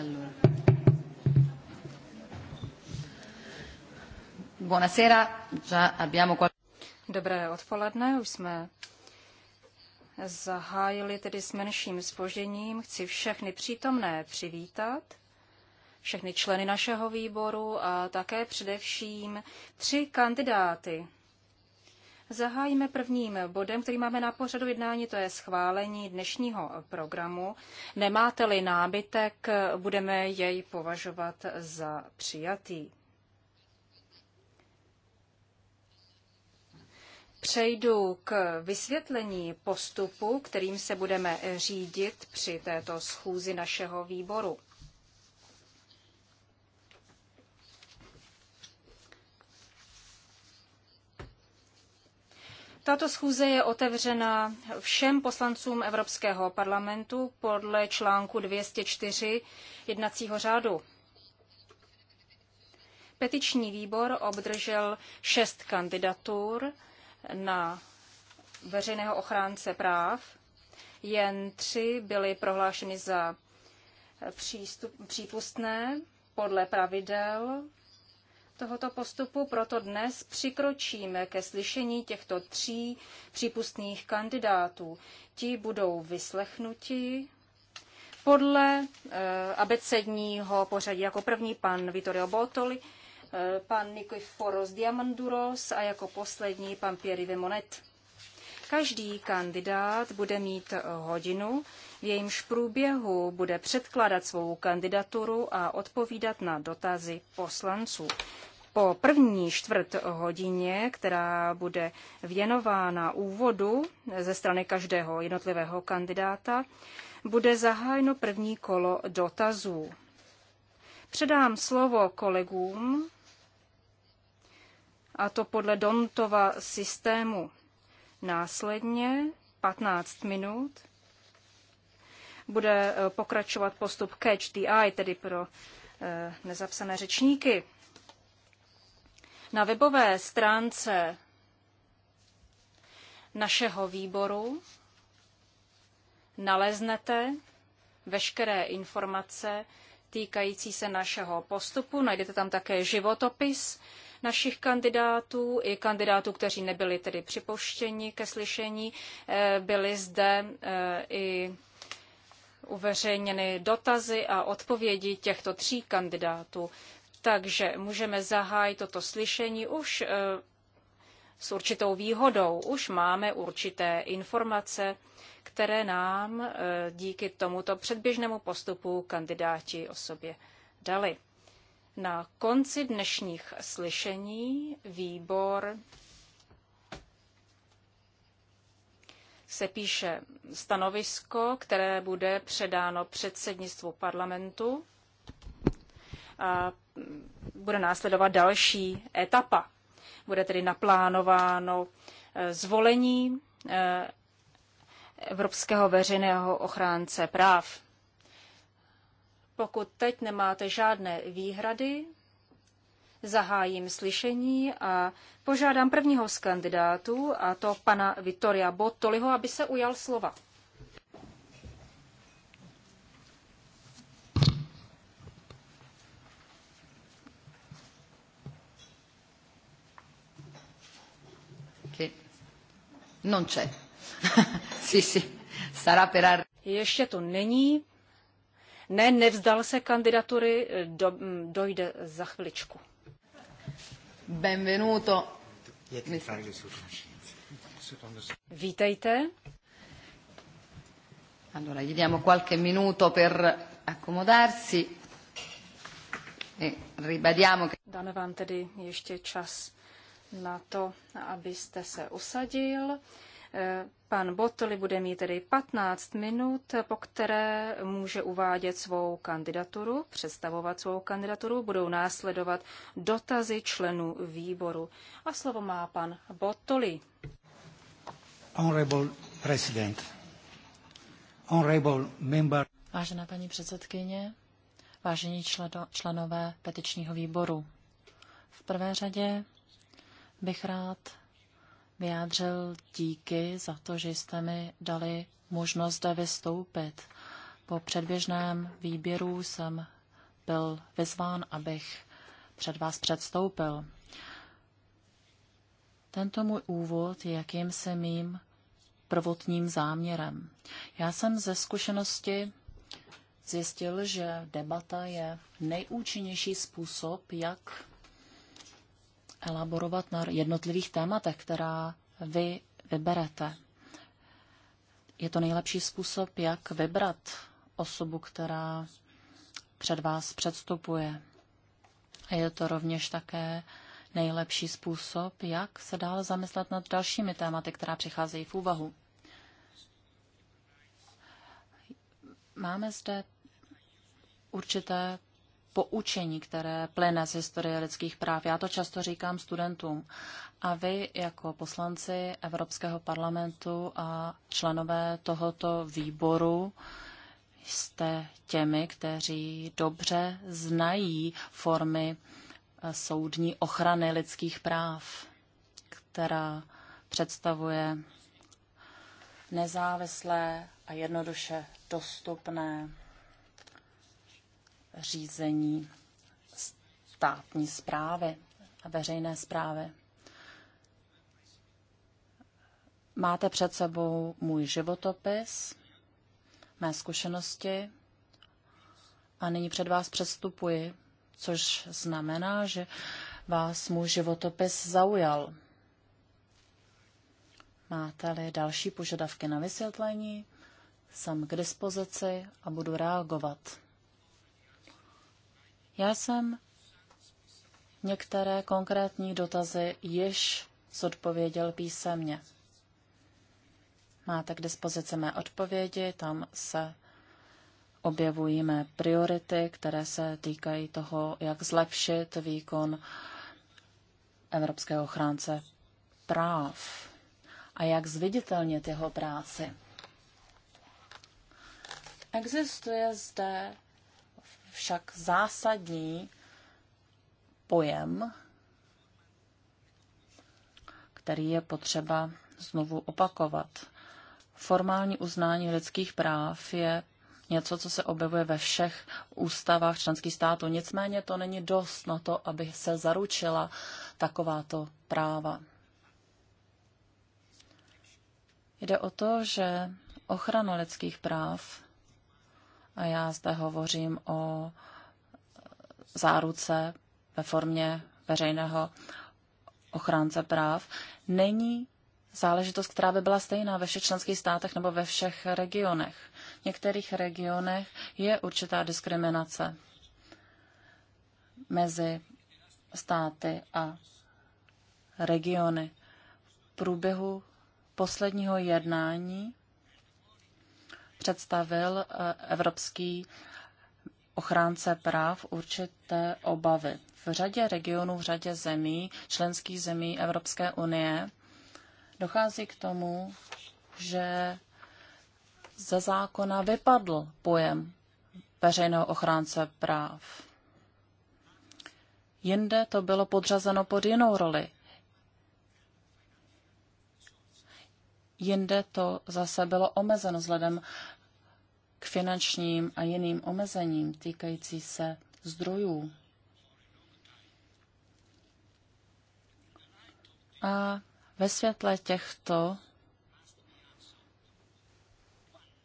Allora. Buonasera, già abbiamo Dobré odpoledne, už jsme zahájili tedy s menším spožením. Chci všechny přítomné přivítat, všechny členy našeho výboru a také především tři kandidáty Zahájíme prvním bodem, který máme na pořadu jednání, to je schválení dnešního programu. Nemáte-li nábytek, budeme jej považovat za přijatý. Přejdu k vysvětlení postupu, kterým se budeme řídit při této schůzi našeho výboru. Tato schůze je otevřena všem poslancům Evropského parlamentu podle článku 204 jednacího řádu. Petiční výbor obdržel šest kandidatur na veřejného ochránce práv. Jen tři byly prohlášeny za přístup, přípustné podle pravidel tohoto postupu, proto dnes přikročíme ke slyšení těchto tří přípustných kandidátů. Ti budou vyslechnuti podle eh, abecedního pořadí. Jako první pan Vittorio Bottoli, eh, pan Nikiforos Diamanduros a jako poslední pan Pierre Monet. Každý kandidát bude mít hodinu, v jejímž průběhu bude předkládat svou kandidaturu a odpovídat na dotazy poslanců po první čtvrt hodině, která bude věnována úvodu ze strany každého jednotlivého kandidáta, bude zahájeno první kolo dotazů. Předám slovo kolegům, a to podle Dontova systému. Následně 15 minut bude pokračovat postup Catch the Eye, tedy pro eh, nezapsané řečníky. Na webové stránce našeho výboru naleznete veškeré informace týkající se našeho postupu. Najdete tam také životopis našich kandidátů i kandidátů, kteří nebyli tedy připuštěni ke slyšení. Eh, byly zde eh, i uveřejněny dotazy a odpovědi těchto tří kandidátů. Takže můžeme zahájit toto slyšení už eh, s určitou výhodou. Už máme určité informace, které nám eh, díky tomuto předběžnému postupu kandidáti o sobě dali. Na konci dnešních slyšení výbor se píše stanovisko, které bude předáno předsednictvu parlamentu. A bude následovat další etapa. Bude tedy naplánováno eh, zvolení eh, Evropského veřejného ochránce práv. Pokud teď nemáte žádné výhrady, zahájím slyšení a požádám prvního z kandidátů, a to pana Vittoria Bottoliho, aby se ujal slova. Non c'è. sì, sì. Sarà per ar- Ještě to není. Ne, nevzdal se kandidatury, eh, do, mm, dojde za chviličku. Benvenuto. Vítejte. Allora, gli diamo qualche minuto per accomodarsi e ribadiamo che... Dáme vám tedy ještě čas na to, abyste se usadil. Eh, pan Botoli bude mít tedy 15 minut, po které může uvádět svou kandidaturu, představovat svou kandidaturu. Budou následovat dotazy členů výboru. A slovo má pan Botoli. Honorable President. Honorable member. Vážená paní předsedkyně, vážení členové petičního výboru, v prvé řadě bych rád vyjádřil díky za to, že jste mi dali možnost zde vystoupit. Po předběžném výběru jsem byl vyzván, abych před vás předstoupil. Tento můj úvod je jakýmsi mým prvotním záměrem. Já jsem ze zkušenosti zjistil, že debata je nejúčinnější způsob, jak elaborovat na jednotlivých tématech, která vy vyberete. Je to nejlepší způsob, jak vybrat osobu, která před vás předstupuje. A je to rovněž také nejlepší způsob, jak se dál zamyslet nad dalšími tématy, která přicházejí v úvahu. Máme zde určité poučení, které plyne z historie lidských práv. Já to často říkám studentům. A vy jako poslanci Evropského parlamentu a členové tohoto výboru jste těmi, kteří dobře znají formy eh, soudní ochrany lidských práv, která představuje nezávislé a jednoduše dostupné řízení státní zprávy a veřejné zprávy. Máte před sebou můj životopis, mé zkušenosti a nyní před vás předstupuji, což znamená, že vás můj životopis zaujal. Máte-li další požadavky na vysvětlení, jsem k dispozici a budu reagovat. Já jsem některé konkrétní dotazy již zodpověděl písemně. Máte k dispozici mé odpovědi, tam se objevují mé priority, které se týkají toho, jak zlepšit výkon Evropského ochránce práv a jak zviditelnit jeho práci. Existuje zde však zásadní pojem, který je potřeba znovu opakovat. Formální uznání lidských práv je něco, co se objevuje ve všech ústavách členských států. Nicméně to není dost na to, aby se zaručila takováto práva. Jde o to, že ochrana lidských práv a já zde hovořím o záruce ve formě veřejného ochránce práv. Není záležitost, která by byla stejná ve všech členských státech nebo ve všech regionech. V některých regionech je určitá diskriminace mezi státy a regiony. V průběhu posledního jednání představil eh, Evropský ochránce práv určité obavy. V řadě regionů, v řadě zemí, členských zemí Evropské unie, dochází k tomu, že ze zákona vypadl pojem veřejného ochránce práv. Jinde to bylo podřazeno pod jinou roli. Jinde to zase bylo omezeno vzhledem k finančním a jiným omezením týkající se zdrojů. A ve světle těchto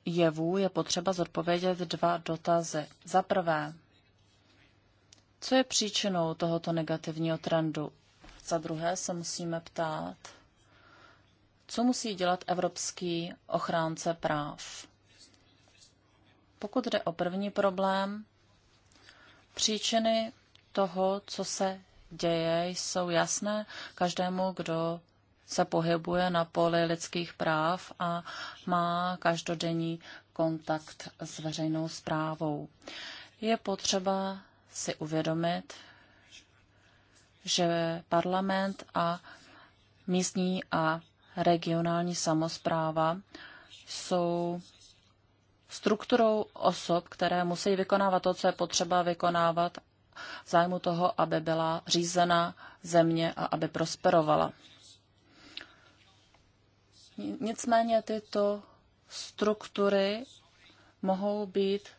jevů je potřeba zodpovědět dva dotazy. Za prvé, co je příčinou tohoto negativního trendu? Za druhé se musíme ptát, co musí dělat evropský ochránce práv pokud jde o první problém, příčiny toho, co se děje, jsou jasné každému, kdo se pohybuje na poli lidských práv a má každodenní kontakt s veřejnou zprávou. Je potřeba si uvědomit, že parlament a místní a regionální samozpráva jsou strukturou osob, které musí vykonávat to, co je potřeba vykonávat v zájmu toho, aby byla řízena země a aby prosperovala. Nicméně tyto struktury mohou být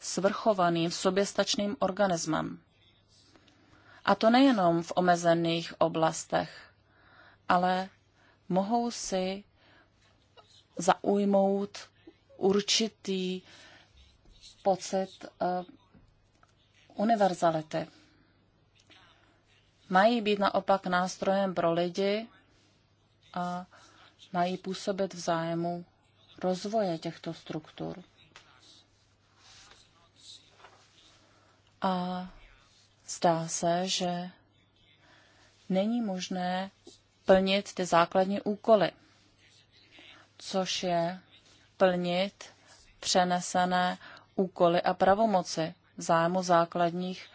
svrchovaným, soběstačným organismem. A to nejenom v omezených oblastech, ale mohou si zaujmout určitý pocit eh, univerzality. Mají být naopak nástrojem pro lidi a mají působit v zájmu rozvoje těchto struktur. A zdá se, že není možné plnit ty základní úkoly, což je plnit přenesené úkoly a pravomoci v zájmu základních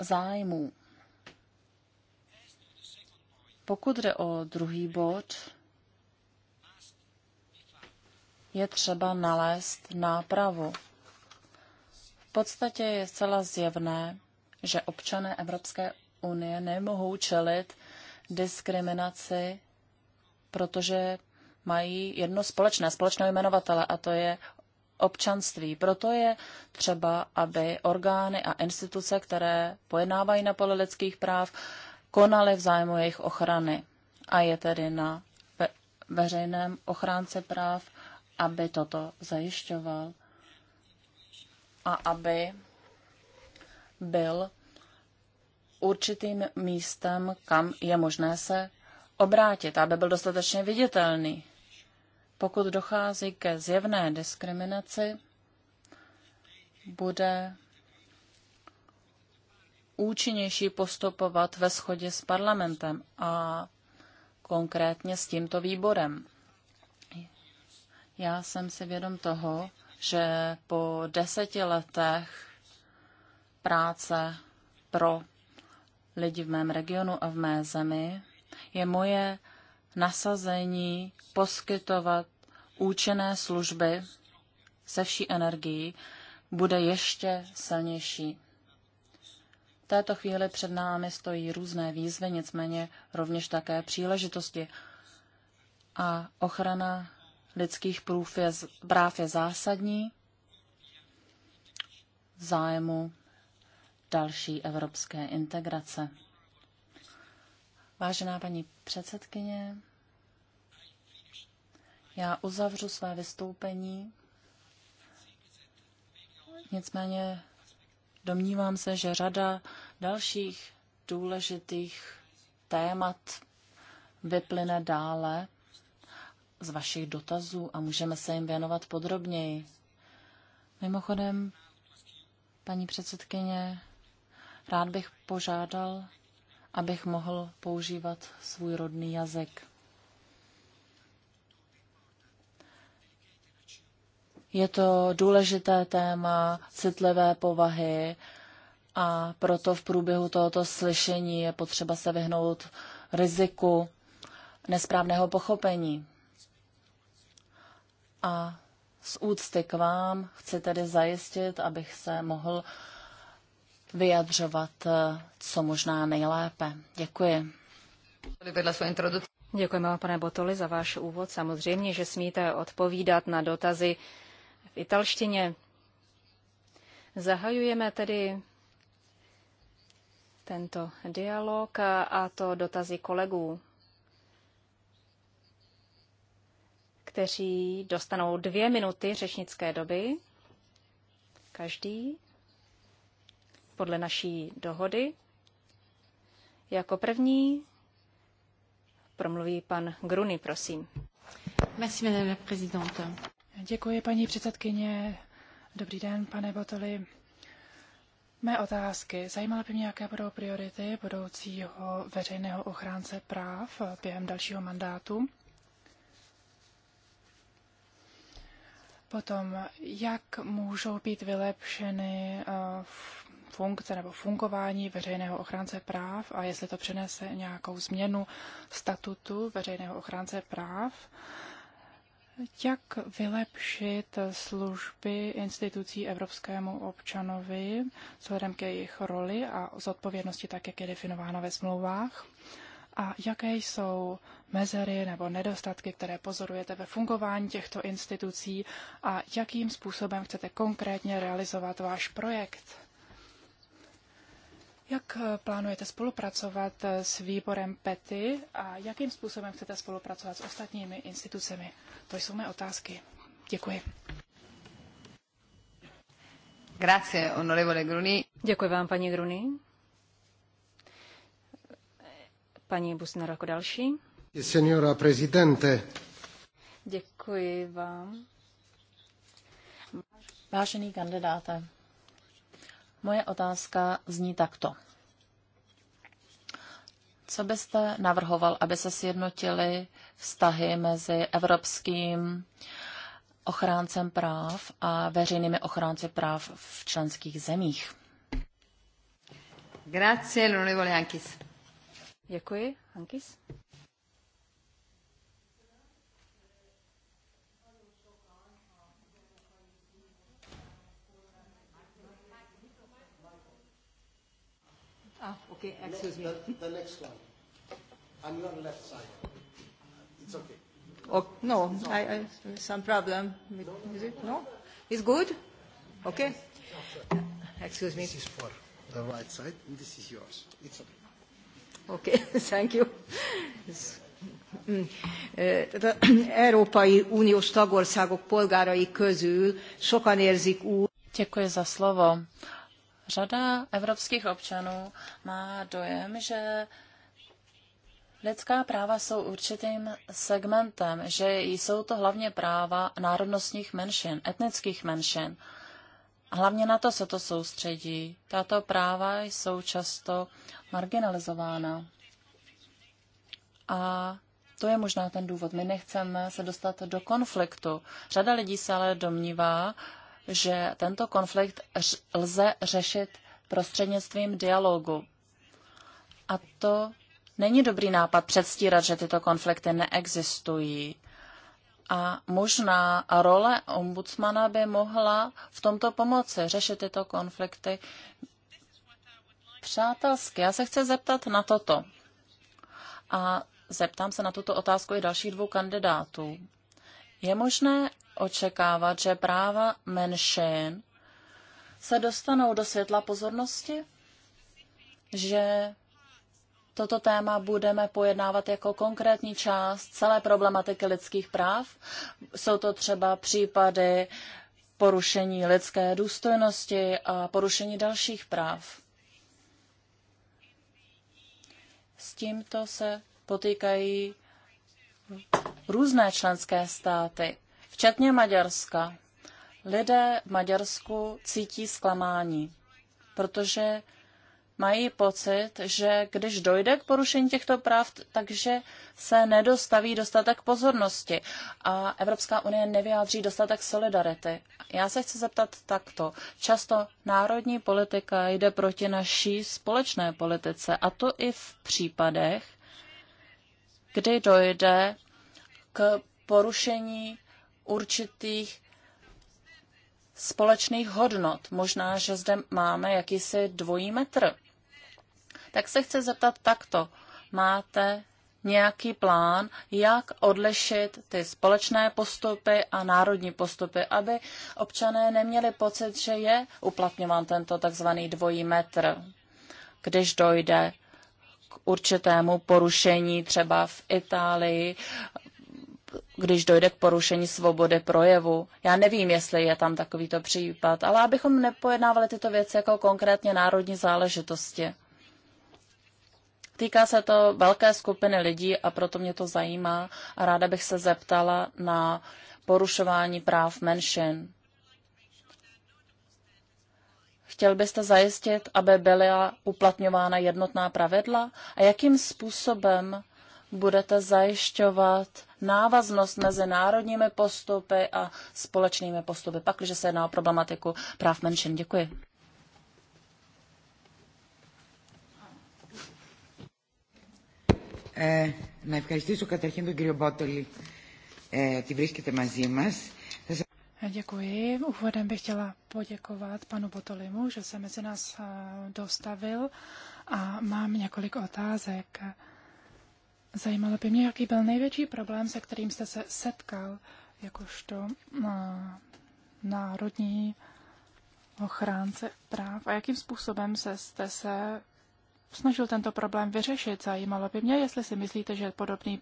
zájmů. Pokud jde o druhý bod, je třeba nalézt nápravu. V podstatě je zcela zjevné, že občané Evropské unie nemohou čelit diskriminaci, protože mají jedno společné, společné jmenovatele a to je občanství. Proto je třeba, aby orgány a instituce, které pojednávají na poli lidských práv, konaly v zájmu jejich ochrany. A je tedy na veřejném ochránce práv, aby toto zajišťoval a aby byl určitým místem, kam je možné se obrátit, aby byl dostatečně viditelný. Pokud dochází ke zjevné diskriminaci, bude účinnější postupovat ve shodě s parlamentem a konkrétně s tímto výborem. Já jsem si vědom toho, že po deseti letech práce pro lidi v mém regionu a v mé zemi je moje nasazení poskytovat účinné služby se vší energií bude ještě silnější. V této chvíli před námi stojí různé výzvy, nicméně rovněž také příležitosti. A ochrana lidských je, práv je zásadní v zájmu další evropské integrace. Vážená paní předsedkyně, já uzavřu své vystoupení. Nicméně domnívám se, že řada dalších důležitých témat vyplyne dále z vašich dotazů a můžeme se jim věnovat podrobněji. Mimochodem, paní předsedkyně, rád bych požádal abych mohl používat svůj rodný jazyk. Je to důležité téma citlivé povahy a proto v průběhu tohoto slyšení je potřeba se vyhnout riziku nesprávného pochopení. A z úcty k vám chci tedy zajistit, abych se mohl vyjadřovat eh, co možná nejlépe. Děkuji. Děkujeme vám, pane Botoli, za váš úvod. Samozřejmě, že smíte odpovídat na dotazy v italštině. Zahajujeme tedy tento dialog a to dotazy kolegů, kteří dostanou dvě minuty řečnické doby. Každý podle naší dohody. Jako první promluví pan Gruny, prosím. Merci, madame la présidente. Děkuji, paní předsedkyně. Dobrý den, pane Botoli. Mé otázky. Zajímalo by mě, jaké budou priority budoucího veřejného ochránce práv během dalšího mandátu. Potom, jak můžou být vylepšeny eh, funkce nebo fungování veřejného ochránce práv a jestli to přinese nějakou změnu statutu veřejného ochránce práv, jak vylepšit služby institucí evropskému občanovi vzhledem k jejich roli a zodpovědnosti tak, jak je definována ve smlouvách? A jaké jsou mezery nebo nedostatky, které pozorujete ve fungování těchto institucí a jakým způsobem chcete konkrétně realizovat váš projekt? Jak eh, plánujete spolupracovat eh, s výborem PETY a jakým způsobem chcete spolupracovat s ostatními institucemi? To jsou mé otázky. Děkuji. Grazie, onorevole Gruni. Děkuji vám, paní Gruni. Paní Busner jako další. Signora Presidente. Děkuji vám. Vážený kandidáte, Moje otázka zní takto. Co byste navrhoval, aby se sjednotily vztahy mezi evropským ochráncem práv a veřejnými ochránci práv v členských zemích? Grazie, l'onorevole Hankis. Děkuji, Hankis. Okay, excuse me. The, the next one, on your left side. Uh, it's okay. Oh, no, I, I, some problem. With, no, no, is it? No? no? It's good? Okay. No, excuse me. This is for the right side, and this is yours. It's okay. Okay, thank you. Mm. Eh, Az Európai Uniós tagországok polgárai közül sokan érzik úgy. Děkuji za slovo. Řada evropských občanů má dojem, že lidská práva jsou určitým segmentem, že jsou to hlavně práva národnostních menšin, etnických menšin. Hlavně na to se to soustředí. Tato práva jsou často marginalizována. A to je možná ten důvod. My nechceme se dostat do konfliktu. Řada lidí se ale domnívá, že tento konflikt lze řešit prostřednictvím dialogu. A to není dobrý nápad předstírat, že tyto konflikty neexistují. A možná role ombudsmana by mohla v tomto pomoci řešit tyto konflikty přátelsky. Já se chci zeptat na toto. A zeptám se na tuto otázku i dalších dvou kandidátů. Je možné očekávat, že práva menšin se dostanou do světla pozornosti, že toto téma budeme pojednávat jako konkrétní část celé problematiky lidských práv. Jsou to třeba případy porušení lidské důstojnosti a porušení dalších práv. S tímto se potýkají různé členské státy včetně Maďarska. Lidé v Maďarsku cítí zklamání, protože mají pocit, že když dojde k porušení těchto práv, takže se nedostaví dostatek pozornosti a Evropská unie nevyjádří dostatek solidarity. Já se chci zeptat takto. Často národní politika jde proti naší společné politice a to i v případech, kdy dojde k porušení určitých společných hodnot. Možná, že zde máme jakýsi dvojí metr. Tak se chci zeptat takto. Máte nějaký plán, jak odlišit ty společné postupy a národní postupy, aby občané neměli pocit, že je uplatňován tento takzvaný dvojí metr, když dojde k určitému porušení třeba v Itálii když dojde k porušení svobody projevu. Já nevím, jestli je tam takovýto případ, ale abychom nepojednávali tyto věci jako konkrétně národní záležitosti. Týká se to velké skupiny lidí a proto mě to zajímá a ráda bych se zeptala na porušování práv menšin. Chtěl byste zajistit, aby byla uplatňována jednotná pravidla? A jakým způsobem budete zajišťovat návaznost mezi národními postupy a společnými postupy, pakliže se jedná o problematiku práv menšin. Děkuji. Děkuji. Úvodem bych chtěla poděkovat panu Botolimu, že se mezi nás eh, dostavil a mám několik otázek. Zajímalo by mě, jaký byl největší problém, se kterým jste se setkal, jakožto na národní ochránce práv a jakým způsobem se jste se snažil tento problém vyřešit. Zajímalo by mě, jestli si myslíte, že podobný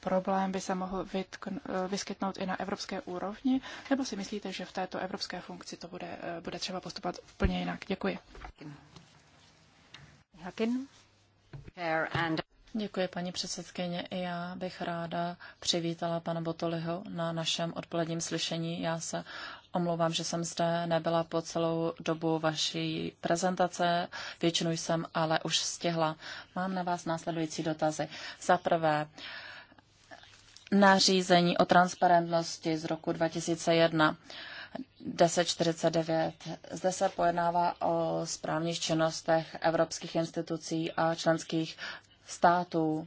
problém by se mohl e, vyskytnout i na evropské úrovni, nebo si myslíte, že v této evropské funkci to bude, e, bude třeba postupovat úplně jinak. Děkuji. Hakin. Děkuji, paní předsedkyně. I já bych ráda přivítala pana Botoliho na našem odpoledním slyšení. Já se omlouvám, že jsem zde nebyla po celou dobu vaší prezentace. Většinu jsem ale už stihla. Mám na vás následující dotazy. Za prvé, nařízení o transparentnosti z roku 2001. 1049. Zde se pojednává o správních činnostech evropských institucí a členských států.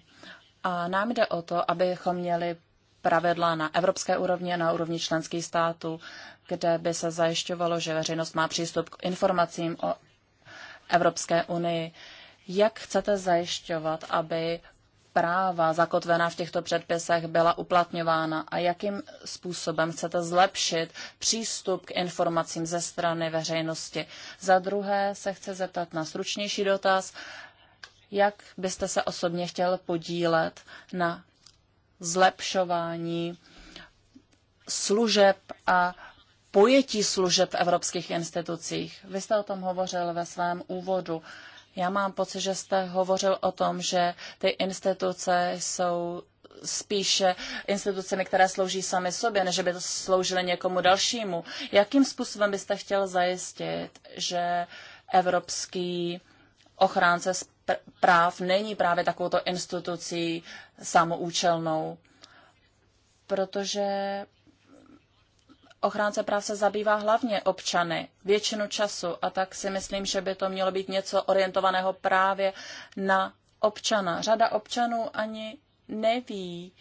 A nám jde o to, abychom měli pravidla na evropské úrovni a na úrovni členských států, kde by se zajišťovalo, že veřejnost má přístup k informacím o Evropské unii. Jak chcete zajišťovat, aby práva zakotvená v těchto předpisech byla uplatňována a jakým způsobem chcete zlepšit přístup k informacím ze strany veřejnosti. Za druhé se chce zeptat na stručnější dotaz. Jak byste se osobně chtěl podílet na zlepšování služeb a pojetí služeb v evropských institucích? Vy jste o tom hovořil ve svém úvodu. Já mám pocit, že jste hovořil o tom, že ty instituce jsou spíše institucemi, které slouží sami sobě, než by to sloužily někomu dalšímu. Jakým způsobem byste chtěl zajistit, že evropský ochránce práv není právě takovouto institucí samoučelnou, protože ochránce práv se zabývá hlavně občany většinu času a tak si myslím, že by to mělo být něco orientovaného právě na občana. Řada občanů ani neví,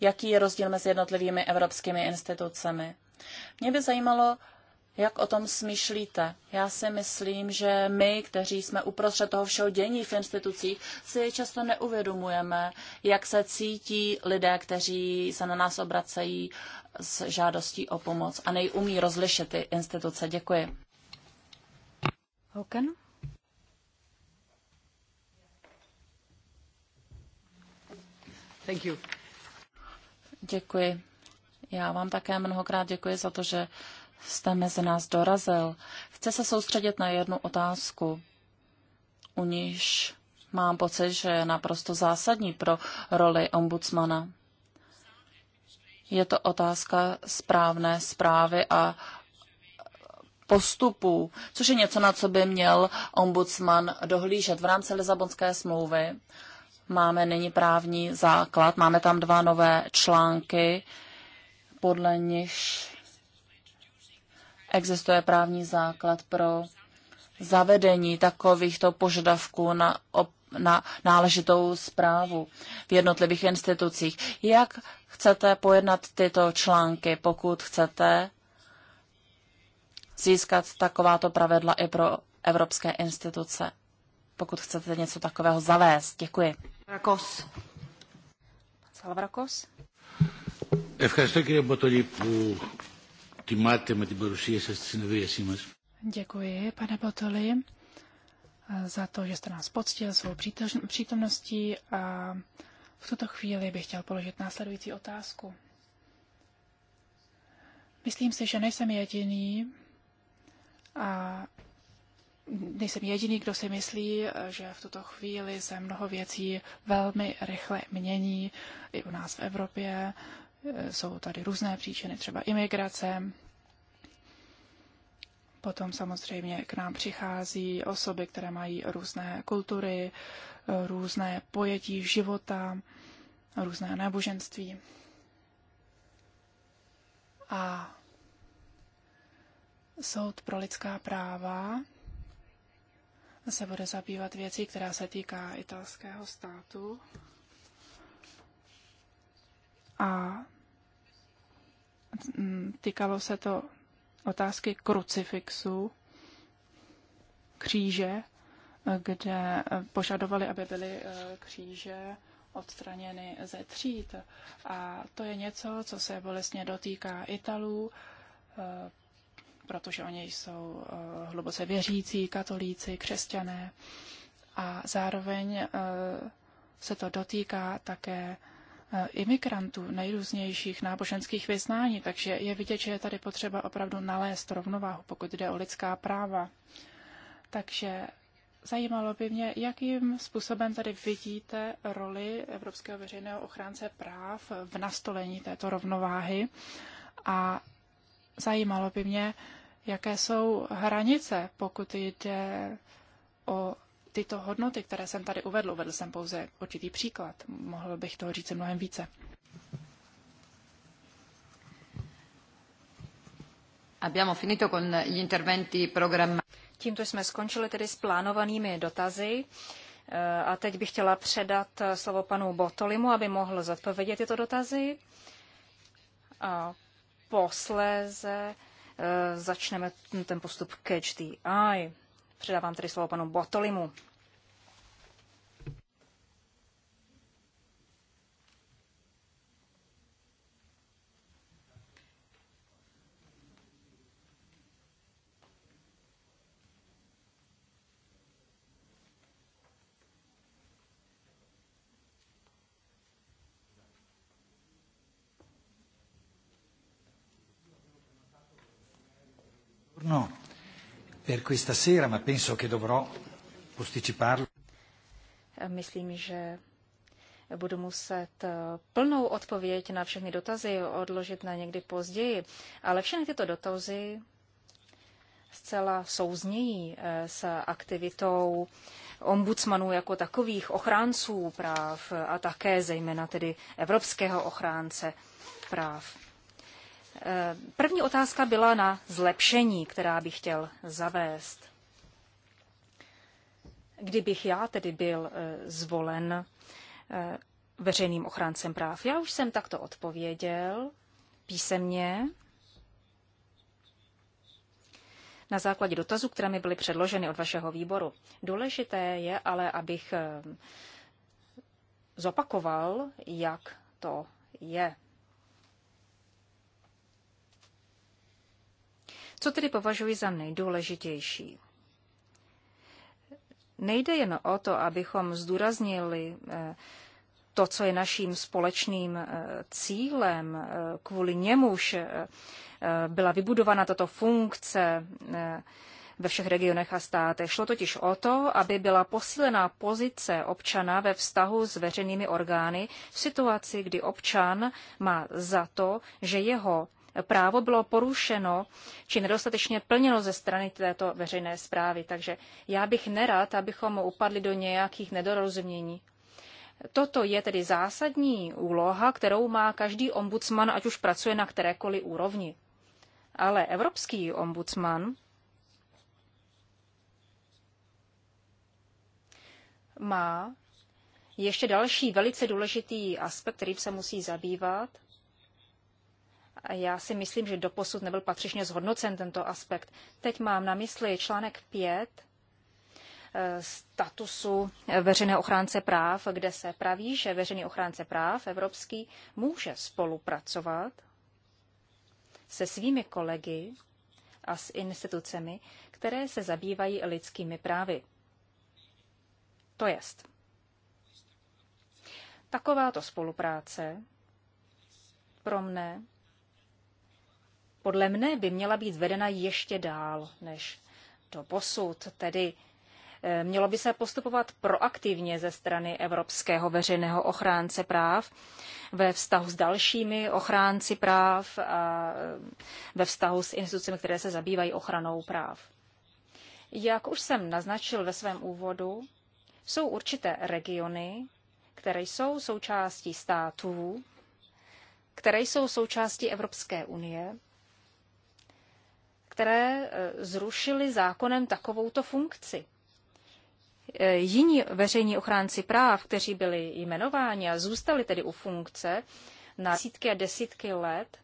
jaký je rozdíl mezi jednotlivými evropskými institucemi. Mě by zajímalo, jak o tom smýšlíte? Já si myslím, že my, kteří jsme uprostřed toho všeho dění v institucích, si často neuvědomujeme, jak se cítí lidé, kteří se na nás obracejí s žádostí o pomoc a nejumí rozlišit ty instituce. Děkuji. Hoken? Thank you. Děkuji. Já vám také mnohokrát děkuji za to, že jste mezi nás dorazil. chce se soustředit na jednu otázku, u níž mám pocit, že je naprosto zásadní pro roli ombudsmana. Je to otázka správné zprávy a postupů, což je něco, na co by měl ombudsman dohlížet. V rámci Lisabonské smlouvy máme nyní právní základ, máme tam dva nové články, podle nich existuje právní základ pro zavedení takovýchto požadavků na, op, na náležitou zprávu v jednotlivých institucích. Jak chcete pojednat tyto články, pokud chcete získat takováto pravidla i pro evropské instituce? Pokud chcete něco takového zavést. Děkuji. Rakos. Salvrakos. Ευχαριστώ κύριε Μποτολή τιμάτε με την παρουσία σας στη συνεδρίασή μας. Děkuji, pane Botoli, za to, že jste nás poctil svou přítomností a v tuto chvíli bych chtěl položit následující otázku. Myslím si, že nejsem jediný a nejsem jediný, kdo si myslí, že v tuto chvíli se mnoho věcí velmi rychle mění i u nás v Evropě, jsou tady různé příčiny, třeba imigrace. Potom samozřejmě k nám přichází osoby, které mají různé kultury, různé pojetí života, různé náboženství. A Soud pro lidská práva se bude zabývat věcí, která se týká italského státu a mm, týkalo se to otázky krucifixu, kříže, kde požadovali, aby byly e, kříže odstraněny ze tříd. A to je něco, co se bolestně dotýká Italů, e, protože oni jsou e, hluboce věřící, katolíci, křesťané. A zároveň se to dotýká také Eh, imigrantů nejrůznějších náboženských vyznání, takže je vidět, že je tady potřeba opravdu nalézt rovnováhu, pokud jde o lidská práva. Takže zajímalo by mě, jakým způsobem tady vidíte roli Evropského veřejného ochránce práv v nastolení této rovnováhy a zajímalo by mě, jaké jsou hranice, pokud jde o tyto hodnoty, které jsem tady uvedl, uvedl jsem pouze určitý příklad, mohl bych toho říct mnohem více. Abbiamo finito con gli interventi programmati. Tímto jsme skončili tedy s plánovanými dotazy. Eh, a teď bych chtěla předat eh, slovo panu Botolimu, aby mohl zodpovědět tyto dotazy. A posléze eh, začneme ten postup Catch the Eye. Předávám tedy slovo panu Botolimu. per questa sera, ma penso che dovrò posticiparlo. Myslím, že budu muset eh, plnou odpověď na všechny dotazy odložit na někdy později, ale všechny tyto dotazy zcela souznějí eh, s aktivitou ombudsmanů jako takových ochránců práv a také zejména tedy evropského ochránce práv. Eh, první otázka byla na zlepšení, která bych chtěl zavést. Kdybych já tedy byl eh, zvolen eh, veřejným ochráncem práv, já už jsem takto odpověděl písemně na základě dotazů, které mi byly předloženy od vašeho výboru. Důležité je ale, abych zopakoval, jak to je. Co tedy považuji za nejdůležitější? Nejde jen o to, abychom zdůraznili eh, to, co je naším společným eh, cílem, eh, kvůli němuž byla vybudována tato funkce ve všech regionech a státech. Šlo totiž o to, aby byla posílená pozice občana ve vztahu s veřejnými orgány v situaci, kdy občan má za to, že jeho právo bylo porušeno či nedostatečně plněno ze strany této veřejné zprávy. Takže já bych nerad, abychom upadli do nějakých nedorozumění. Toto je tedy zásadní úloha, kterou má každý ombudsman, ať už pracuje na kterékoliv úrovni. Ale evropský ombudsman má ještě další velice důležitý aspekt, kterým se musí zabývat, já si myslím, že doposud nebyl patřičně zhodnocen tento aspekt. Teď mám na mysli článek 5 eh, statusu veřejné ochránce práv, kde se praví, že veřejný ochránce práv evropský může spolupracovat se svými kolegy a s institucemi, které se zabývají lidskými právy. To jest, takováto spolupráce pro mne podle mne by měla být vedena ještě dál než do posud, tedy eh, Mělo by se postupovat proaktivně ze strany Evropského veřejného ochránce práv ve vztahu s dalšími ochránci práv a eh, ve vztahu s institucemi, které se zabývají ochranou práv. Jak už jsem naznačil ve svém úvodu, jsou určité regiony, které jsou součástí států, které jsou součástí Evropské unie které e, zrušily zákonem takovouto funkci. E, jiní veřejní ochránci práv, kteří byli jmenováni a zůstali tedy u funkce na desítky a desítky let,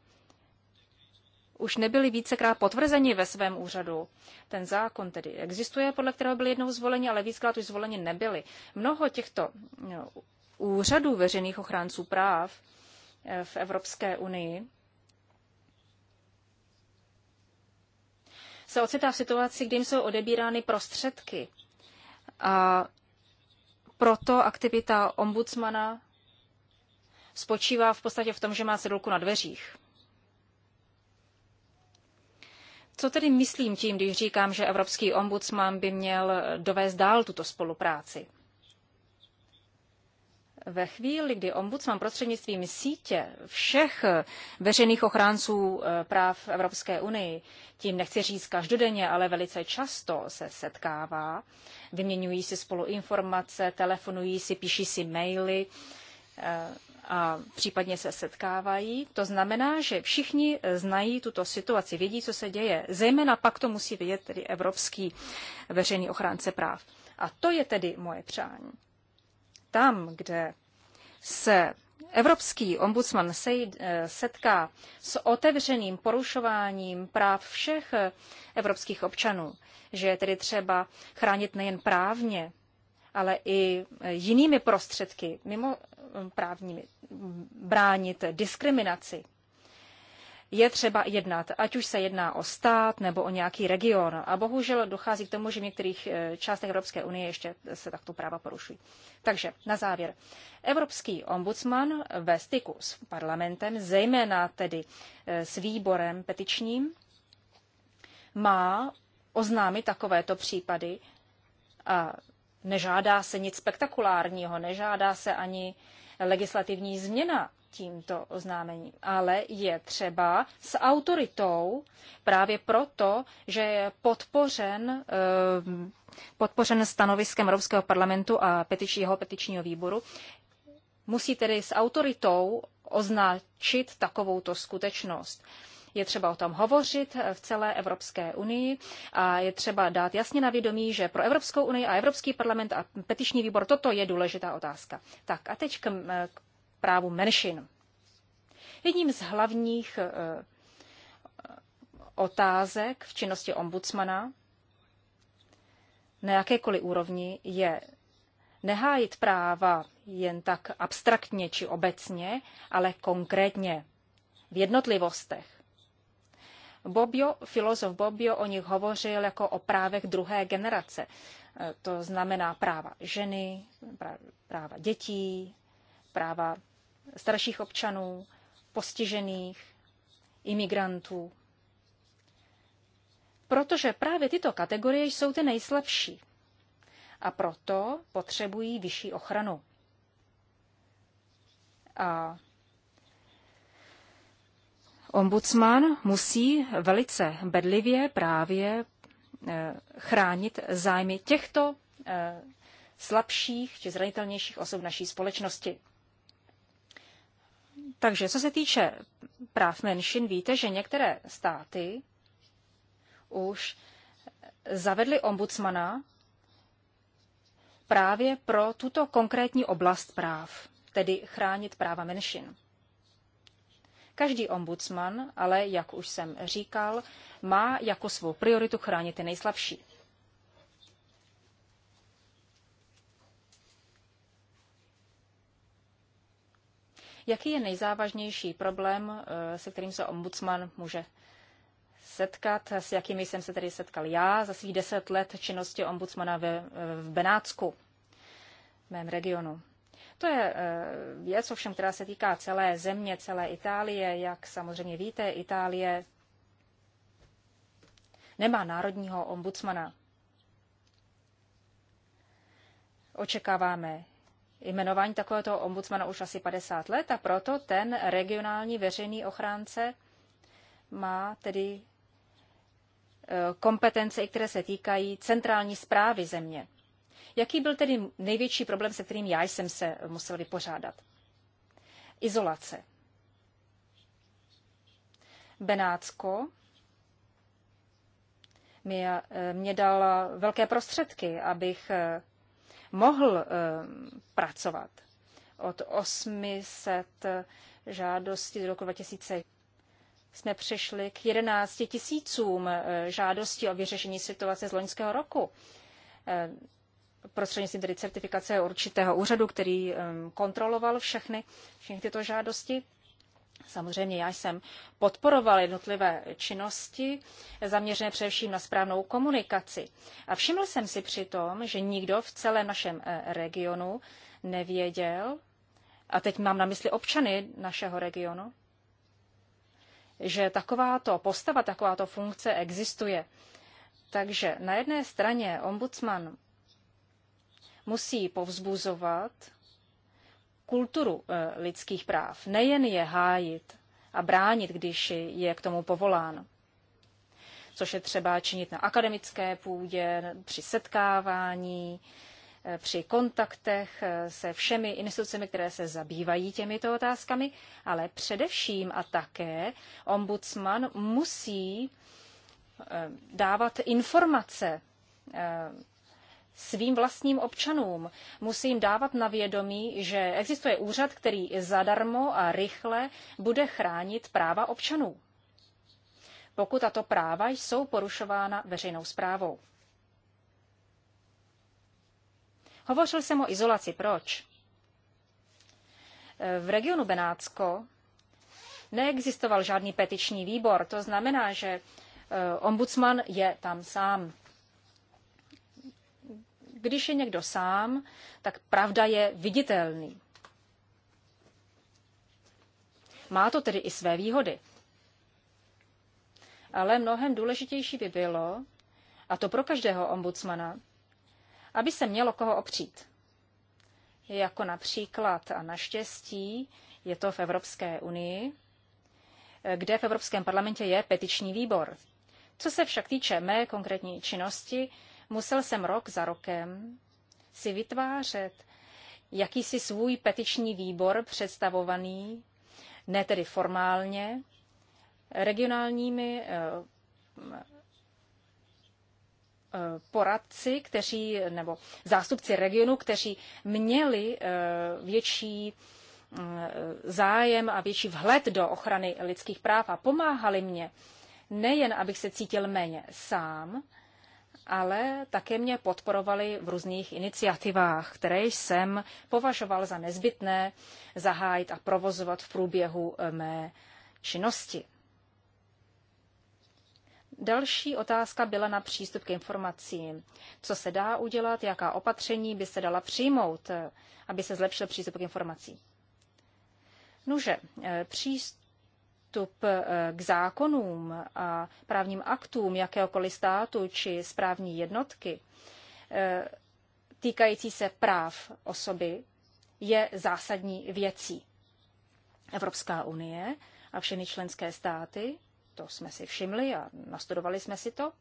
už nebyli vícekrát potvrzeni ve svém úřadu. Ten zákon tedy existuje, podle kterého byli jednou zvoleni, ale víckrát už zvoleni nebyli. Mnoho těchto no, úřadů veřejných ochránců práv e, v Evropské unii se ocitá v situaci, kdy jim jsou odebírány prostředky. A proto aktivita ombudsmana spočívá v podstatě v tom, že má sedulku na dveřích. Co tedy myslím tím, když říkám, že evropský ombudsman by měl dovést dál tuto spolupráci? ve chvíli, kdy ombudsman prostřednictvím sítě všech eh, veřejných ochránců eh, práv v Evropské unii, tím nechci říct každodenně, ale velice často se setkává, vyměňují si spolu informace, telefonují si, píší si maily eh, a případně se setkávají. To znamená, že všichni znají tuto situaci, vědí, co se děje. Zejména pak to musí vědět tedy Evropský veřejný ochránce práv. A to je tedy moje přání tam, kde se Evropský ombudsman eh, setká s otevřeným porušováním práv všech eh, evropských občanů, že je tedy třeba chránit nejen právně, ale i eh, jinými prostředky, mimo právními, bránit diskriminaci je třeba jednat, ať už se jedná o stát nebo o nějaký region. A bohužel dochází k tomu, že v některých eh, částech Evropské unie ještě se takto práva porušují. Takže na závěr. Evropský ombudsman ve styku s parlamentem, zejména tedy eh, s výborem petičním, má oznámit takovéto případy a nežádá se nic spektakulárního, nežádá se ani legislativní změna tímto oznámením. Ale je třeba s autoritou právě proto, že je podpořen, eh, podpořen stanoviskem Evropského parlamentu a petičního petičního výboru, musí tedy s autoritou označit takovouto skutečnost. Je třeba o tom hovořit v celé Evropské unii a je třeba dát jasně na vědomí, že pro Evropskou unii a Evropský parlament a petiční výbor toto je důležitá otázka. Tak a teď k, k právu menšin. Jedním z hlavních eh, eh, otázek v činnosti ombudsmana na jakékoliv úrovni je nehájit práva jen tak abstraktně či obecně, ale konkrétně, v jednotlivostech. Bobio, filozof Bobio, o nich hovořil jako o právech druhé generace. Eh, to znamená práva ženy, práva dětí, práva starších občanů, postižených, imigrantů. Protože právě tyto kategorie jsou ty nejslabší a proto potřebují vyšší ochranu. A ombudsman musí velice bedlivě právě eh, chránit zájmy těchto eh, slabších či zranitelnějších osob naší společnosti. Takže co se týče práv menšin, víte, že některé státy už zavedly ombudsmana právě pro tuto konkrétní oblast práv, tedy chránit práva menšin. Každý ombudsman, ale jak už jsem říkal, má jako svou prioritu chránit ty nejslabší. Jaký je nejzávažnější problém, eh, se kterým se ombudsman může setkat, s jakými jsem se tedy setkal já za svých deset let činnosti ombudsmana eh, v Benátsku, v mém regionu. To je eh, věc ovšem, která se týká celé země, celé Itálie. Jak samozřejmě víte, Itálie nemá národního ombudsmana. Očekáváme jmenování takového ombudsmana už asi 50 let a proto ten regionální veřejný ochránce má tedy e, kompetence, které se týkají centrální zprávy země. Jaký byl tedy největší problém, se kterým já jsem se musel vypořádat? Izolace. Benátsko mě, e, mě dal velké prostředky, abych e, mohl eh, pracovat. Od 800 eh, žádostí do roku 2000 jsme přišli k 11 tisícům eh, žádostí o vyřešení situace z loňského roku prostřednictvím tedy certifikace určitého úřadu, který kontroloval všechny, všechny tyto žádosti. Samozřejmě já jsem podporoval jednotlivé činnosti zaměřené především na správnou komunikaci. A všiml jsem si přitom, že nikdo v celém našem eh, regionu nevěděl, a teď mám na mysli občany našeho regionu, že takováto postava, takováto funkce existuje. Takže na jedné straně ombudsman musí povzbuzovat kulturu eh, lidských práv, nejen je hájit a bránit, když je k tomu povolán, což je třeba činit na akademické půdě, při setkávání, eh, při kontaktech eh, se všemi institucemi, které se zabývají těmito otázkami, ale především a také ombudsman musí dávat informace svým vlastním občanům. Musí jim dávat na vědomí, že existuje úřad, který zadarmo a rychle bude chránit práva občanů, pokud tato práva jsou porušována veřejnou zprávou. Hovořil jsem o izolaci. Proč? V regionu Benátsko neexistoval žádný petiční výbor. To znamená, že eh, ombudsman je tam sám. Když je někdo sám, tak pravda je viditelný. Má to tedy i své výhody. Ale mnohem důležitější by bylo, a to pro každého ombudsmana, aby se mělo koho opřít. Jako například, a naštěstí je to v Evropské unii, kde v Evropském parlamentě je petiční výbor. Co se však týče mé konkrétní činnosti, Musel jsem rok za rokem si vytvářet jakýsi svůj petiční výbor představovaný, ne tedy formálně, regionálními eh, eh, poradci, kteří, nebo zástupci regionu, kteří měli eh, větší zájem a větší vhled do ochrany lidských práv a pomáhali mě nejen, abych se cítil méně sám, ale také mě podporovali v různých iniciativách, které jsem považoval za nezbytné zahájit a provozovat v průběhu eh, mé činnosti. Další otázka byla na přístup k informacím. Co se dá udělat, jaká opatření by se dala přijmout, eh, aby se zlepšil přístup k informacím? Nože, eh, přístup přístup eh, k zákonům a právním aktům jakéhokoliv státu či správní jednotky eh, týkající se práv osoby je zásadní věcí. Evropská unie a všechny členské státy, to jsme si všimli a nastudovali jsme si to,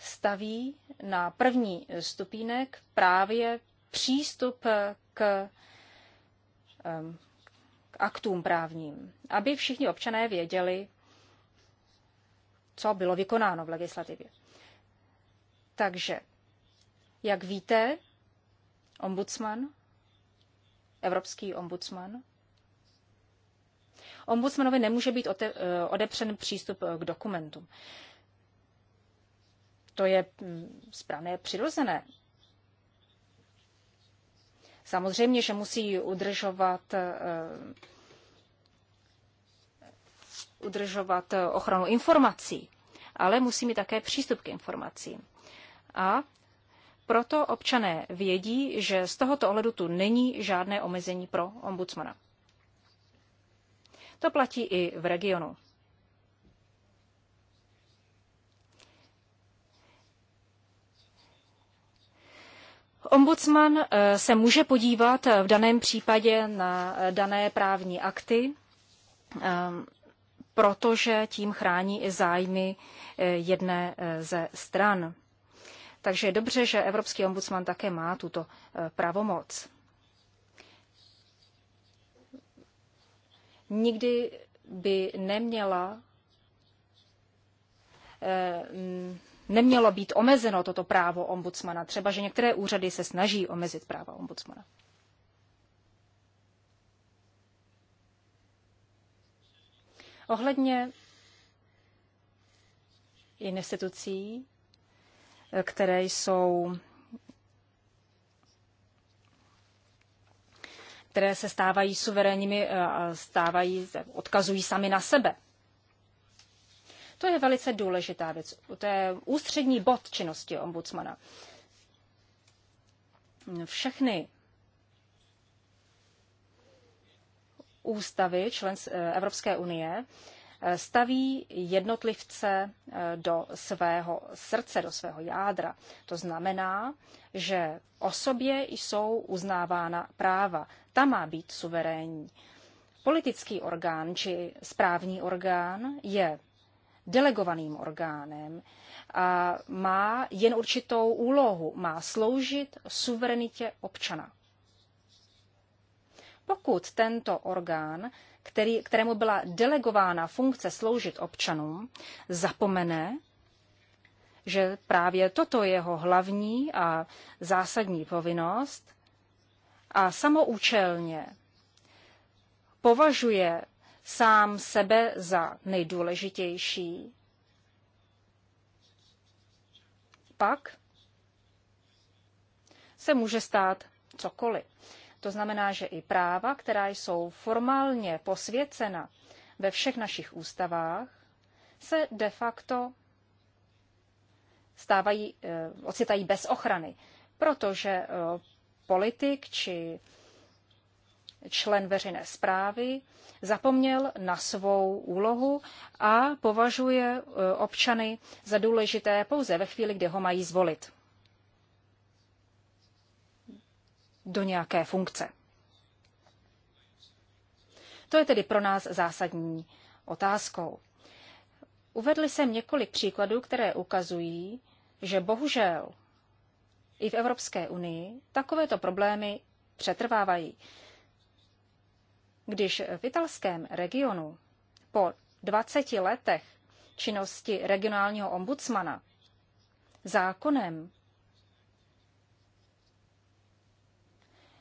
staví na první stupínek právě přístup eh, k ehm, k aktům právním, aby všichni občané věděli, co bylo vykonáno v legislativě. Takže, jak víte, ombudsman, evropský ombudsman, ombudsmanovi nemůže být odepřen přístup k dokumentům. To je mm, správné přirozené. Samozřejmě, že musí udržovat eh, udržovat eh, ochranu informací, ale musí mít také přístup k informacím. A proto občané vědí, že z tohoto ohledu tu není žádné omezení pro ombudsmana. To platí i v regionu. Ombudsman eh, se může podívat eh, v daném případě na eh, dané právní akty, ehm, protože tím chrání i zájmy jedné ze stran. Takže je dobře, že Evropský ombudsman také má tuto pravomoc. Nikdy by neměla nemělo být omezeno toto právo ombudsmana. Třeba, že některé úřady se snaží omezit práva ombudsmana. Ohledně institucí, které jsou které se stávají suverénními, eh, stávají, odkazují sami na sebe. To je velice důležitá věc. To je ústřední bod činnosti ombudsmana. Všechny ústavy člens, eh, Evropské unie eh, staví jednotlivce eh, do svého srdce, do svého jádra. To znamená, že osobě jsou uznávána práva. Ta má být suverénní. Politický orgán či správní orgán je delegovaným orgánem a má jen určitou úlohu, má sloužit suverenitě občana. Pokud tento orgán, který, kterému byla delegována funkce sloužit občanům, zapomene, že právě toto je jeho hlavní a zásadní povinnost a samoučelně považuje sám sebe za nejdůležitější, pak se může stát cokoliv. To znamená, že i práva, která jsou formálně posvěcena ve všech našich ústavách, se de facto stávají, eh, ocitají bez ochrany, protože eh, politik či člen veřejné zprávy, zapomněl na svou úlohu a považuje e, občany za důležité pouze ve chvíli, kdy ho mají zvolit do nějaké funkce. To je tedy pro nás zásadní otázkou. Uvedl jsem několik příkladů, které ukazují, že bohužel i v Evropské unii takovéto problémy přetrvávají. Když v italském regionu po 20 letech činnosti regionálního ombudsmana zákonem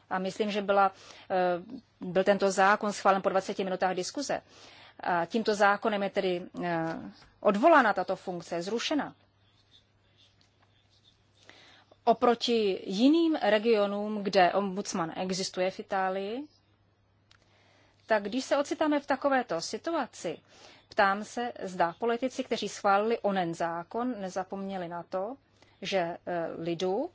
a myslím, že byla, eh, byl tento zákon schválen po 20 minutách diskuze. A tímto zákonem je tedy eh, odvolána tato funkce, zrušena. Oproti jiným regionům, kde ombudsman existuje v Itálii, tak když se ocitáme v takovéto situaci, ptám se, zda politici, kteří schválili onen zákon, nezapomněli na to, že e, lidu,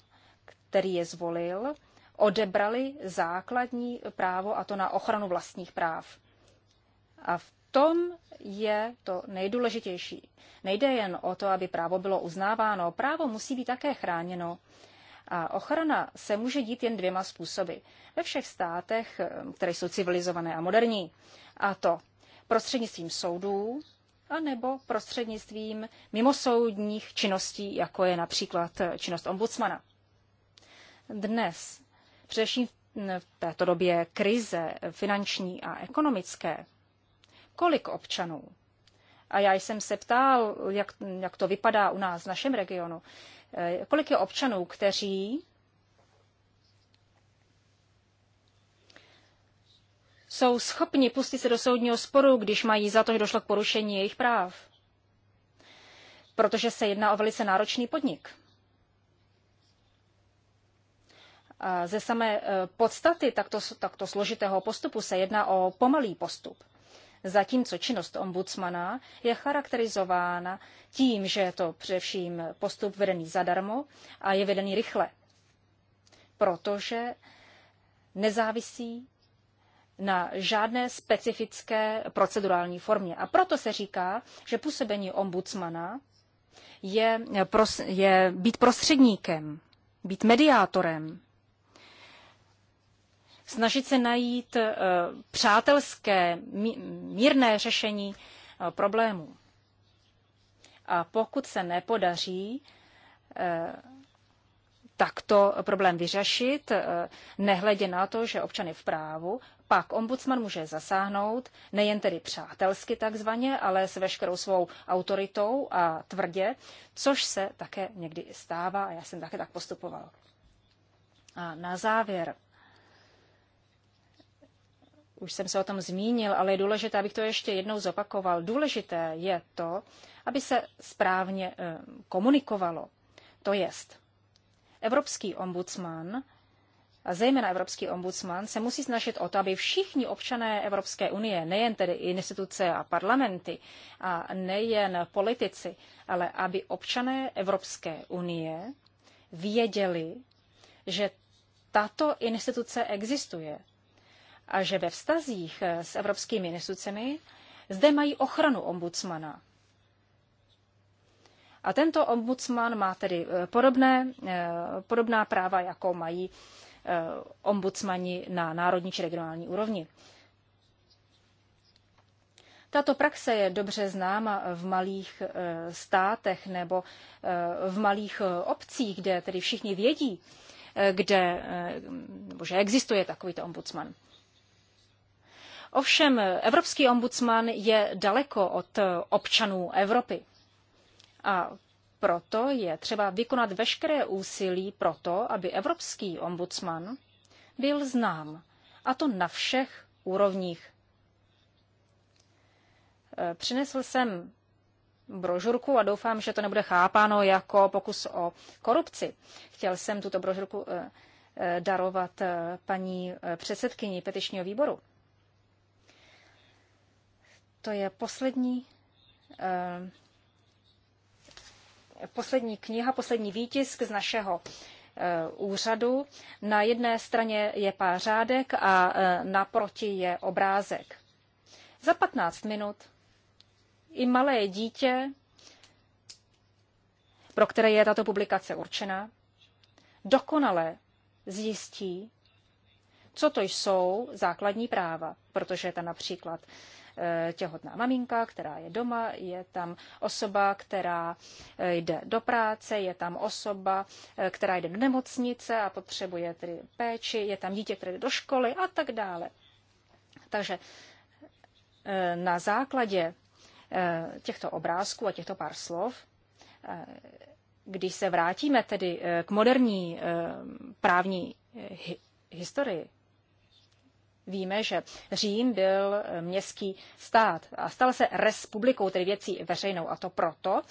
který je zvolil, odebrali základní právo, a to na ochranu vlastních práv. A v tom je to nejdůležitější. Nejde jen o to, aby právo bylo uznáváno. Právo musí být také chráněno. A ochrana se může dít jen dvěma způsoby. Ve všech státech, eh, které jsou civilizované a moderní, a to prostřednictvím soudů, anebo prostřednictvím mimosoudních činností, jako je například eh, činnost ombudsmana. Dnes, především v této době krize finanční a ekonomické, kolik občanů, a já jsem se ptal, jak, jak to vypadá u nás v našem regionu, Eh, kolik je občanů, kteří jsou schopni pustit se do soudního sporu, když mají za to, že došlo k porušení jejich práv. Protože se jedná o velice náročný podnik. A ze samé eh, podstaty takto, takto složitého postupu se jedná o pomalý postup zatímco činnost ombudsmana je charakterizována tím, že je to především postup vedený zadarmo a je vedený rychle, protože nezávisí na žádné specifické procedurální formě. A proto se říká, že působení ombudsmana je, je být prostředníkem, být mediátorem snažit se najít eh, přátelské, mírné řešení eh, problémů. A pokud se nepodaří eh, takto problém vyřešit, nehledě na to, že občany v právu, pak ombudsman může zasáhnout nejen tedy přátelsky takzvaně, ale s veškerou svou autoritou a tvrdě, což se také někdy stává a já jsem také tak postupoval. A na závěr už jsem se o tom zmínil, ale je důležité, abych to ještě jednou zopakoval. Důležité je to, aby se správně eh, komunikovalo. To jest, Evropský ombudsman a zejména Evropský ombudsman se musí snažit o to, aby všichni občané Evropské unie, nejen tedy instituce a parlamenty a nejen politici, ale aby občané Evropské unie věděli, že tato instituce existuje, a že ve vztazích eh, s evropskými institucemi zde mají ochranu ombudsmana. A tento ombudsman má tedy eh, podobné, eh, podobná práva, jako mají ombudsmani na národní či regionální úrovni. Tato praxe je dobře známa v malých státech nebo v malých obcích, kde tedy všichni vědí, kde, nebo že existuje takovýto ombudsman. Ovšem, evropský ombudsman je daleko od občanů Evropy. A proto je třeba vykonat veškeré úsilí pro to, aby evropský ombudsman byl znám, a to na všech úrovních. E, přinesl jsem brožurku a doufám, že to nebude chápáno jako pokus o korupci. Chtěl jsem tuto brožurku e, e, darovat paní předsedkyni petičního výboru. To je poslední, eh, poslední kniha, poslední výtisk z našeho eh, úřadu. Na jedné straně je pár řádek a eh, naproti je obrázek. Za 15 minut i malé dítě, pro které je tato publikace určena, dokonale zjistí, co to jsou základní práva, protože je to například Eh, těhotná maminka, která je doma, je tam osoba, která eh, jde do práce, je tam osoba, eh, která jde do nemocnice a potřebuje tedy péči, je tam dítě, které jde do školy a tak dále. Takže na základě těchto obrázků a těchto pár slov, když se vrátíme tedy k moderní právní historii, Víme, že Řím byl eh, městský stát a stal se republikou, tedy věcí veřejnou. A to proto,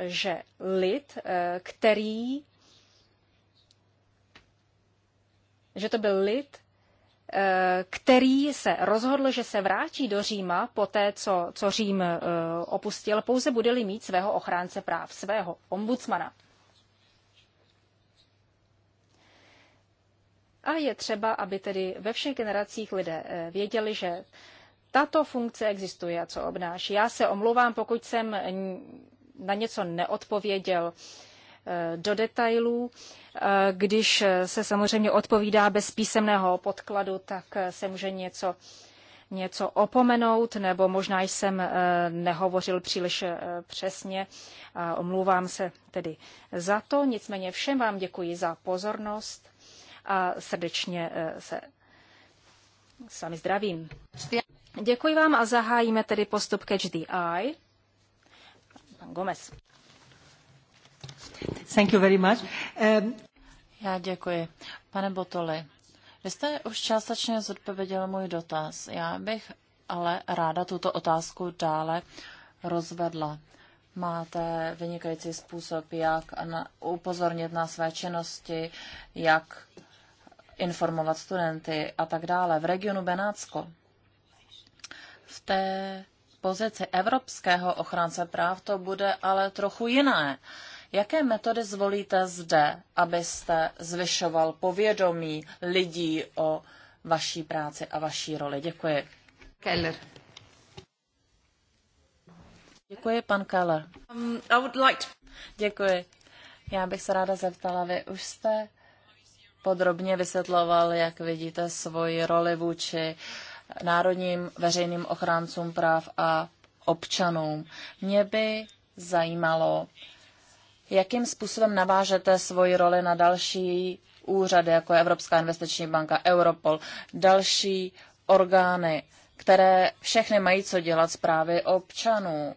že lid, eh, který že to byl lid, eh, který se rozhodl, že se vrátí do Říma po té, co, co Řím opustil, pouze bude-li mít svého ochránce práv, svého ombudsmana. A je třeba, aby tedy ve všech generacích lidé eh, věděli, že tato funkce existuje a co obnáší. Já se omluvám, pokud jsem na něco neodpověděl eh, do detailů. Eh, když se samozřejmě odpovídá bez písemného podkladu, tak se může něco, něco opomenout, nebo možná jsem nehovořil příliš přesně. Omlouvám se tedy za to. Nicméně všem vám děkuji za pozornost a srdečně eh, se s vámi zdravím. Děkuji vám a zahájíme tedy postup Catch the Eye. Pan Gomez. Thank you very much. Um... Já děkuji. Pane Botoli, vy jste už částečně zodpověděl můj dotaz. Já bych ale ráda tuto otázku dále rozvedla. Máte vynikající způsob, jak upozornit na své činnosti, jak informovat studenty a tak dále. V regionu Benátsko v té pozici evropského ochránce práv to bude ale trochu jiné. Jaké metody zvolíte zde, abyste zvyšoval povědomí lidí o vaší práci a vaší roli? Děkuji. Keller. Děkuji, pan Keller. Um, I would like to... Děkuji. Já bych se ráda zeptala, vy už jste podrobně vysvětloval, jak vidíte, svoji roli vůči národním veřejným ochráncům práv a občanům. Mě by zajímalo, jakým způsobem navážete svoji roli na další úřady, jako je Evropská investiční banka, Europol, další orgány, které všechny mají co dělat s právy občanů.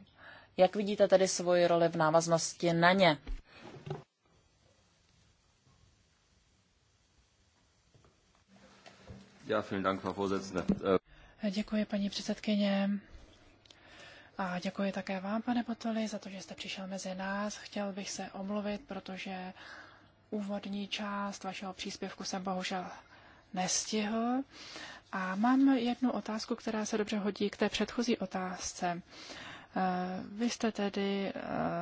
Jak vidíte tedy svoji roli v návaznosti na ně? Eh, děkuji, paní předsedkyně. A děkuji také vám, pane Potoli, za to, že jste přišel mezi nás. Chtěl bych se omluvit, protože úvodní část vašeho příspěvku jsem bohužel nestihl. A mám jednu otázku, která se dobře hodí k té předchozí otázce. Uh, Eh, vy jste tedy eh,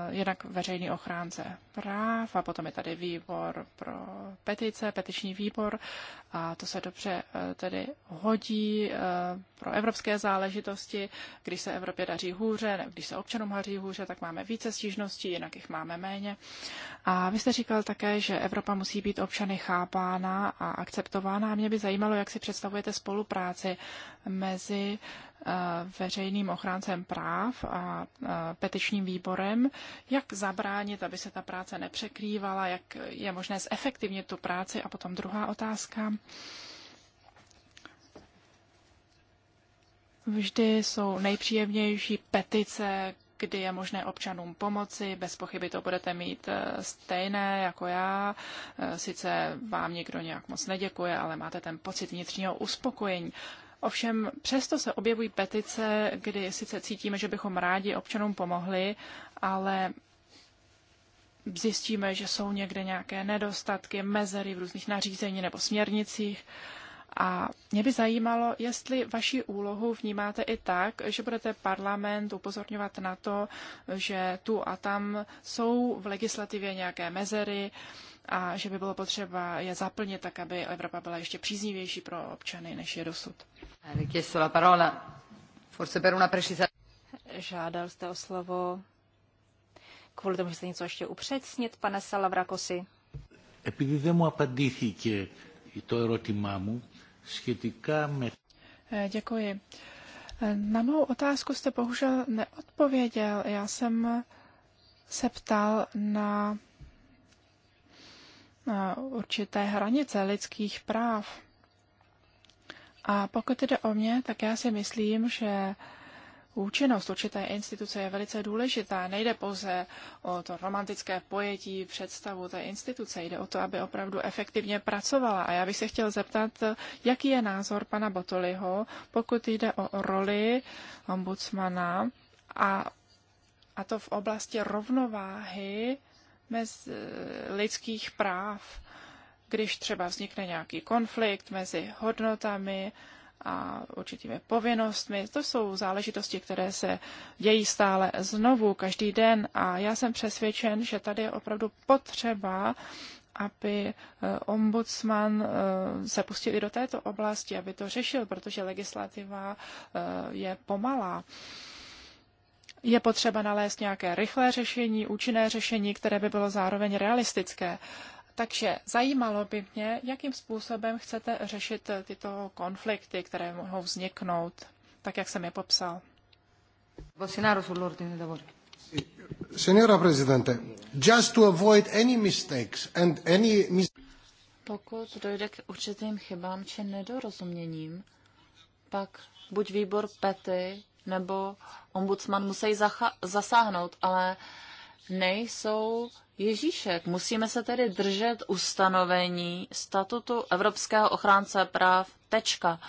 jednak veřejný ochránce práv a potom je tady výbor pro petice, petiční výbor a to se dobře eh, tedy hodí pro evropské záležitosti. Když se Evropě daří hůře, ne, když se občanům daří hůře, tak máme více stížností, jinak jich máme méně. A vy jste říkal také, že Evropa musí být občany chápána a akceptována a mě by zajímalo, jak si představujete spolupráci mezi eh, veřejným ochráncem práv a eh, petičním výborem, jak zabránit, aby se ta práce nepřekrývala, jak je možné zefektivnit tu práci. A potom druhá otázka. Vždy jsou nejpříjemnější petice, kdy je možné občanům pomoci. Bez pochyby to budete mít eh, stejné jako já. Sice vám někdo nějak moc neděkuje, ale máte ten pocit vnitřního uspokojení. Ovšem přesto se objevují petice, kdy sice cítíme, že bychom rádi občanům pomohli, ale zjistíme, že jsou někde nějaké nedostatky, mezery v různých nařízení nebo směrnicích. A mě by zajímalo, jestli vaši úlohu vnímáte i tak, že budete parlament upozorňovat na to, že tu a tam jsou v legislativě nějaké mezery, a že by bylo potřeba je zaplnit tak, aby Evropa byla ještě příznivější pro občany, než je dosud. Žádal jste o slovo kvůli tomu, že jste něco ještě upřecnit, pane Salavrakosi. Děkuji. Na mou otázku jste bohužel neodpověděl. Já jsem se ptal na Eh, určité hranice lidských práv. A pokud jde o mě, tak já si myslím, že účinnost určité instituce je velice důležitá. Nejde pouze o to romantické pojetí, představu té instituce. Jde o to, aby opravdu efektivně pracovala. A já bych se chtěl zeptat, jaký je názor pana Botoliho, pokud jde o roli ombudsmana a, a to v oblasti rovnováhy mez eh, lidských práv, když třeba vznikne nějaký konflikt mezi hodnotami a určitými povinnostmi. To jsou záležitosti, které se dějí stále znovu, každý den a já jsem přesvědčen, že tady je opravdu potřeba aby eh, ombudsman eh, se pustil i do této oblasti, aby to řešil, protože legislativa je pomalá je potřeba nalézt nějaké rychlé řešení, účinné řešení, které by bylo zároveň realistické. Takže zajímalo by mě, jakým způsobem chcete řešit tyto konflikty, které mohou vzniknout, tak jak jsem je popsal. Bolsonaro sull'ordine eh, just to avoid any mistakes and any mis- Pokud dojde k určitým chybám či nedorozuměním, pak buď výbor PETY nebo ombudsman musí zasáhnout, ale nejsou Ježíšek. Musíme se tedy držet ustanovení statutu Evropského ochránce práv. Tečka.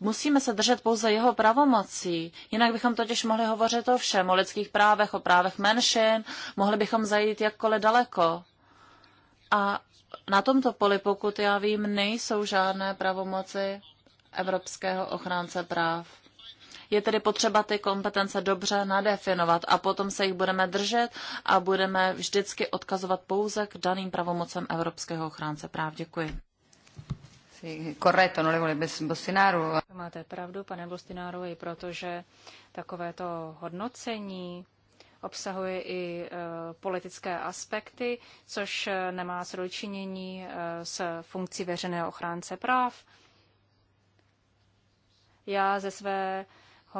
Musíme se držet pouze jeho pravomocí, jinak bychom totiž mohli hovořit o všem, o lidských právech, o právech menšin, mohli bychom zajít jakkoliv daleko. A na tomto poli, pokud já vím, nejsou žádné pravomoci Evropského ochránce práv. Je tedy potřeba ty kompetence dobře nadefinovat a potom se jich budeme držet a budeme vždycky odkazovat pouze k daným pravomocem Evropského ochránce práv. Děkuji. No Máte pravdu, pane Bostináru, i protože takovéto hodnocení obsahuje i e, politické aspekty, což e, nemá sročinění dočinění e, s funkcí veřejného ochránce práv. Já ze své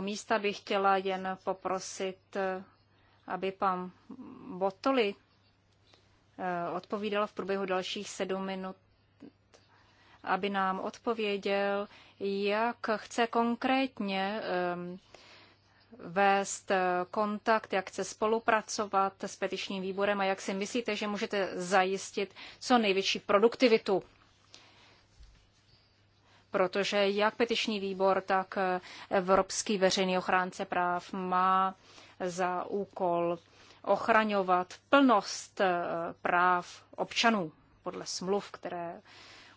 místa bych chtěla jen poprosit, aby pan Botoli eh, odpovídal v průběhu dalších sedm minut aby nám odpověděl, jak chce konkrétně ehm, vést eh, kontakt, jak chce spolupracovat s petičním výborem a jak si myslíte, že můžete zajistit co největší produktivitu protože jak petiční výbor, tak Evropský veřejný ochránce práv má za úkol ochraňovat plnost eh, práv občanů podle smluv, které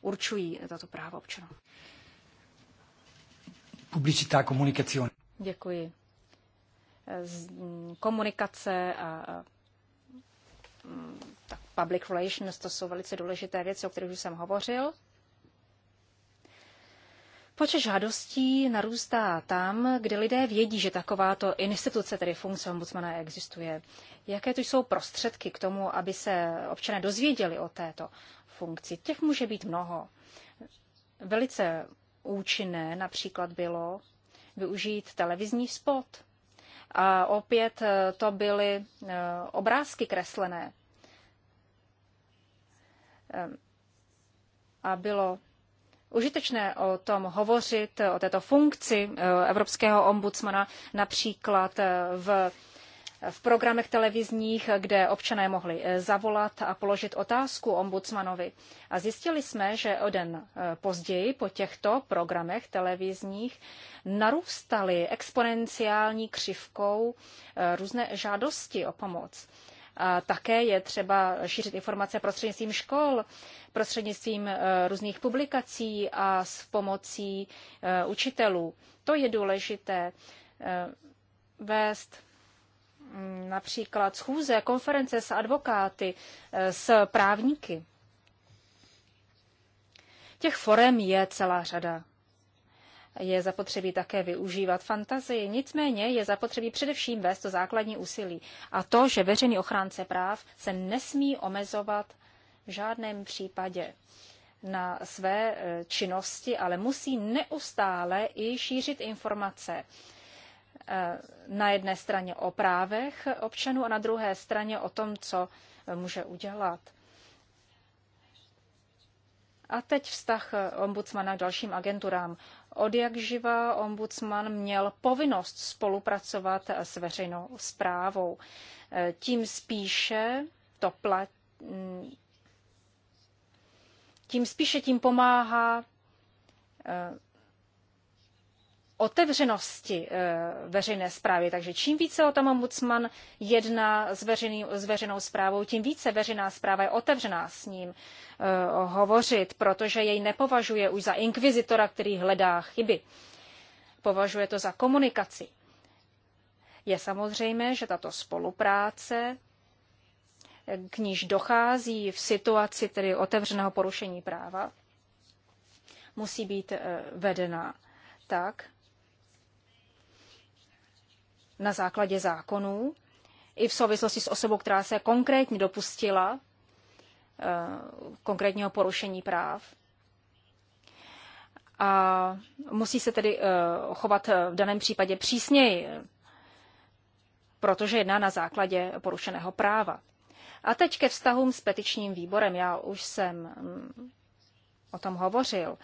určují tato práva občanů. Publicita komunikace. Děkuji. Mm, komunikace a mm, tak public relations, to jsou velice důležité věci, o kterých už jsem hovořil. Počet žádostí narůstá tam, kde lidé vědí, že takováto instituce, tedy funkce ombudsmana, existuje. Jaké to jsou prostředky k tomu, aby se občané dozvěděli o této funkci? Těch může být mnoho. Velice účinné například bylo využít televizní spot. A opět eh, to byly eh, obrázky kreslené. Ehm, a bylo užitečné o tom hovořit, o této funkci eh, evropského ombudsmana například eh, v v programech televizních, kde občané mohli eh, zavolat a položit otázku ombudsmanovi. A zjistili jsme, že o den později po těchto programech televizních narůstaly exponenciální křivkou různé žádosti o pomoc také je třeba šířit informace prostřednictvím škol, prostřednictvím e, různých publikací a s pomocí e, učitelů. To je důležité e, vést mm, například schůze, konference s advokáty, s právníky. Těch forem je celá řada je zapotřebí také využívat fantazii. Nicméně je zapotřebí především vést to základní úsilí. A to, že veřejný ochránce práv se nesmí omezovat v žádném případě na své e, činnosti, ale musí neustále i šířit informace e, na jedné straně o právech občanů a na druhé straně o tom, co e, může udělat. A teď vztah ombudsmana k dalším agenturám. Od jak živa ombudsman měl povinnost spolupracovat s veřejnou zprávou. E, tím spíše to platí, mm, tím spíše tím pomáhá e, otevřenosti eh, veřejné zprávy. Takže čím více o tom ombudsman jedná s, veřejný, s veřejnou zprávou, tím více veřejná zpráva je otevřená s ním eh, hovořit, protože jej nepovažuje už za inkvizitora, který hledá chyby. Považuje to za komunikaci. Je samozřejmé, že tato spolupráce k níž dochází v situaci tedy otevřeného porušení práva, musí být eh, vedena tak, na základě zákonů, i v souvislosti s osobou, která se konkrétně dopustila eh, konkrétního porušení práv. A musí se tedy eh, chovat eh, v daném případě přísněji, protože jedná na základě porušeného práva. A teď ke vztahům s petičním výborem. Já už jsem mm, o tom hovořil.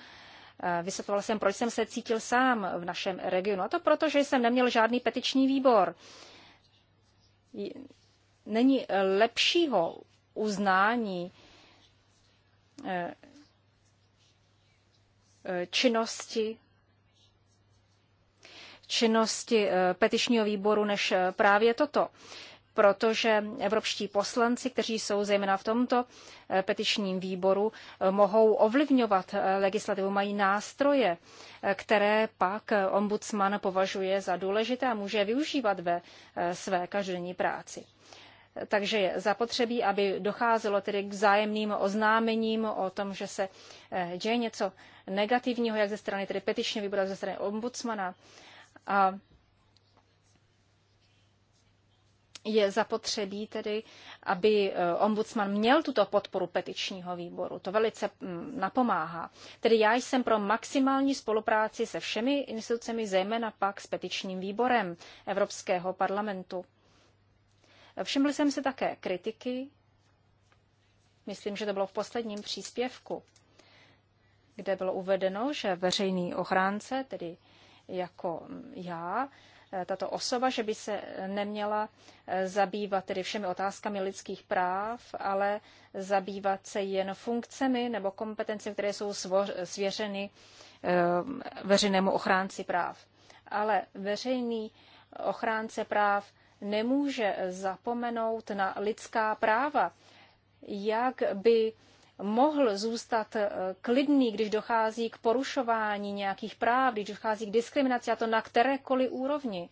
Eh, vysvětloval jsem, proč jsem se cítil sám v našem regionu. A to proto, že jsem neměl žádný petiční výbor. Není lepšího uznání eh, eh, činnosti činnosti petičního výboru než právě toto protože evropští poslanci, kteří jsou zejména v tomto eh, petičním výboru, eh, mohou ovlivňovat eh, legislativu, mají nástroje, které pak ombudsman považuje za důležité a může využívat ve své každodenní práci. Takže je zapotřebí, aby docházelo tedy k vzájemným oznámením o tom, že se děje něco negativního, jak ze strany tedy petičního výboru, jak ze strany ombudsmana. A je zapotřebí tedy, aby eh, ombudsman měl tuto podporu petičního výboru. To velice mm, napomáhá. Tedy já jsem pro maximální spolupráci se všemi institucemi, zejména pak s petičním výborem Evropského parlamentu. Všiml jsem se také kritiky, myslím, že to bylo v posledním příspěvku, kde bylo uvedeno, že veřejný ochránce, tedy jako já, Eh, tato osoba, že by se eh, neměla eh, zabývat tedy všemi otázkami lidských práv, ale zabývat se jen funkcemi nebo kompetencemi, které jsou svěřeny veřejnému ochránci práv. Ale veřejný ochránce práv nemůže zapomenout na lidská práva, jak by mohl zůstat eh, klidný, když dochází k porušování nějakých práv, když dochází k diskriminaci, a to na kterékoliv úrovni.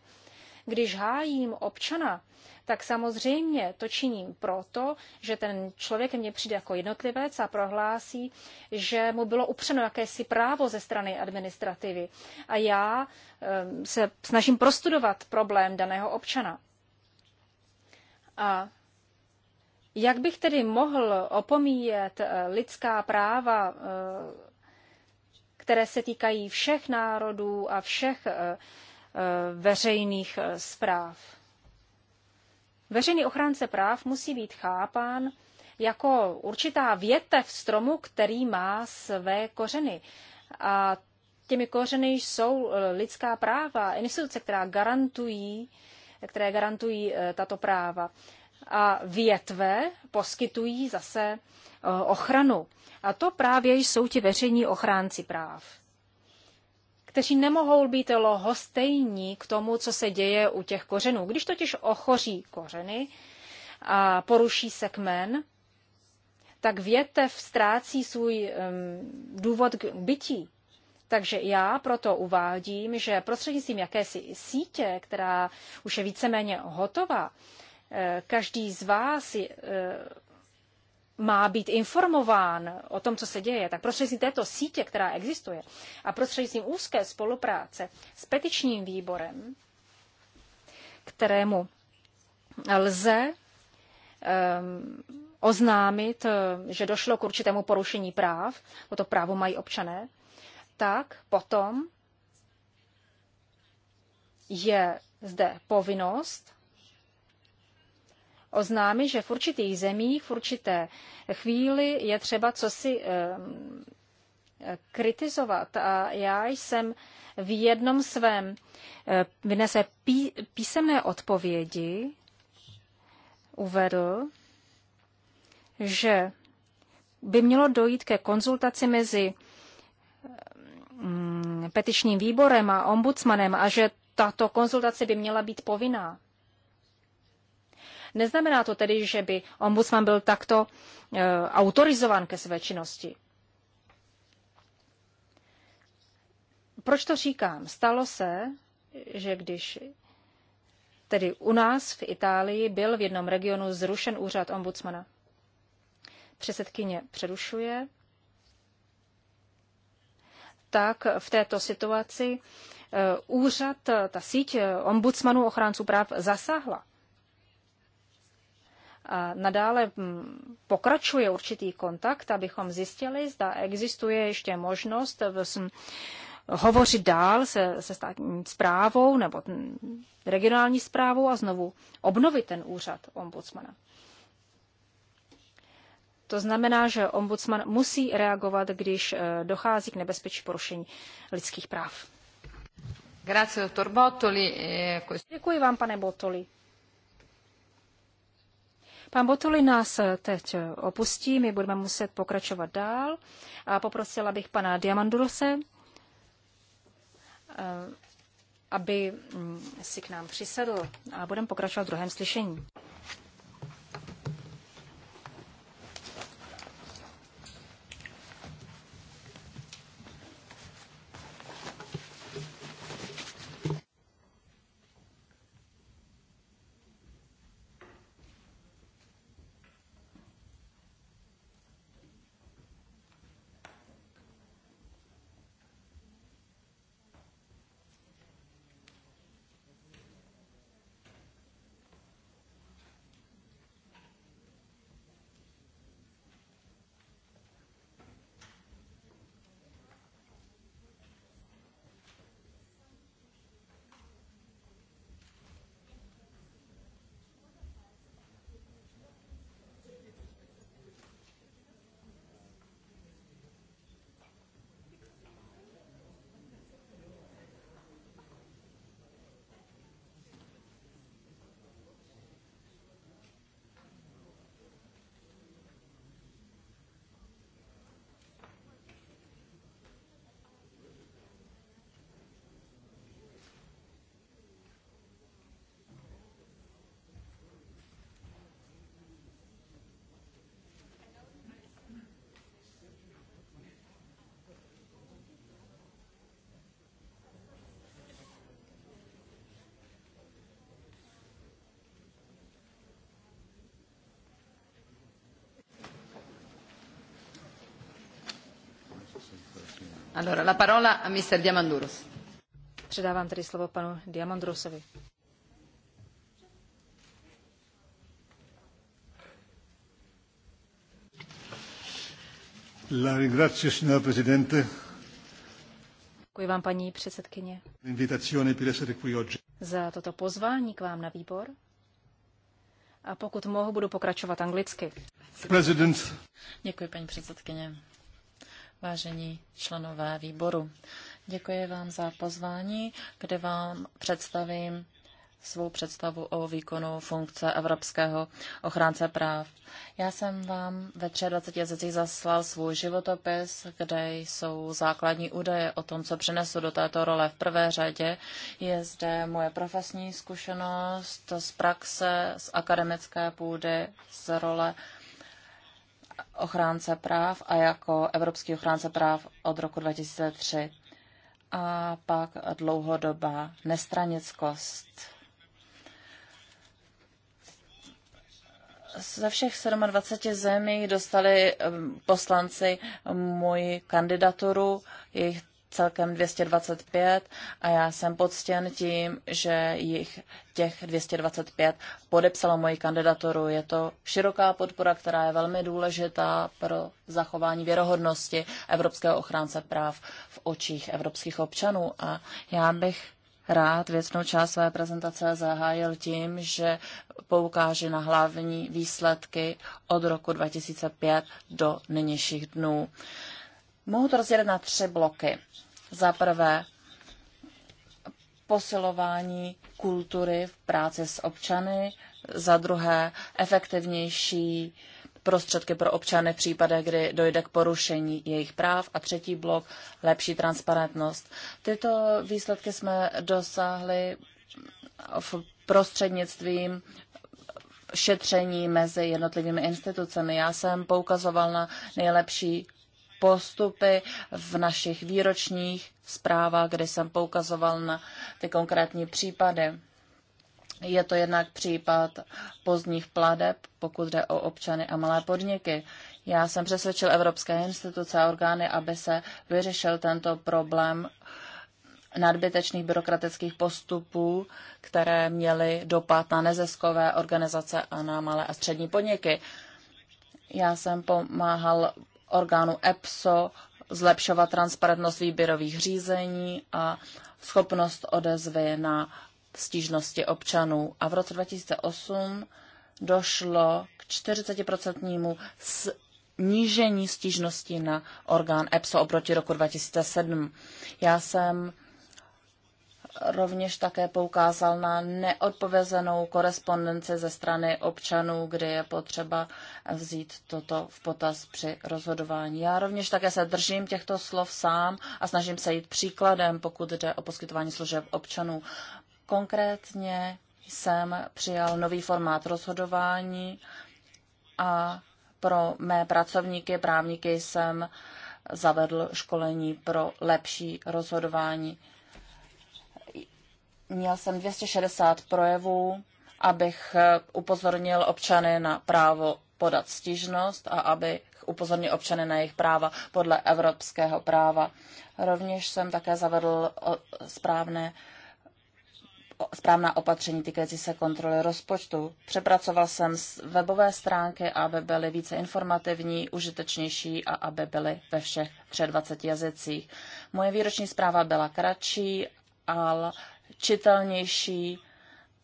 Když hájím občana, tak samozřejmě to činím proto, že ten člověk mě přijde jako jednotlivec a prohlásí, že mu bylo upřeno jakési právo ze strany administrativy. A já eh, se snažím prostudovat problém daného občana. A jak bych tedy mohl opomíjet eh, lidská práva, eh, které se týkají všech národů a všech eh, veřejných zpráv? Veřejný ochránce práv musí být chápán jako určitá větev stromu, který má své kořeny. A těmi kořeny jsou lidská práva, instituce, která garantují, které garantují tato práva a větve poskytují zase e, ochranu. A to právě jsou ti veřejní ochránci práv, kteří nemohou být lohostejní k tomu, co se děje u těch kořenů. Když totiž ochoří kořeny a poruší se kmen, tak větev ztrácí svůj um, důvod k bytí. Takže já proto uvádím, že prostřednictvím jakési sítě, která už je víceméně hotová, každý z vás eh, má být informován o tom, co se děje, tak prostřednictvím této sítě, která existuje, a prostřednictvím úzké spolupráce s petičním výborem, kterému lze um, oznámit, eh, že došlo k určitému porušení práv, o to právo mají občané, tak potom je zde povinnost oznámit, že v určitých zemích, v určité chvíli je třeba co si eh, kritizovat. A já jsem v jednom svém eh, vynese pí, písemné odpovědi uvedl, že by mělo dojít ke konzultaci mezi eh, mm, petičním výborem a ombudsmanem a že tato konzultace by měla být povinná. Neznamená to tedy, že by ombudsman byl takto e, autorizován ke své činnosti. Proč to říkám? Stalo se, že když tedy u nás v Itálii byl v jednom regionu zrušen úřad ombudsmana. přesedkyně přerušuje. Tak v této situaci e, úřad, ta síť e, ombudsmanů ochránců práv zasáhla nadále mm, pokračuje určitý kontakt, abychom zjistili, zda existuje ještě možnost v, eh, mm, hovořit dál se, se státní zprávou nebo mm, regionální zprávou a znovu obnovit ten úřad ombudsmana. To znamená, že ombudsman musí reagovat, když eh, dochází k nebezpečí porušení lidských práv. E, Děkuji vám, pane Botoli. Pan Botuli nás eh, teď eh, opustí, my budeme muset pokračovat dál. A poprosila bych pana Diamandulse, eh, aby mm, si k nám přisedl a budeme pokračovat v druhém slyšení. Předávám tedy slovo panu Diamandourosovi. La ringrazio, signora Děkuji vám, paní předsedkyně, za toto pozvání k vám na výbor. A pokud mohu, budu pokračovat anglicky. President. Děkuji, paní předsedkyně vážení členové výboru. Děkuji vám za pozvání, kde vám představím svou představu o výkonu funkce Evropského ochránce práv. Já jsem vám ve 23 jazycích zaslal svůj životopis, kde jsou základní údaje o tom, co přinesu do této role. V prvé řadě je zde moje profesní zkušenost z praxe, z akademické půdy, z role ochránce práv a jako evropský ochránce práv od roku 2003. A pak dlouhodobá nestranickost. Ze všech 27 zemí dostali ehm, poslanci moji kandidaturu, jejich celkem 225 a já jsem poctěn tím, že jich těch 225 podepsalo moji kandidaturu. Je to široká podpora, která je velmi důležitá pro zachování věrohodnosti Evropského ochránce práv v očích evropských občanů. A já bych rád věcnou část své prezentace zahájil tím, že poukáže na hlavní výsledky od roku 2005 do nynějších dnů. Mohu to rozdělit na tři bloky. Za prvé posilování kultury v práci s občany, za druhé efektivnější prostředky pro občany v případech, kdy dojde k porušení jejich práv a třetí blok lepší transparentnost. Tyto výsledky jsme dosáhli v prostřednictvím šetření mezi jednotlivými institucemi. Já jsem poukazoval na nejlepší postupy v našich výročních zprávách, kde jsem poukazoval na ty konkrétní případy. Je to jednak případ pozdních pladeb, pokud jde o občany a malé podniky. Já jsem přesvědčil evropské instituce a orgány, aby se vyřešil tento problém nadbytečných byrokratických postupů, které měly dopad na neziskové organizace a na malé a střední podniky. Já jsem pomáhal orgánu EPSO zlepšovat transparentnost výběrových řízení a schopnost odezvy na stížnosti občanů. A v roce 2008 došlo k 40% snížení stížnosti na orgán EPSO oproti roku 2007. Já jsem rovněž také poukázal na neodpovězenou korespondenci ze strany občanů, kdy je potřeba vzít toto v potaz při rozhodování. Já rovněž také se držím těchto slov sám a snažím se jít příkladem, pokud jde o poskytování služeb občanů. Konkrétně jsem přijal nový formát rozhodování a pro mé pracovníky, právníky jsem zavedl školení pro lepší rozhodování Měl jsem 260 projevů, abych upozornil občany na právo podat stížnost a abych upozornil občany na jejich práva podle evropského práva. Rovněž jsem také zavedl správné správná opatření týkající se kontroly rozpočtu. Přepracoval jsem webové stránky, aby byly více informativní, užitečnější a aby byly ve všech 23 jazycích. Moje výroční zpráva byla kratší, ale čitelnější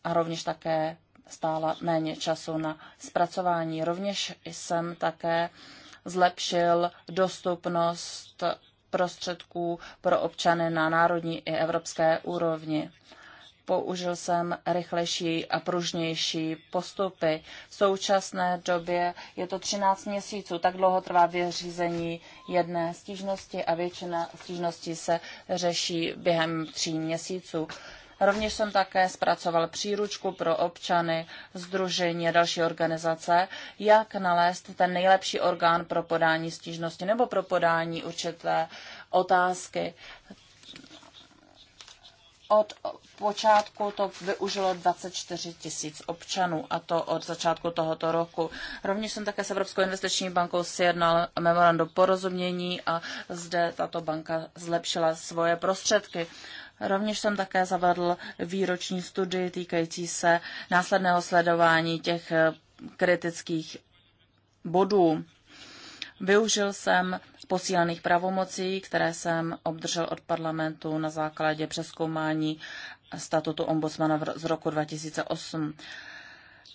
a rovněž také stála méně času na zpracování. Rovněž jsem také zlepšil dostupnost prostředků pro občany na národní i evropské úrovni. Použil jsem rychlejší a pružnější postupy. V současné době je to 13 měsíců, tak dlouho trvá vyřízení jedné stížnosti a většina stížností se řeší během tří měsíců. Rovněž jsem také zpracoval příručku pro občany, združení a další organizace, jak nalézt ten nejlepší orgán pro podání stížnosti nebo pro podání určité otázky. Od počátku to využilo 24 tisíc občanů a to od začátku tohoto roku. Rovněž jsem také s Evropskou investiční bankou sjednal memorandum porozumění a zde tato banka zlepšila svoje prostředky. Rovněž jsem také zavedl výroční studii týkající se následného sledování těch eh, kritických bodů. Využil jsem posílených pravomocí, které jsem obdržel od parlamentu na základě přeskoumání statutu ombudsmana z roku 2008.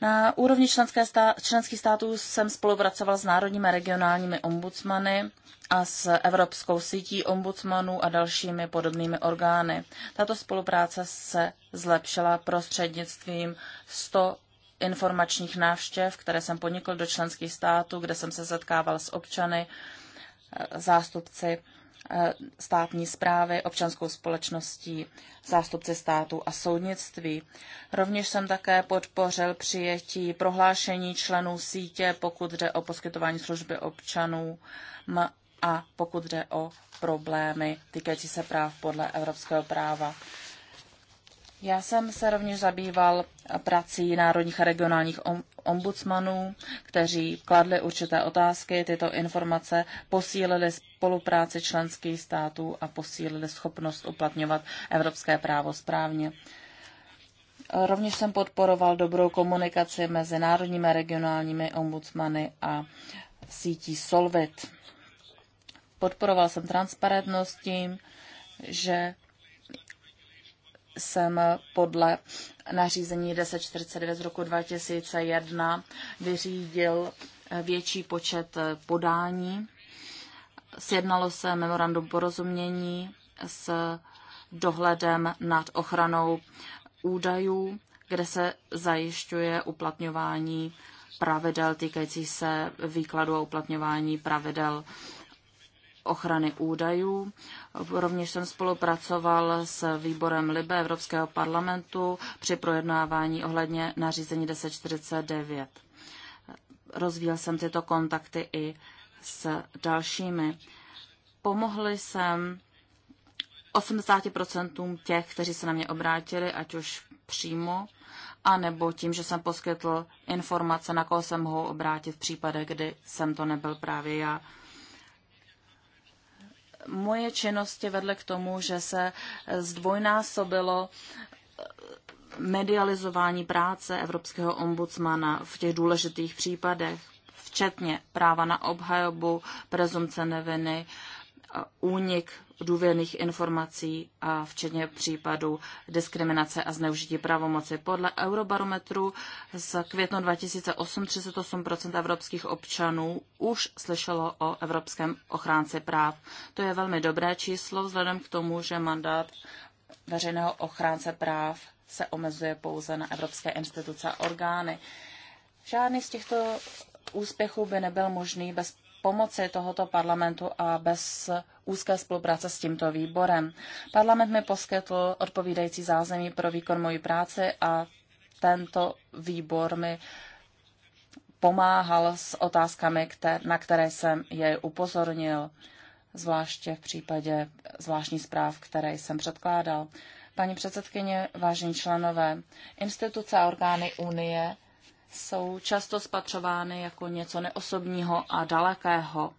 Na úrovni členské stá- členských států jsem spolupracoval s národními a regionálními ombudsmany a s Evropskou sítí ombudsmanů a dalšími podobnými orgány. Tato spolupráce se zlepšila prostřednictvím 100 informačních návštěv, které jsem podnikl do členských států, kde jsem se setkával s občany, e, zástupci Eh, státní zprávy, občanskou společností, zástupce státu a soudnictví. Rovněž jsem také podpořil přijetí prohlášení členů sítě, pokud jde o poskytování služby občanů a pokud jde o problémy týkající se práv podle evropského práva. Já jsem se rovněž zabýval prací národních a regionálních ombudsmanů, kteří kladli určité otázky, tyto informace posílili spolupráci členských států a posílili schopnost uplatňovat evropské právo správně. Rovněž jsem podporoval dobrou komunikaci mezi národními a regionálními ombudsmany a sítí Solvit. Podporoval jsem transparentnost tím, že jsem podle nařízení 1049 z roku 2001 vyřídil větší počet podání. Sjednalo se memorandum porozumění s dohledem nad ochranou údajů, kde se zajišťuje uplatňování pravidel týkající se výkladu a uplatňování pravidel ochrany údajů. Rovněž jsem spolupracoval s výborem LIBE Evropského parlamentu při projednávání ohledně nařízení 1049. Rozvíjel jsem tyto kontakty i s dalšími. Pomohli jsem 80% těch, kteří se na mě obrátili, ať už přímo, anebo tím, že jsem poskytl informace, na koho se mohou obrátit v případě, kdy jsem to nebyl právě já moje činnosti vedly k tomu, že se zdvojnásobilo eh, medializování práce evropského ombudsmana v těch důležitých případech, včetně práva na obhajobu, prezumce neviny, únik důvěrných informací a včetně případů diskriminace a zneužití pravomoci. Podle Eurobarometru z května 2008 38% evropských občanů už slyšelo o Evropském ochránci práv. To je velmi dobré číslo vzhledem k tomu, že mandát veřejného ochránce práv se omezuje pouze na evropské instituce a orgány. Žádný z těchto úspěchů by nebyl možný bez pomoci tohoto parlamentu a bez úzké spolupráce s tímto výborem. Parlament mi poskytl odpovídající zázemí pro výkon mojí práce a tento výbor mi pomáhal s otázkami, na které jsem je upozornil, zvláště v případě zvláštních zpráv, které jsem předkládal. Paní předsedkyně, vážení členové, instituce a orgány Unie jsou často spatřovány jako něco neosobního a dalekého,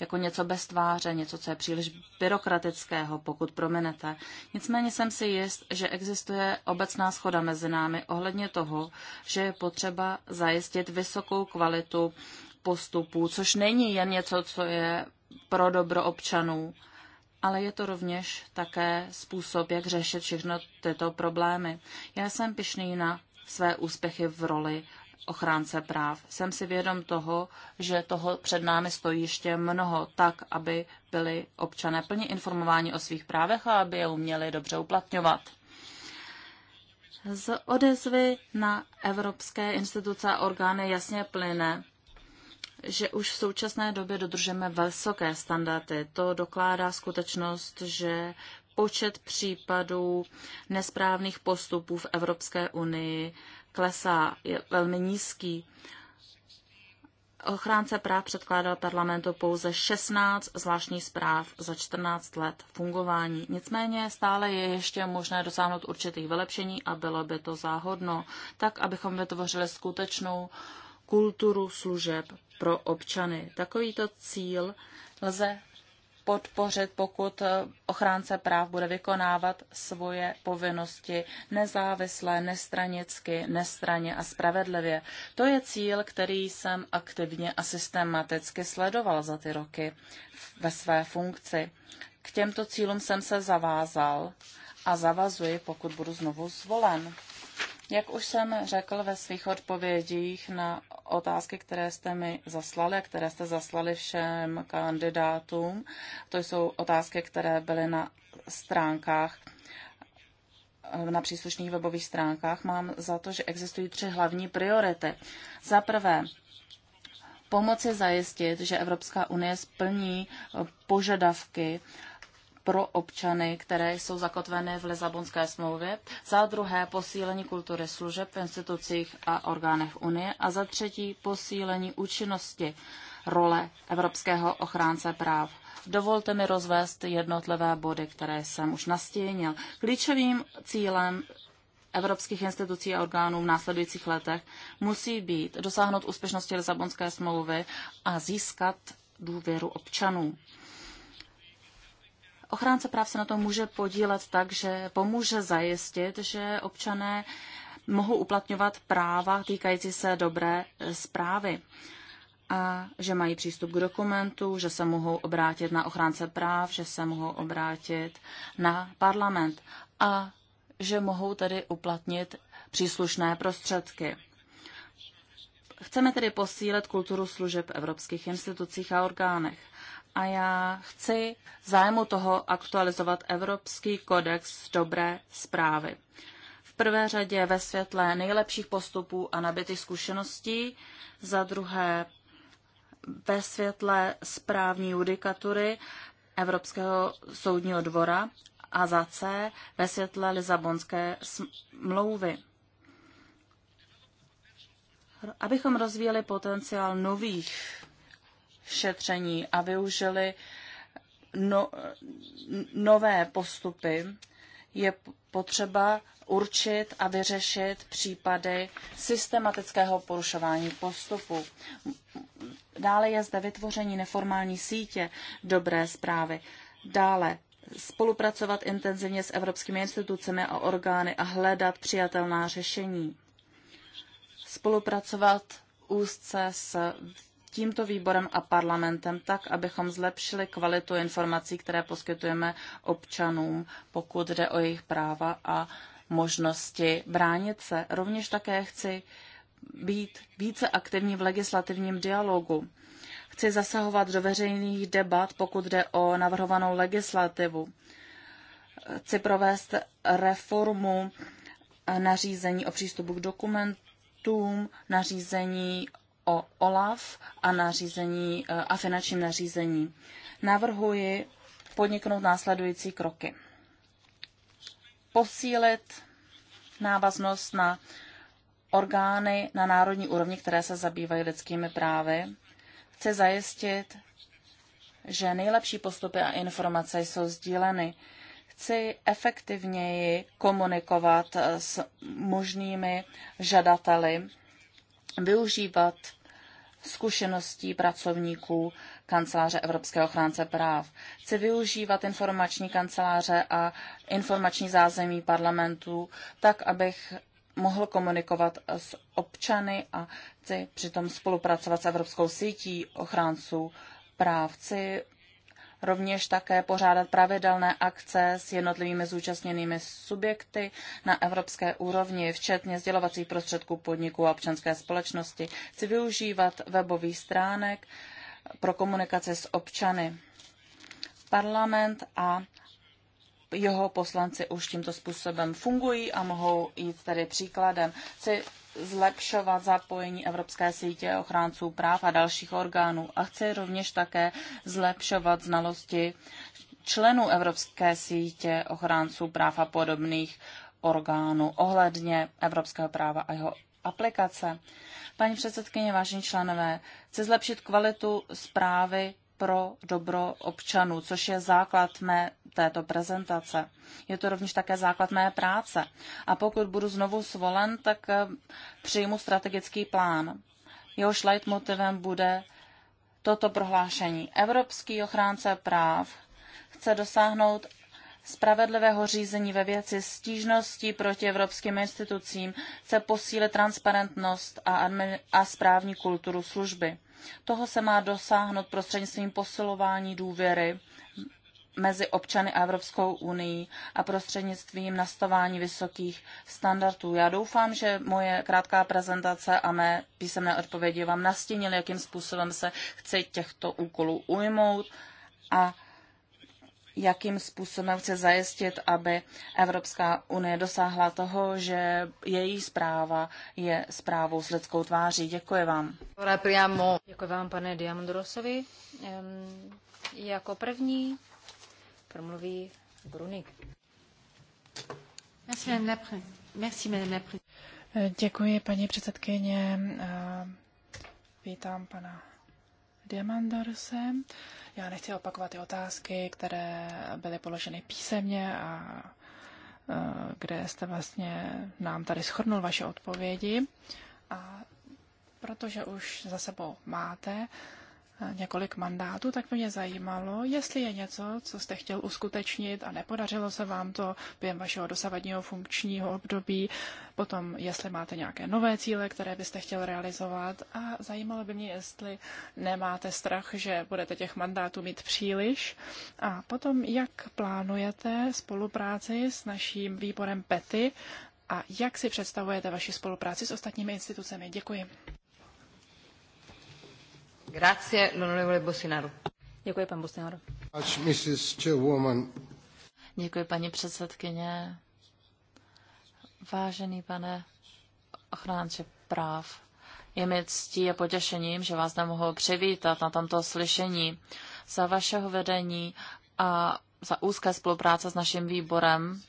jako něco bez tváře, něco, co je příliš byrokratického, pokud prominete. Nicméně jsem si jist, že existuje obecná schoda mezi námi ohledně toho, že je potřeba zajistit vysokou kvalitu postupů, což není jen něco, co je pro dobro občanů, ale je to rovněž také způsob, jak řešit všechno tyto problémy. Já jsem pišný na své úspěchy v roli ochránce práv. Jsem si vědom toho, že toho před námi stojí ještě mnoho, tak, aby byli občané plně informováni o svých právech a aby je uměli dobře uplatňovat. Z odezvy na evropské instituce a orgány jasně plyne, že už v současné době dodržeme vysoké standardy. To dokládá skutečnost, že počet případů nesprávných postupů v Evropské unii klesá, je velmi nízký. Ochránce práv předkládal parlamentu pouze 16 zvláštních zpráv za 14 let fungování. Nicméně stále je ještě možné dosáhnout určitých vylepšení a bylo by to záhodno, tak abychom vytvořili skutečnou kulturu služeb pro občany. Takovýto cíl lze podpořit, pokud eh, ochránce práv bude vykonávat svoje povinnosti nezávisle, nestranicky, nestraně a spravedlivě. To je cíl, který jsem aktivně a systematicky sledoval za ty roky ve své funkci. K těmto cílům jsem se zavázal a zavazuji, pokud budu znovu zvolen. Jak už jsem řekl ve svých odpovědích na otázky, které jste mi zaslali a které jste zaslali všem kandidátům, to jsou otázky, které byly na stránkách na příslušných webových stránkách, mám za to, že existují tři hlavní priority. Za prvé, pomoci zajistit, že Evropská unie splní požadavky pro občany, které jsou zakotveny v Lisabonské smlouvě, za druhé posílení kultury služeb v institucích a orgánech Unie a za třetí posílení účinnosti role Evropského ochránce práv. Dovolte mi rozvést jednotlivé body, které jsem už nastínil. Klíčovým cílem evropských institucí a orgánů v následujících letech musí být dosáhnout úspěšnosti Lisabonské smlouvy a získat důvěru občanů. Ochránce práv se na to může podílet tak, že pomůže zajistit, že občané mohou uplatňovat práva týkající se dobré zprávy a že mají přístup k dokumentu, že se mohou obrátit na ochránce práv, že se mohou obrátit na parlament a že mohou tedy uplatnit příslušné prostředky. Chceme tedy posílit kulturu služeb v evropských institucích a orgánech a já chci zájmu toho aktualizovat Evropský kodex dobré zprávy. V prvé řadě ve světle nejlepších postupů a nabitých zkušeností, za druhé ve světle správní judikatury Evropského soudního dvora a za C ve světle Lisabonské smlouvy. Abychom rozvíjeli potenciál nových šetření a využili no, nové postupy, je potřeba určit a vyřešit případy systematického porušování postupu. Dále je zde vytvoření neformální sítě dobré zprávy. Dále spolupracovat intenzivně s evropskými institucemi a orgány a hledat přijatelná řešení. Spolupracovat úzce s tímto výborem a parlamentem tak, abychom zlepšili kvalitu informací, které poskytujeme občanům, pokud jde o jejich práva a možnosti bránit se. Rovněž také chci být více aktivní v legislativním dialogu. Chci zasahovat do veřejných debat, pokud jde o navrhovanou legislativu. Chci provést reformu nařízení o přístupu k dokumentům, nařízení o OLAF a, nařízení, eh, a finančním nařízení. Navrhuji podniknout následující kroky. Posílit návaznost na orgány na národní úrovni, které se zabývají lidskými právy. Chci zajistit, že nejlepší postupy a informace jsou sdíleny. Chci efektivněji komunikovat eh, s možnými žadateli využívat zkušeností pracovníků kanceláře Evropského ochránce práv. Chci využívat informační kanceláře a informační zázemí Parlamentu, tak, abych mohl komunikovat s občany a chci přitom spolupracovat s Evropskou sítí ochránců práv. Chci rovněž také pořádat pravidelné akce s jednotlivými zúčastněnými subjekty na evropské úrovni, včetně sdělovacích prostředků podniků a občanské společnosti. Chci využívat webových stránek pro komunikaci s občany. Parlament a jeho poslanci už tímto způsobem fungují a mohou jít tady příkladem. Chci zlepšovat zapojení Evropské sítě ochránců práv a dalších orgánů a chci rovněž také zlepšovat znalosti členů Evropské sítě ochránců práv a podobných orgánů ohledně evropského práva a jeho aplikace. Paní předsedkyně, vážení členové, chci zlepšit kvalitu zprávy pro dobro občanů, což je základ mé této prezentace. Je to rovněž také základ mé práce. A pokud budu znovu zvolen, tak eh, přijmu strategický plán. Jehož leitmotivem bude toto prohlášení. Evropský ochránce práv chce dosáhnout spravedlivého řízení ve věci stížností proti evropským institucím, chce posílit transparentnost a, a správní kulturu služby. Toho se má dosáhnout prostřednictvím posilování důvěry mezi občany a Evropskou unii a prostřednictvím nastavování vysokých standardů. Já doufám, že moje krátká prezentace a mé písemné odpovědi vám nastínily, jakým způsobem se chci těchto úkolů ujmout a jakým způsobem chce zajistit, aby Evropská unie dosáhla toho, že její zpráva je zprávou s lidskou tváří. Děkuji vám. Děkuji vám, pane Diamondrosovi. Jako první promluví Grunik. Děkuji, paní předsedkyně. Vítám pana Diamandorsem. Já nechci opakovat ty otázky, které byly položeny písemně a e, kde jste vlastně nám tady schrnul vaše odpovědi. A protože už za sebou máte, několik mandátů, tak by mě zajímalo, jestli je něco, co jste chtěl uskutečnit a nepodařilo se vám to během vašeho dosavadního funkčního období, potom jestli máte nějaké nové cíle, které byste chtěl realizovat a zajímalo by mě, jestli nemáte strach, že budete těch mandátů mít příliš a potom, jak plánujete spolupráci s naším výborem PETY a jak si představujete vaši spolupráci s ostatními institucemi. Děkuji. Děkuji, pan Bostinaru. Děkuji, paní předsedkyně. Vážený pane ochránce práv, je mi ctí a potěšením, že vás nemohu přivítat na tomto slyšení. Za vašeho vedení a za úzké spolupráce s naším výborem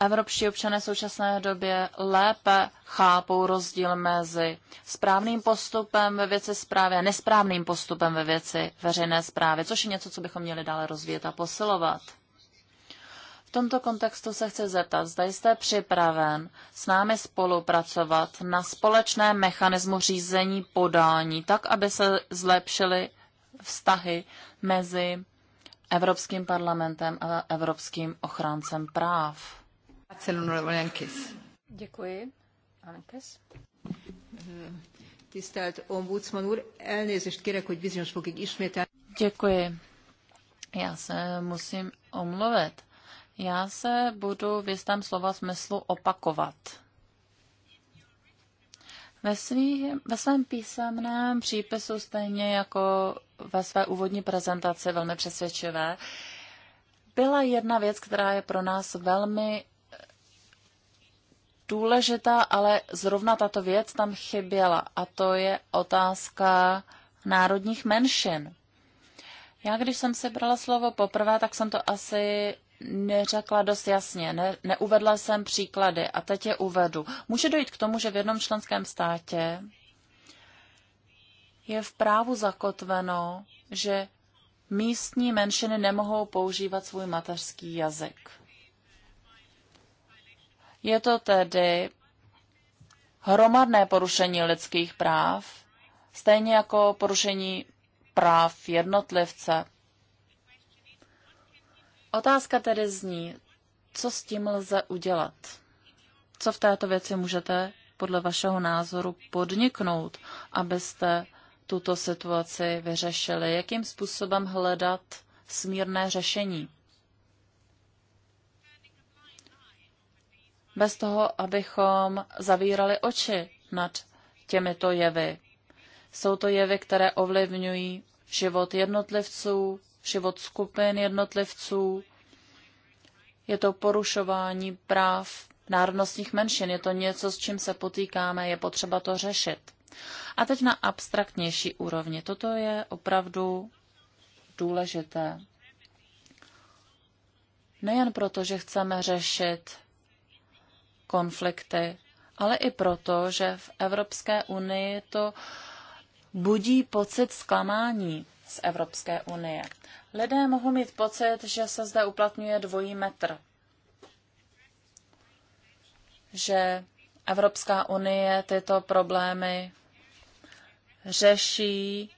Evropští občané v současné době lépe chápou rozdíl mezi správným postupem ve věci zprávy a nesprávným postupem ve věci veřejné zprávy, což je něco, co bychom měli dále rozvíjet a posilovat. V tomto kontextu se chci zeptat, zda jste připraven s námi spolupracovat na společném mechanismu řízení podání, tak, aby se zlepšily vztahy mezi Evropským parlamentem a Evropským ochráncem práv. Děkuji. Tisztelt ombudsman úr, elnézést kérek, hogy bizonyos fokig ismétel. Děkuji. Já se musím omluvit. Já se budu v jistém slova smyslu opakovat. Ve, svý, ve svém písemném přípisu, stejně jako ve své úvodní prezentaci, velmi přesvědčivé, byla jedna věc, která je pro nás velmi důležitá, ale zrovna tato věc tam chyběla a to je otázka národních menšin. Já, když jsem si brala slovo poprvé, tak jsem to asi neřekla dost jasně, ne, neuvedla jsem příklady a teď je uvedu. Může dojít k tomu, že v jednom členském státě je v právu zakotveno, že místní menšiny nemohou používat svůj mateřský jazyk. Je to tedy hromadné porušení lidských práv, stejně jako porušení práv jednotlivce. Otázka tedy zní, co s tím lze udělat? Co v této věci můžete podle vašeho názoru podniknout, abyste tuto situaci vyřešili? Jakým způsobem hledat smírné řešení? bez toho, abychom zavírali oči nad těmito jevy. Jsou to jevy, které ovlivňují život jednotlivců, život skupin jednotlivců. Je to porušování práv národnostních menšin. Je to něco, s čím se potýkáme, je potřeba to řešit. A teď na abstraktnější úrovni. Toto je opravdu důležité. Nejen proto, že chceme řešit konflikty, ale i proto, že v Evropské unii to budí pocit zklamání z Evropské unie. Lidé mohou mít pocit, že se zde uplatňuje dvojí metr. Že Evropská unie tyto problémy řeší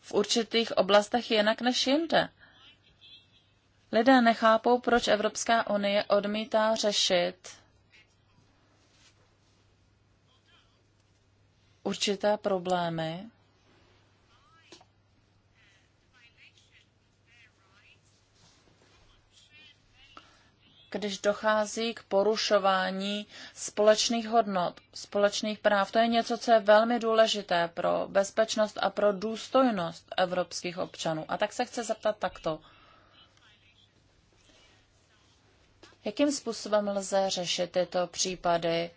v určitých oblastech jinak než jinde. Lidé nechápou, proč Evropská unie odmítá řešit určité problémy když dochází k porušování společných hodnot, společných práv. To je něco, co je velmi důležité pro bezpečnost a pro důstojnost evropských občanů. A tak se chci zeptat takto. Jakým způsobem lze řešit tyto případy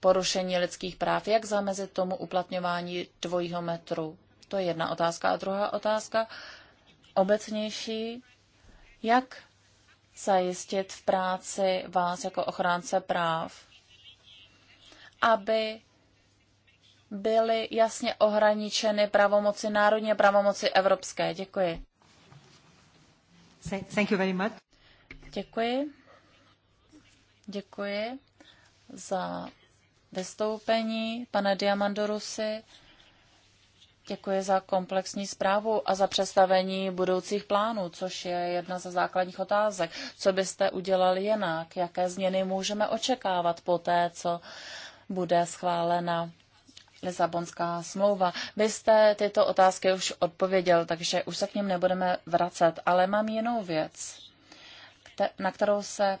porušení lidských práv, jak zamezit tomu uplatňování dvojího metru. To je jedna otázka. A druhá otázka, obecnější, jak zajistit v práci vás jako ochránce práv, aby byly jasně ohraničeny pravomoci národně, pravomoci evropské. Děkuji. Thank you very much. Děkuji. Děkuji za vystoupení Pane Diamandorusi, Děkuji za komplexní zprávu a za představení budoucích plánů, což je jedna ze základních otázek. Co byste udělali jinak? Jaké změny můžeme očekávat po té, co bude schválena Lisabonská smlouva. Vy jste tyto otázky už odpověděl, takže už se k něm nebudeme vracet, ale mám jinou věc, na kterou se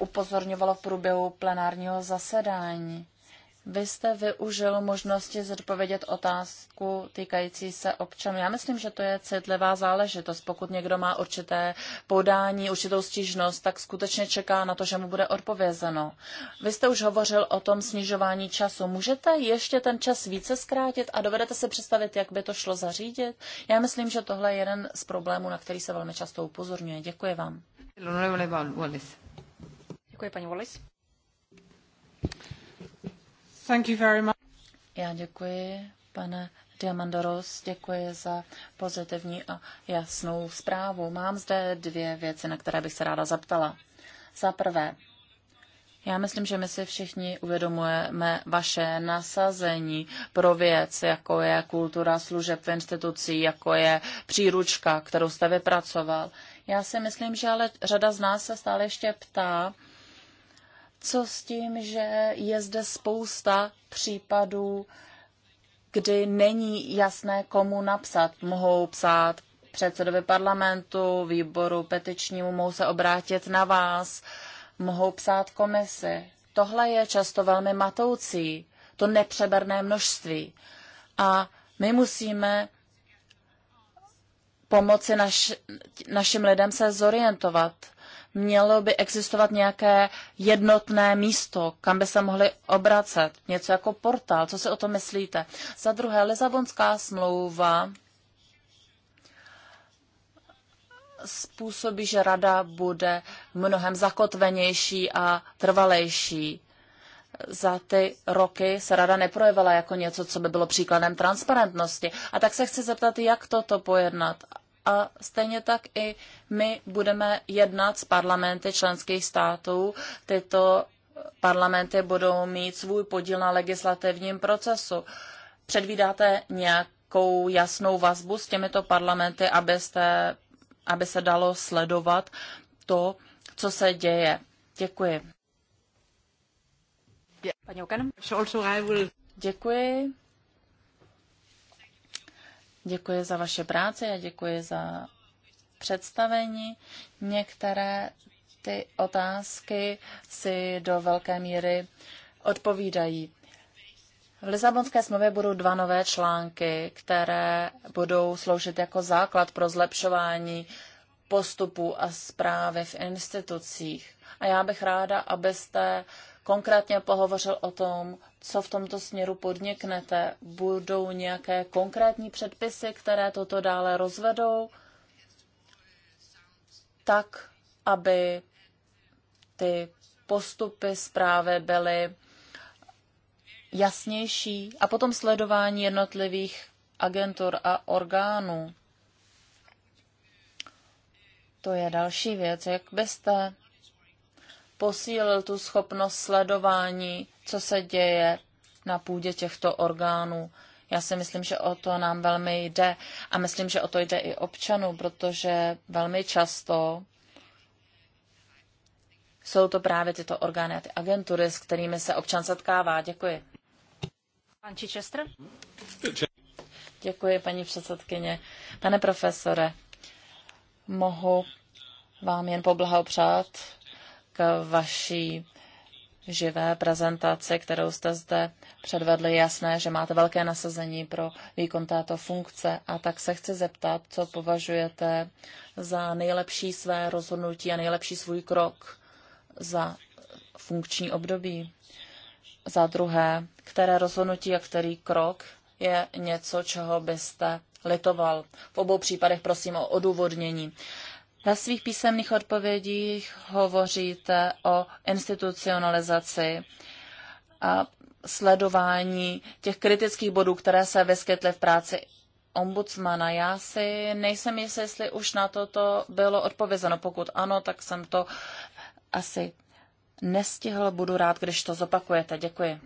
upozorňovalo v průběhu plenárního zasedání. Vy jste využil možnosti zodpovědět otázku týkající se občanů. Já myslím, že to je citlivá záležitost. Pokud někdo má určité podání, určitou stížnost, tak skutečně čeká na to, že mu bude odpovězeno. Vy jste už hovořil o tom snižování času. Můžete ještě ten čas více zkrátit a dovedete se představit, jak by to šlo zařídit? Já myslím, že tohle je jeden z problémů, na který se velmi často upozorňuje. Děkuji vám. Děkuji, paní Wallis. Thank you very much. Já děkuji, pane Diamandoros, děkuji za pozitivní a jasnou zprávu. Mám zde dvě věci, na které bych se ráda zeptala. Za prvé, já myslím, že my si všichni uvědomujeme vaše nasazení pro věc, jako je kultura služeb v institucí, jako je příručka, kterou jste vypracoval. Já si myslím, že ale řada z nás se stále ještě ptá, co s tím, že je zde spousta případů, kdy není jasné, komu napsat. Mohou psát předsedovi parlamentu, výboru petičnímu, mohou se obrátit na vás, mohou psát komisi. Tohle je často velmi matoucí, to nepřeberné množství. A my musíme pomoci naš, našim lidem se zorientovat mělo by existovat nějaké jednotné místo, kam by se mohli obracet, něco jako portál, co si o to myslíte. Za druhé, Lisabonská smlouva způsobí, že rada bude mnohem zakotvenější a trvalejší. Za ty roky se rada neprojevila jako něco, co by bylo příkladem transparentnosti. A tak se chci zeptat, jak toto pojednat a stejně tak i my budeme jednat s parlamenty členských států. Tyto parlamenty budou mít svůj podíl na legislativním procesu. Předvídáte nějakou jasnou vazbu s těmito parlamenty, abyste, aby se dalo sledovat to, co se děje. Děkuji. Děkuji. Děkuji za vaše práci a děkuji za představení. Některé ty otázky si do velké míry odpovídají. V Lisabonské smlouvě budou dva nové články, které budou sloužit jako základ pro zlepšování postupu a zprávy v institucích. A já bych ráda, abyste konkrétně pohovořil o tom, co v tomto směru podniknete. Budou nějaké konkrétní předpisy, které toto dále rozvedou, tak, aby ty postupy zprávy byly jasnější a potom sledování jednotlivých agentur a orgánů. To je další věc. Jak byste posílil tu schopnost sledování, co se děje na půdě těchto orgánů. Já si myslím, že o to nám velmi jde a myslím, že o to jde i občanů, protože velmi často jsou to právě tyto orgány a ty agentury, s kterými se občan setkává. Děkuji. Pan Čičestr? Děkuji, paní předsedkyně. Pane profesore, mohu vám jen poblahopřát k vaší živé prezentaci, kterou jste zde předvedli. Jasné, že máte velké nasazení pro výkon této funkce a tak se chci zeptat, co považujete za nejlepší své rozhodnutí a nejlepší svůj krok za funkční období. Za druhé, které rozhodnutí a který krok je něco, čeho byste litoval. V obou případech prosím o odůvodnění. Ve svých písemných odpovědích hovoříte o institucionalizaci a sledování těch kritických bodů, které se vyskytly v práci ombudsmana. Já si nejsem jistý, jestli už na toto bylo odpovězeno. Pokud ano, tak jsem to asi nestihl. Budu rád, když to zopakujete. Děkuji.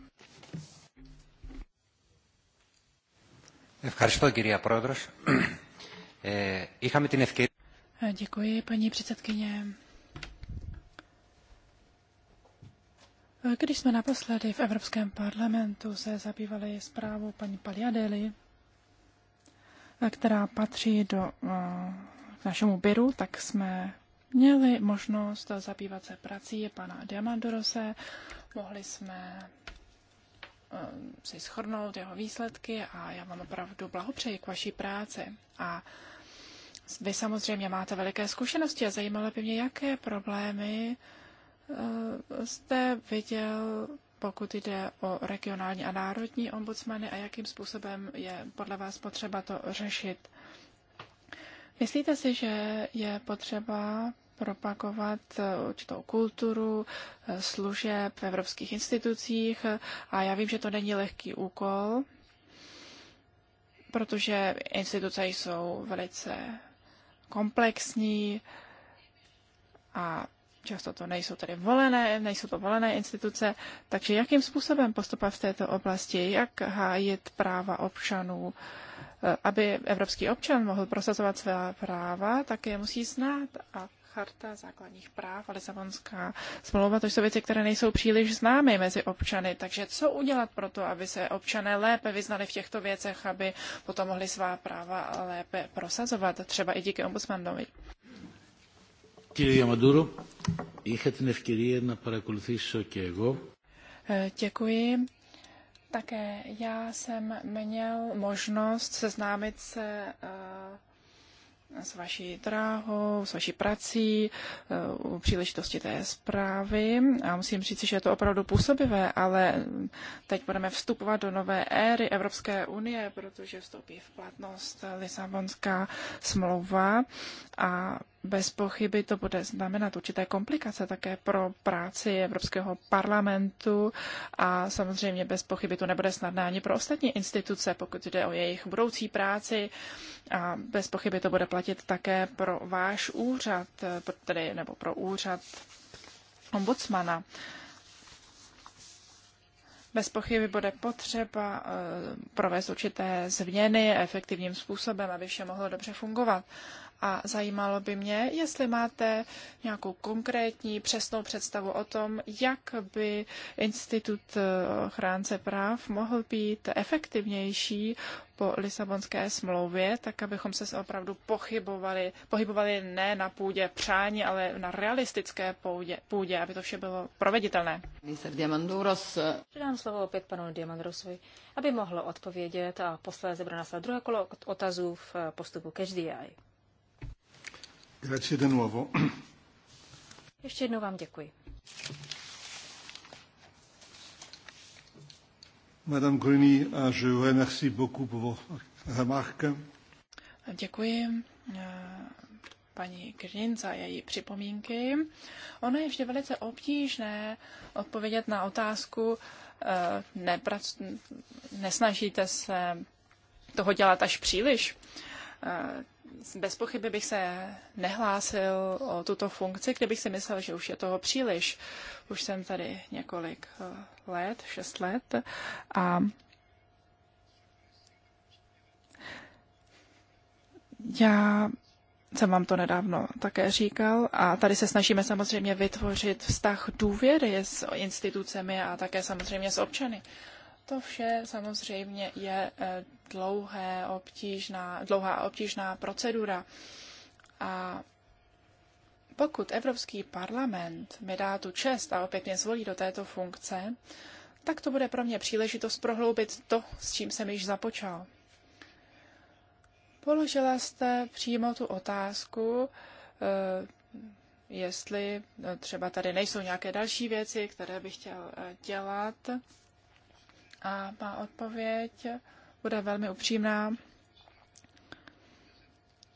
Děkuji, κυρία Πρόεδρος. Ε, Eh, děkuji, paní předsedkyně. Eh, když jsme naposledy v Evropském parlamentu se zabývali zprávou paní Paliadeli, eh, která patří do, k našemu byru, tak jsme měli možnost zabývat se prací pana Diamandorose. Mohli jsme si schrnout jeho výsledky a já vám opravdu blahopřeji k vaší práci. A vy samozřejmě máte veliké zkušenosti a zajímalo by mě, jaké problémy eh, jste viděl, pokud jde o regionální a národní ombudsmany a jakým způsobem je podle vás potřeba to řešit. Myslíte si, že je potřeba propagovat eh, určitou kulturu eh, služeb v evropských institucích a já vím, že to není lehký úkol, protože instituce jsou velice komplexní a často to nejsou tady volené, nejsou to volené instituce, takže jakým způsobem postupovat v této oblasti, jak hájit práva občanů, eh, aby evropský občan mohl prosazovat svá práva, tak je musí znát a charta základních práv a Lisabonská smlouva, to jsou věci, které nejsou příliš známy mezi občany. Takže co udělat pro to, aby se občané lépe vyznali v těchto věcech, aby potom mohli svá práva lépe prosazovat, třeba i díky ombudsmanovi? Maduro, eh, Děkuji. Také já jsem měl možnost seznámit se uh, s vaší dráhou, s vaší prací, eh, u příležitosti té zprávy. A musím říct, že je to opravdu působivé, ale teď budeme vstupovat do nové éry Evropské unie, protože vstoupí v platnost Lisabonská smlouva a bez pochyby to bude znamenat určité komplikace také pro práci Evropského parlamentu a samozřejmě bez pochyby to nebude snadné ani pro ostatní instituce, pokud jde o jejich budoucí práci a bez pochyby to bude platit také pro váš úřad, tedy nebo pro úřad ombudsmana. Bez pochyby bude potřeba eh, provést určité změny efektivním způsobem, aby vše mohlo dobře fungovat. A zajímalo by mě, jestli máte nějakou konkrétní, přesnou představu o tom, jak by institut eh, ochránce práv mohl být efektivnější po Lisabonské smlouvě, tak abychom se opravdu pochybovali, pohybovali ne na půdě přání, ale na realistické půdě, půdě aby to vše bylo proveditelné. Minister Diamandouros. Předám slovo opět panu Diamandourosovi, aby mohl odpovědět a posléze bude následovat druhé kolo otazů v postupu Catch the Grazie de nuovo. Ještě jednou vám děkuji. Madame Gruny, je vous remercie beaucoup pour vos remarques. Děkuji eh, paní Green za její připomínky. Ono je vždy velice obtížné odpovědět na otázku, eh, neprac, nesnažíte se toho dělat až příliš. Eh, bez pochyby bych se nehlásil o tuto funkci, kdybych si myslel, že už je toho příliš. Už jsem tady několik eh, let, šest let a já jsem vám to nedávno také říkal a tady se snažíme samozřejmě vytvořit vztah důvěry s institucemi a také samozřejmě s občany. To vše samozřejmě je eh, dlouhé, obtížná, dlouhá obtížná procedura. A pokud Evropský parlament mi dá tu čest a opět mě zvolí do této funkce, tak to bude pro mě příležitost prohloubit to, s čím jsem již započal. Položila jste přímo tu otázku, eh, jestli eh, třeba tady nejsou nějaké další věci, které bych chtěl dělat a má odpověď bude velmi upřímná.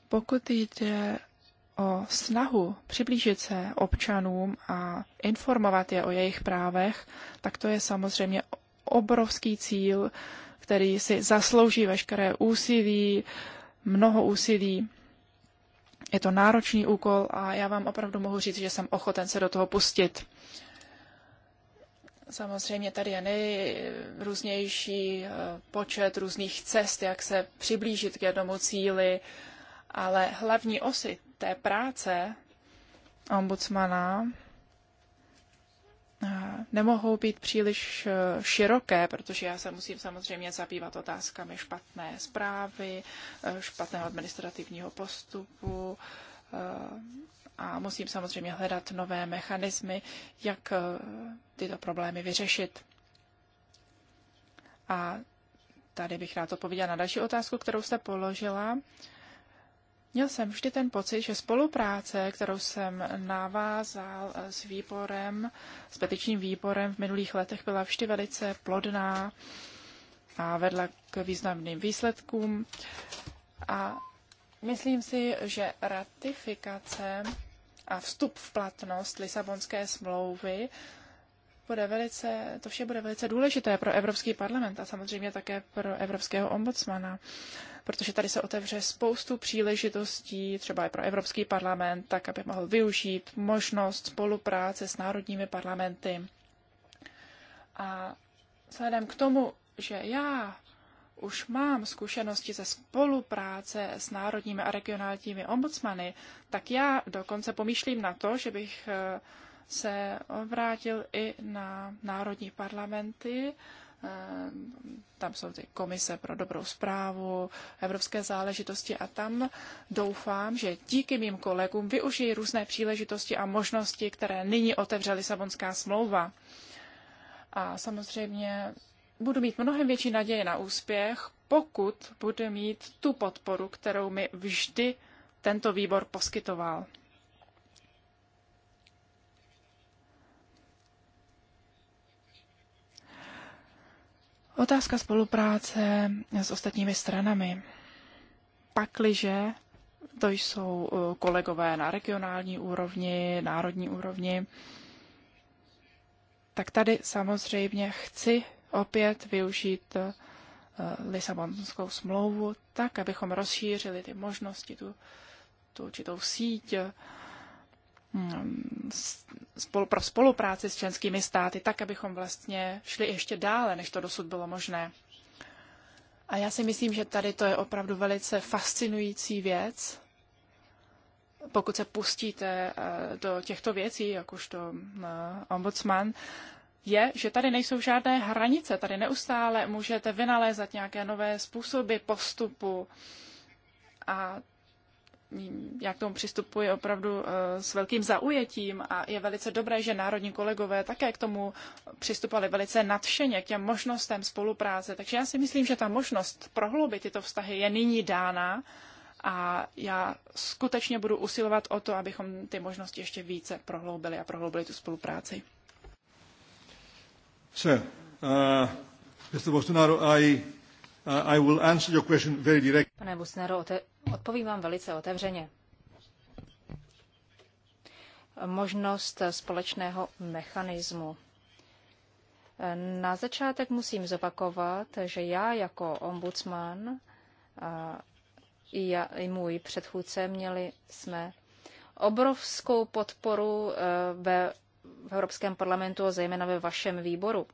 Pokud jde o snahu přiblížit se občanům a informovat je o jejich právech, tak to je samozřejmě obrovský cíl, který si zaslouží veškeré úsilí, mnoho úsilí. Je to náročný úkol a já vám opravdu mohu říct, že jsem ochoten se do toho pustit. Samozřejmě tady je nejrůznější eh, počet různých cest, jak se přiblížit k jednomu cíli, ale hlavní osy té práce ombudsmana eh, nemohou být příliš eh, široké, protože já se musím samozřejmě zabývat otázkami špatné zprávy, špatného administrativního postupu, a musím samozřejmě hledat nové mechanismy, jak eh, tyto problémy vyřešit. A tady bych rád odpověděla na další otázku, kterou jste položila. Měl jsem vždy ten pocit, že spolupráce, kterou jsem navázal eh, s výborem, s petičním výborem v minulých letech, byla vždy velice plodná a vedla k významným výsledkům. A myslím si, že ratifikace a vstup v platnost Lisabonské smlouvy bude velice, to vše bude velice důležité pro Evropský parlament a samozřejmě také pro Evropského ombudsmana, protože tady se otevře spoustu příležitostí, třeba i pro Evropský parlament, tak aby mohl využít možnost spolupráce s národními parlamenty. A vzhledem k tomu, že já už mám zkušenosti ze spolupráce s národními a regionálními ombudsmany, tak já dokonce pomýšlím na to, že bych eh, se obrátil i na národní parlamenty, eh, tam jsou ty komise pro dobrou zprávu, evropské záležitosti a tam doufám, že díky mým kolegům využijí různé příležitosti a možnosti, které nyní otevřely sabonská smlouva. A samozřejmě budu mít mnohem větší naději na úspěch, pokud bude mít tu podporu, kterou mi vždy tento výbor poskytoval. Otázka spolupráce s ostatními stranami. Pakliže to jsou eh, kolegové na regionální úrovni, národní úrovni, tak tady samozřejmě chci opět využít eh, Lisabonskou smlouvu tak, abychom rozšířili ty možnosti, tu, tu určitou síť eh, mm, spol, pro spolupráci s členskými státy, tak, abychom vlastně šli ještě dále, než to dosud bylo možné. A já si myslím, že tady to je opravdu velice fascinující věc. Pokud se pustíte eh, do těchto věcí, jak už to ombudsman, je, že tady nejsou žádné hranice. Tady neustále můžete vynalézat nějaké nové způsoby postupu a já k tomu přistupuji opravdu eh, s velkým zaujetím a je velice dobré, že národní kolegové také k tomu přistupovali velice nadšeně k těm možnostem spolupráce. Takže já si myslím, že ta možnost prohloubit tyto vztahy je nyní dána a já skutečně budu usilovat o to, abychom ty možnosti ještě více prohloubili a prohloubili tu spolupráci uh, Mr. I, uh, I will answer your question very directly. Pane Bosnaro, odpovím vám velice otevřeně. Možnost společného mechanismu. Na začátek musím zopakovat, že já jako ombudsman a já, i můj předchůdce měli jsme obrovskou podporu eh, ve v Evropském parlamentu a zejména ve vašem výboru.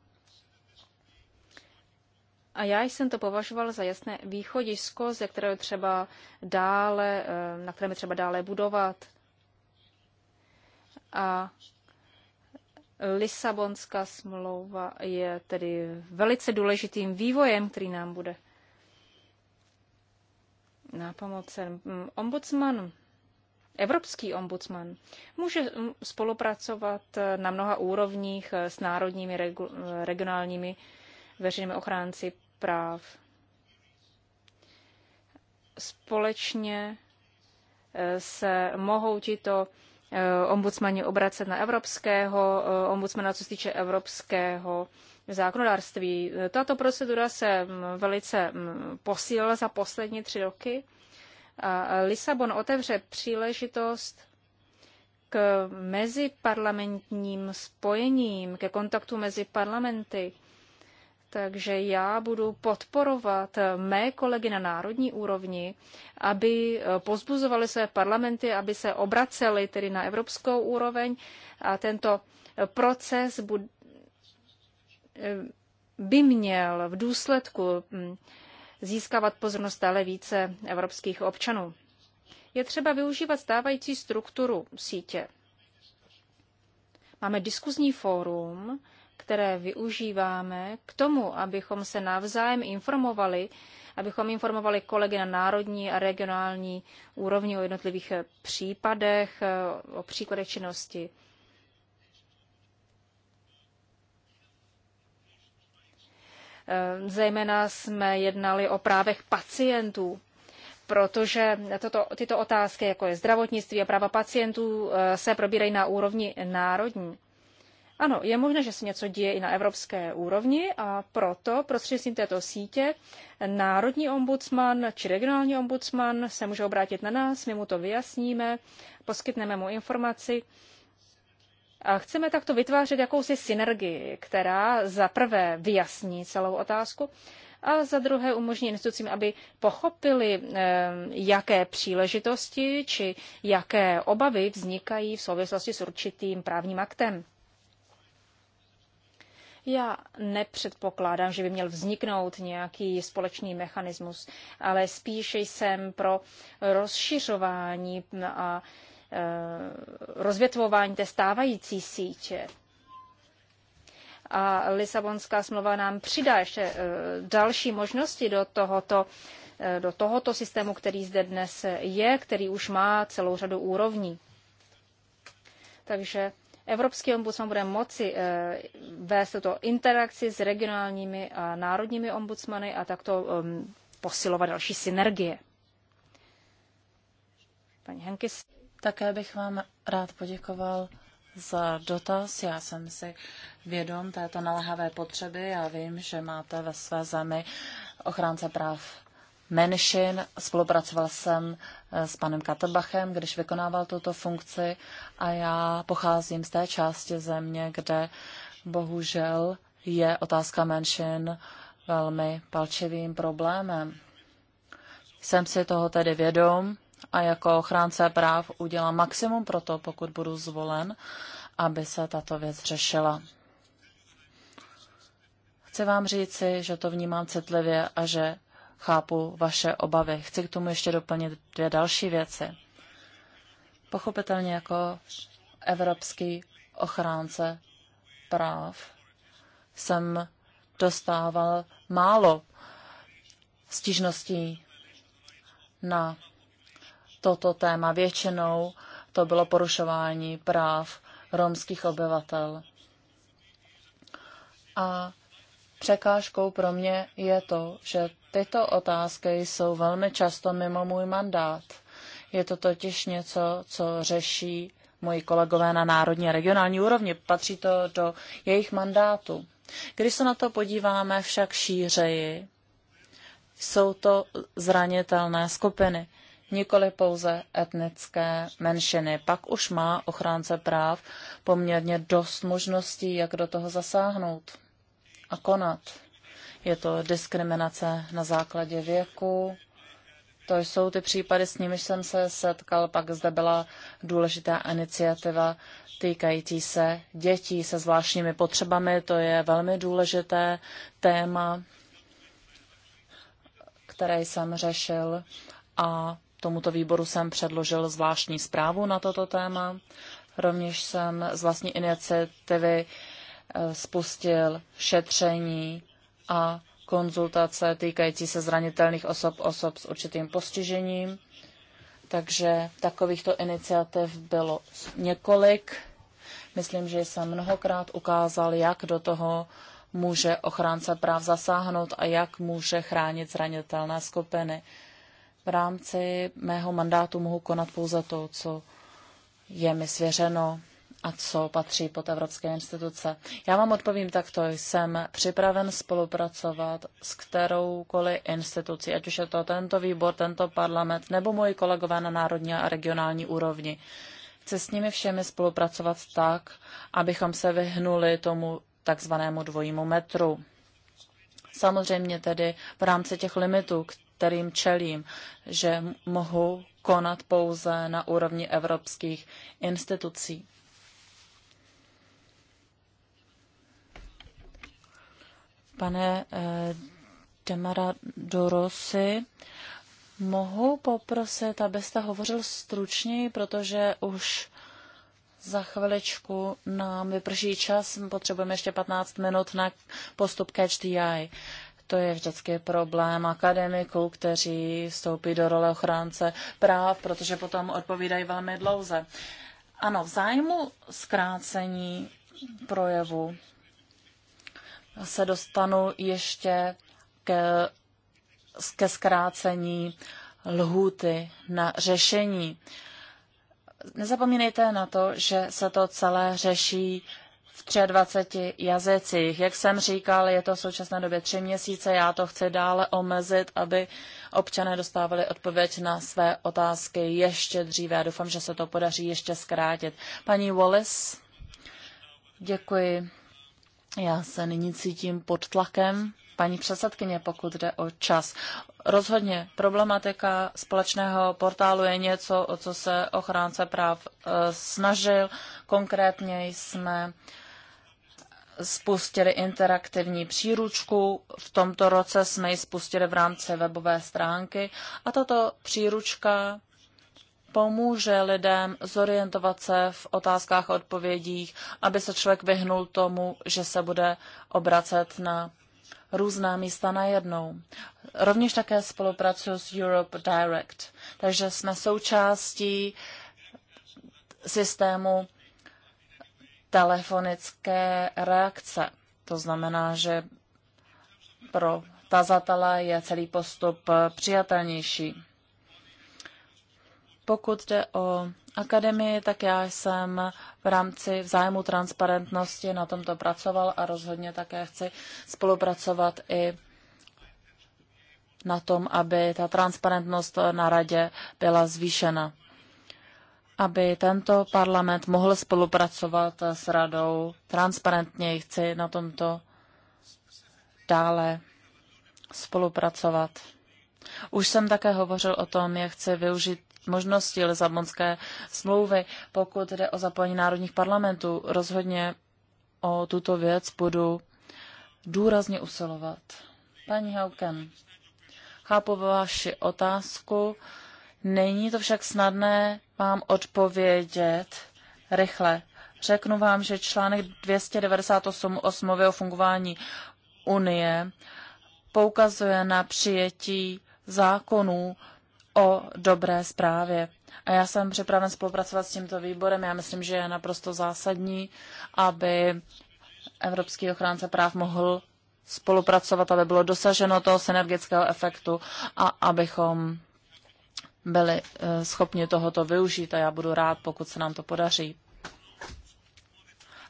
A já jsem to považoval za jasné východisko, ze kterého třeba dále, eh, na kterém je třeba dále budovat. A Lisabonská smlouva je tedy velice důležitým vývojem, který nám bude na pomoc. Ombudsman Evropský ombudsman může spolupracovat na mnoha úrovních s národními regionálními veřejnými ochránci práv. Společně eh, se mohou tito eh, ombudsmani obracet na evropského eh, ombudsmana, co se týče evropského zákonodárství. Tato procedura se mm, velice mm, posílila za poslední tři roky Lisabon otevře příležitost k meziparlamentním spojením, ke kontaktu mezi parlamenty. Takže já budu podporovat mé kolegy na národní úrovni, aby pozbuzovali své parlamenty, aby se obraceli tedy na evropskou úroveň a tento proces by měl v důsledku mm, získávat pozornost stále více evropských občanů. Je třeba využívat stávající strukturu sítě. Máme diskuzní fórum, které využíváme k tomu, abychom se navzájem informovali, abychom informovali kolegy na národní a regionální úrovni o jednotlivých případech, o příkladech činnosti Eh, zejména jsme jednali o právech pacientů, protože toto, tyto otázky, jako je zdravotnictví a práva pacientů, eh, se probírají na úrovni národní. Ano, je možné, že se něco děje i na evropské úrovni a proto prostřednictvím této sítě národní ombudsman či regionální ombudsman se může obrátit na nás, my mu to vyjasníme, poskytneme mu informaci chceme takto vytvářet jakousi synergii, která za prvé vyjasní celou otázku a za druhé umožní institucím, aby pochopili, eh, jaké příležitosti či jaké obavy vznikají v souvislosti s určitým právním aktem. Já nepředpokládám, že by měl vzniknout nějaký společný mechanismus, ale spíše jsem pro rozšiřování a Eh, rozvětvování té stávající sítě. A Lisabonská smlouva nám přidá ještě eh, další možnosti do tohoto, eh, do tohoto systému, který zde dnes je, který už má celou řadu úrovní. Takže Evropský ombudsman bude moci vést tuto interakci s regionálními a národními ombudsmany a takto ehm, posilovat další synergie. Paní Henkis. Také bych vám rád poděkoval za dotaz. Já jsem si vědom této naléhavé potřeby. Já vím, že máte ve své zemi ochránce práv menšin. Spolupracoval jsem eh, s panem Katerbachem, když vykonával tuto funkci a já pocházím z té části země, kde bohužel je otázka menšin velmi palčivým problémem. Jsem si toho tedy vědom a jako ochránce práv udělám maximum pro to, pokud budu zvolen, aby se tato věc řešila. Chci vám říci, že to vnímám citlivě a že chápu vaše obavy. Chci k tomu ještě doplnit dvě další věci. Pochopitelně jako evropský ochránce práv jsem dostával málo stížností na toto téma. Většinou to bylo porušování práv romských obyvatel. A překážkou pro mě je to, že tyto otázky jsou velmi často mimo můj mandát. Je to totiž něco, co řeší moji kolegové na národní a regionální úrovni. Patří to do jejich mandátu. Když se na to podíváme však šířeji, jsou to zranitelné skupiny nikoli pouze etnické menšiny. Pak už má ochránce práv poměrně dost možností, jak do toho zasáhnout a konat. Je to diskriminace na základě věku, to jsou ty případy, s nimiž jsem se setkal. Pak zde byla důležitá iniciativa týkající se dětí se zvláštními potřebami. To je velmi důležité téma, které jsem řešil. A Tomuto výboru jsem předložil zvláštní zprávu na toto téma. Rovněž jsem z vlastní iniciativy eh, spustil šetření a konzultace týkající se zranitelných osob, osob s určitým postižením. Takže takovýchto iniciativ bylo několik. Myslím, že jsem mnohokrát ukázal, jak do toho může ochránce práv zasáhnout a jak může chránit zranitelné skupiny v rámci mého mandátu mohu konat pouze to, co je mi svěřeno a co patří pod evropské instituce. Já vám odpovím takto. Jsem připraven spolupracovat s kteroukoliv institucí, ať už je to tento výbor, tento parlament nebo moji kolegové na národní a regionální úrovni. Chci s nimi všemi spolupracovat tak, abychom se vyhnuli tomu takzvanému dvojímu metru. Samozřejmě tedy v rámci těch limitů, kterým čelím, že mohu konat pouze na úrovni evropských institucí. Pane eh, Demara Dorosi, mohu poprosit, abyste hovořil stručněji, protože už za chviličku nám vyprší čas, potřebujeme ještě 15 minut na postup Catch the Eye. To je vždycky problém akademiků, kteří vstoupí do role ochránce práv, protože potom odpovídají velmi dlouze. Ano, v zájmu zkrácení projevu se dostanu ještě ke, ke zkrácení lhůty na řešení. Nezapomínejte na to, že se to celé řeší v 23 jazycích. Jak jsem říkal, je to v současné době tři měsíce, já to chci dále omezit, aby občané dostávali odpověď na své otázky ještě dříve. Já doufám, že se to podaří ještě zkrátit. Paní Wallace, děkuji. Já se nyní cítím pod tlakem. Paní předsedkyně, pokud jde o čas. Rozhodně problematika společného portálu je něco, o co se ochránce práv e, snažil. Konkrétně jsme spustili interaktivní příručku. V tomto roce jsme ji spustili v rámci webové stránky a tato příručka pomůže lidem zorientovat se v otázkách a odpovědích, aby se člověk vyhnul tomu, že se bude obracet na různá místa najednou. Rovněž také spolupracuji s Europe Direct, takže jsme součástí systému telefonické reakce. To znamená, že pro tazatele je celý postup eh, přijatelnější. Pokud jde o akademii, tak já jsem v rámci vzájemu transparentnosti na tomto pracoval a rozhodně také chci spolupracovat i na tom, aby ta transparentnost na radě byla zvýšena aby tento parlament mohl spolupracovat s radou transparentně. Chci na tomto dále spolupracovat. Už jsem také hovořil o tom, jak chci využít možnosti Lisabonské smlouvy, pokud jde o zapojení národních parlamentů. Rozhodně o tuto věc budu důrazně usilovat. Paní Hauken, chápu vaši otázku. Není to však snadné vám odpovědět rychle. Řeknu vám, že článek 298 osmového o fungování Unie poukazuje na přijetí zákonů o dobré zprávě. A já jsem připraven spolupracovat s tímto výborem. Já myslím, že je naprosto zásadní, aby Evropský ochránce práv mohl spolupracovat, aby bylo dosaženo toho synergického efektu a abychom byli eh, schopni tohoto využít a já budu rád, pokud se nám to podaří.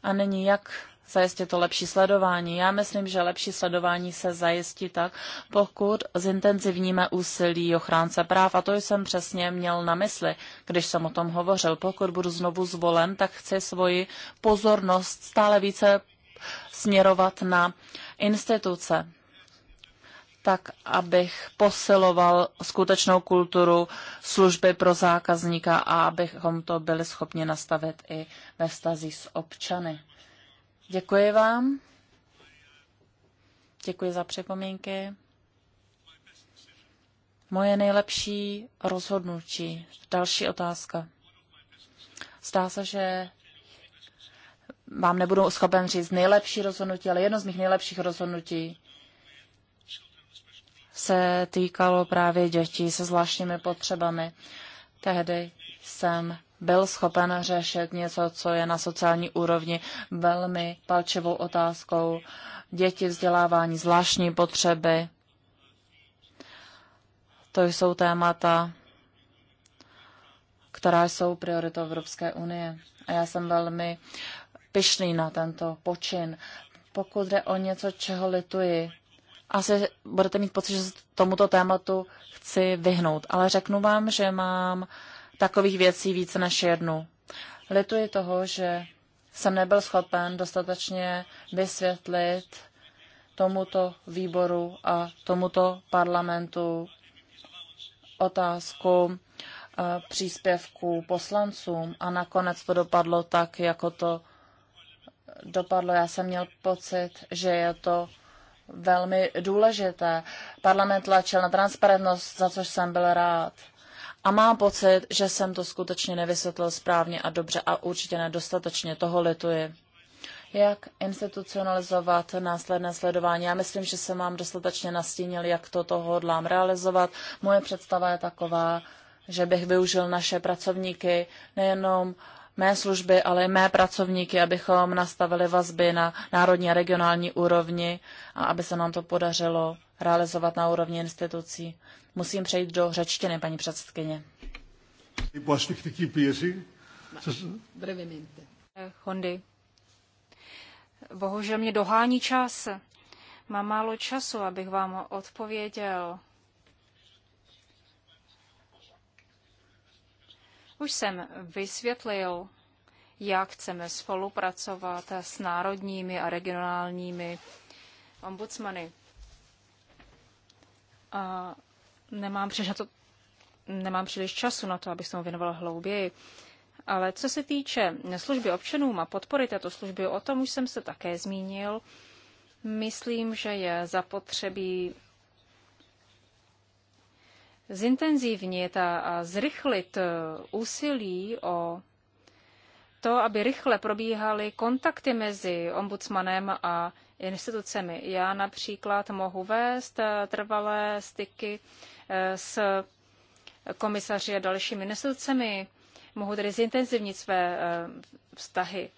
A nyní jak zajistit to lepší sledování? Já myslím, že lepší sledování se zajistí tak, pokud zintenzivníme úsilí ochránce práv. A to jsem přesně měl na mysli, když jsem o tom hovořil. Pokud budu znovu zvolen, tak chci svoji pozornost stále více směrovat na instituce, tak abych posiloval skutečnou kulturu služby pro zákazníka a abychom to byli schopni nastavit i ve vztazích s občany. Děkuji vám. Děkuji za připomínky. Moje nejlepší rozhodnutí. Další otázka. Zdá se, že vám nebudu schopen říct nejlepší rozhodnutí, ale jedno z mých nejlepších rozhodnutí se týkalo právě dětí se zvláštními potřebami. Tehdy jsem byl schopen řešit něco, co je na sociální úrovni velmi palčivou otázkou. Děti, vzdělávání, zvláštní potřeby. To jsou témata, která jsou prioritou Evropské unie. A já jsem velmi pyšný na tento počin. Pokud jde o něco, čeho lituji, asi budete mít pocit, že se tomuto tématu chci vyhnout, ale řeknu vám, že mám takových věcí více než jednu. Lituji toho, že jsem nebyl schopen dostatečně vysvětlit tomuto výboru a tomuto parlamentu otázku eh, příspěvků poslancům a nakonec to dopadlo tak, jako to dopadlo. Já jsem měl pocit, že je to velmi důležité. Parlament tlačil na transparentnost, za což jsem byl rád. A mám pocit, že jsem to skutečně nevysvětlil správně a dobře a určitě nedostatečně. Toho lituji. Jak institucionalizovat následné sledování? Já myslím, že jsem vám dostatečně nastínil, jak toto hodlám realizovat. Moje představa je taková, že bych využil naše pracovníky nejenom uh, mé služby, ale i mé pracovníky, abychom nastavili vazby na národní a regionální úrovni a aby se nám to podařilo realizovat na úrovni institucí. Musím přejít do řečtiny, paní předsedkyně. Eh, Hondy. Bohužel mě dohání čas. Mám málo času, abych vám odpověděl. Už jsem vysvětlil, jak chceme spolupracovat s národními a regionálními ombudsmany. A nemám příliš, na to, nemám příliš času na to, abych tomu věnoval hlouběji. Ale co se týče služby občanům a podpory této služby, o tom už jsem se také zmínil. Myslím, že je zapotřebí zintenzívnit a, zrychlit e, úsilí o to, aby rychle probíhaly kontakty mezi ombudsmanem a institucemi. Já například mohu vést e, trvalé styky e, s komisaři a dalšími institucemi, mohu tedy zintenzivnit své vztahy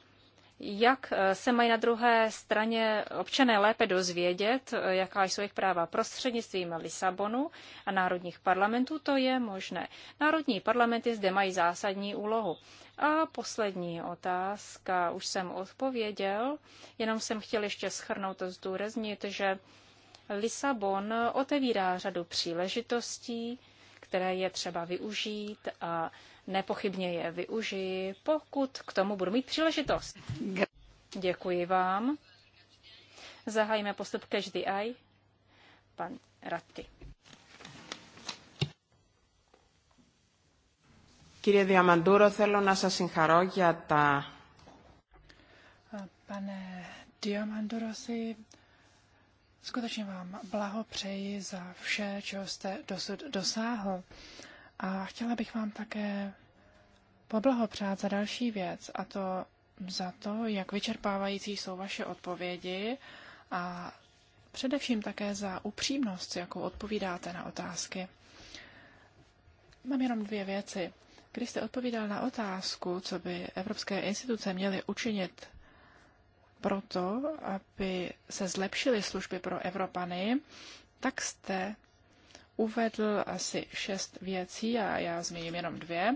jak eh, se mají na druhé straně občané lépe dozvědět, eh, jaká jsou jejich práva prostřednictvím Lisabonu a národních parlamentů, to je možné. Národní parlamenty zde mají zásadní úlohu. A poslední otázka, už jsem odpověděl, jenom jsem chtěl ještě schrnout a zdůraznit, že Lisabon otevírá řadu příležitostí, které je třeba využít a nepochybně je využiji, pokud k tomu budu mít příležitost. Děkuji vám. Zahájíme postup Cash the Eye. Pan Ratty. Kyrie diamanduro, θέλω nás σας συγχαρώ για τα... Pane si Skutečně vám blahopřeji za vše, čeho jste dosud dosáhl. A chtěla bych vám také poblahopřát za další věc, a to za to, jak vyčerpávající jsou vaše odpovědi a především také za upřímnost, jakou odpovídáte na otázky. Mám jenom dvě věci. Když jste odpovídal na otázku, co by evropské instituce měly učinit proto, aby se zlepšily služby pro Evropany, tak jste uvedl asi šest věcí a já zmíním jenom dvě.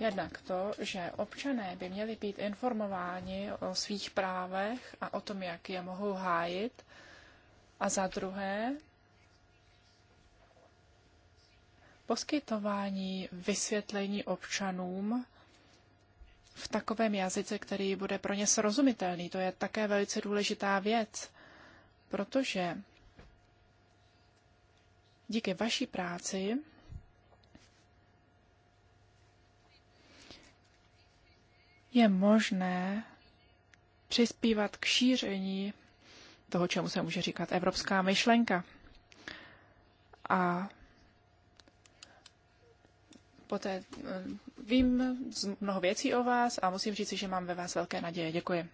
Jednak to, že občané by měli být informováni o svých právech a o tom, jak je mohou hájit. A za druhé, poskytování vysvětlení občanům v takovém jazyce, který bude pro ně srozumitelný. To je také velice důležitá věc, protože díky vaší práci je možné přispívat k šíření toho, čemu se může říkat evropská myšlenka. A poté eh, vím mnoho věcí o vás a musím říct, že mám ve vás velké naděje. Děkuji.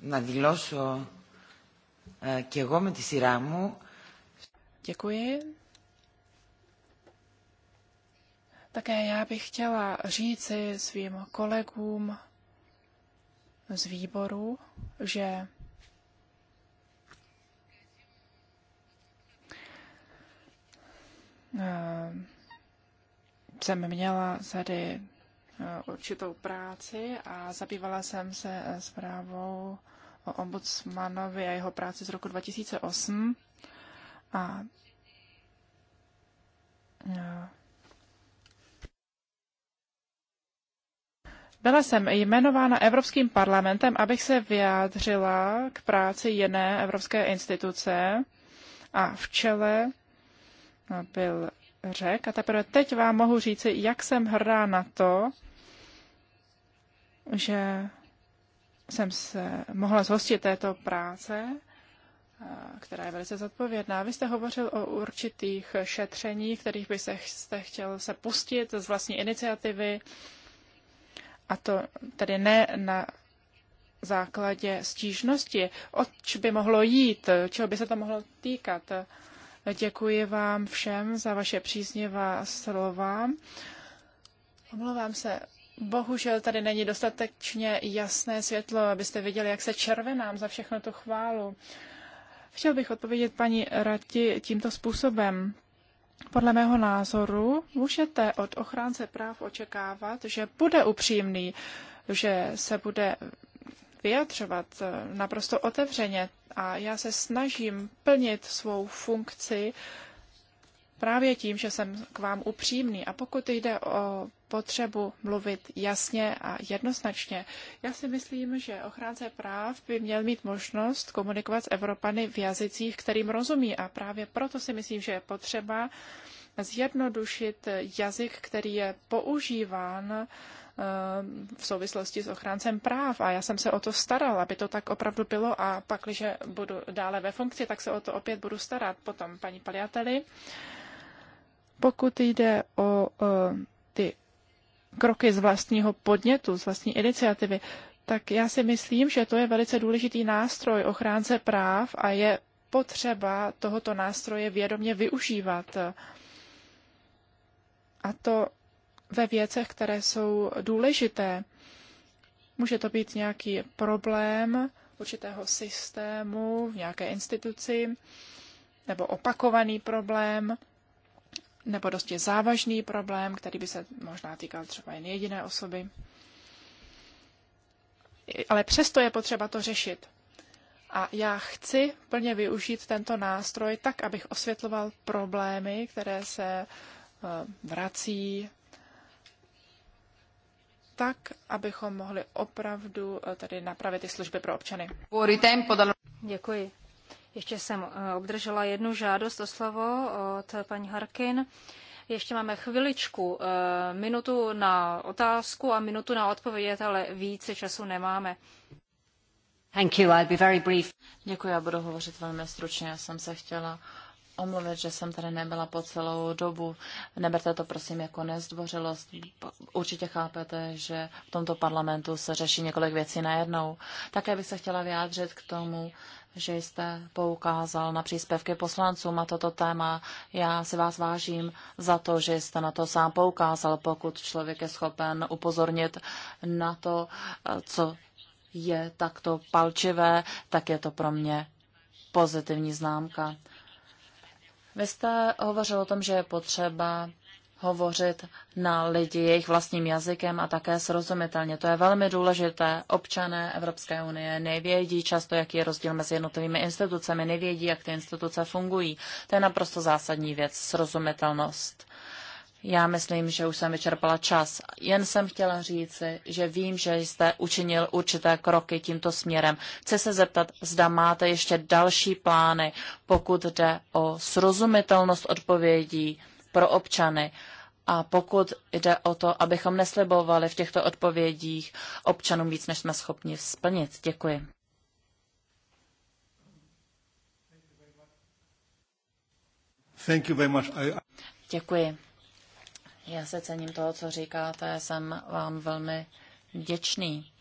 Na δηλώσω και Děkuji. Také já bych chtěla říci svým kolegům z výboru, že Eh, jsem měla tady eh, určitou práci a zabývala jsem se eh, zprávou o ombudsmanovi a jeho práci z roku 2008. A byla jsem jmenována Evropským parlamentem, abych se vyjádřila k práci jiné evropské instituce a v čele byl řek. A teprve teď vám mohu říci, jak jsem hrdá na to, že jsem se mohla zhostit této práce, která je velice zodpovědná. Vy jste hovořil o určitých šetřeních, kterých se jste chtěl se pustit z vlastní iniciativy, a to tedy ne na základě stížnosti, oč by mohlo jít, čeho by se to mohlo týkat. Děkuji vám všem za vaše příznivá slova. Omlouvám se, bohužel tady není dostatečně jasné světlo, abyste viděli, jak se červenám za všechno tu chválu. Chtěl bych odpovědět paní Rati tímto způsobem. Podle mého názoru můžete od ochránce práv očekávat, že bude upřímný, že se bude vyjadřovat eh, naprosto otevřeně a já se snažím plnit svou funkci právě tím, že jsem k vám upřímný. A pokud jde o potřebu mluvit jasně a jednoznačně, já si myslím, že ochránce práv by měl mít možnost komunikovat s Evropany v jazycích, kterým rozumí. A právě proto si myslím, že je potřeba zjednodušit jazyk, který je používán v souvislosti s ochráncem práv a já jsem se o to staral, aby to tak opravdu bylo a pak, když budu dále ve funkci, tak se o to opět budu starat potom, paní Paliateli. Pokud jde o ty kroky z vlastního podnětu, z vlastní iniciativy, tak já si myslím, že to je velice důležitý nástroj ochránce práv a je potřeba tohoto nástroje vědomě využívat. A to ve věcech, které jsou důležité. Může to být nějaký problém určitého systému v nějaké instituci, nebo opakovaný problém, nebo dosti závažný problém, který by se možná týkal třeba jen jediné osoby. Ale přesto je potřeba to řešit. A já chci plně využít tento nástroj tak, abych osvětloval problémy, které se eh, vrací tak, abychom mohli opravdu eh, tady napravit ty služby pro občany. Děkuji. Ještě jsem eh, obdržela jednu žádost o slovo od paní Harkin. Ještě máme chviličku, eh, minutu na otázku a minutu na odpověď, ale více času nemáme. Thank you, I'll be very brief. Děkuji, já budu hovořit velmi stručně. Já jsem se chtěla uh, omluvit, že jsem tady nebyla po celou dobu. Neberte to prosím jako nezdvořilost. Určitě chápete, že v tomto parlamentu se řeší několik věcí najednou. Také bych se chtěla vyjádřit k tomu, že jste poukázal na příspěvky poslancům a toto téma. Já si vás vážím za to, že jste na to sám poukázal, pokud člověk je schopen upozornit na to, co je takto palčivé, tak je to pro mě pozitivní známka. Vy jste hovořil o tom, že je potřeba hovořit na lidi jejich vlastním jazykem a také srozumitelně. To je velmi důležité. Občané Evropské unie nevědí často, jaký je rozdíl mezi jednotlivými institucemi, nevědí, jak ty instituce fungují. To je naprosto zásadní věc, srozumitelnost. Já myslím, že už jsem vyčerpala čas. Jen jsem chtěla říci, že vím, že jste učinil určité kroky tímto směrem. Chci se zeptat, zda máte ještě další plány, pokud jde o srozumitelnost odpovědí pro občany. A pokud jde o to, abychom neslibovali v těchto odpovědích občanům víc, než jsme schopni splnit. Děkuji. Thank you very much. I... Děkuji. Já se cením toho, co říkáte, jsem vám velmi vděčný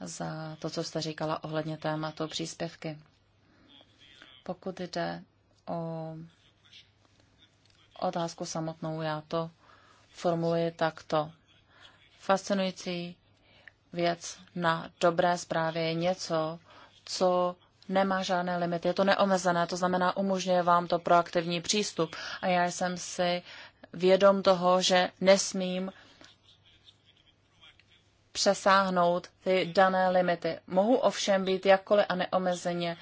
za to, co jste říkala ohledně tématu příspěvky. Pokud jde o otázku samotnou, já to formuluji takto. Fascinující věc na dobré zprávě je něco, co nemá žádné limity, je to neomezené, to znamená, umožňuje vám to proaktivní přístup. A já jsem si vědom toho, že nesmím přesáhnout ty dané limity. Mohu ovšem být jakkoliv a neomezeně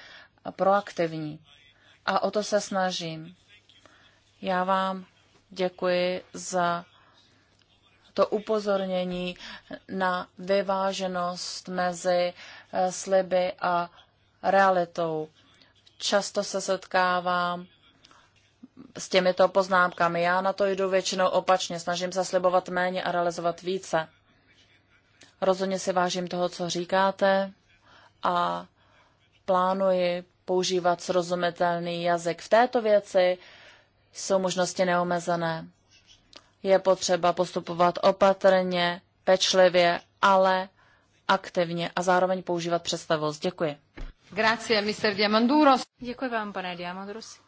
proaktivní. A o to se snažím. Já vám děkuji za to upozornění na vyváženost mezi eh, sliby a realitou. Často se setkávám s těmito poznámkami. Já na to jdu většinou opačně, snažím se slibovat méně a realizovat více. Rozhodně si vážím toho, co říkáte a plánuji používat srozumitelný jazyk. V této věci jsou možnosti neomezené. Je potřeba postupovat opatrně, pečlivě, ale aktivně a zároveň používat představost. Děkuji. Grazie, Mr. Diamanduros. Děkuji vám, pane Diamandurosi.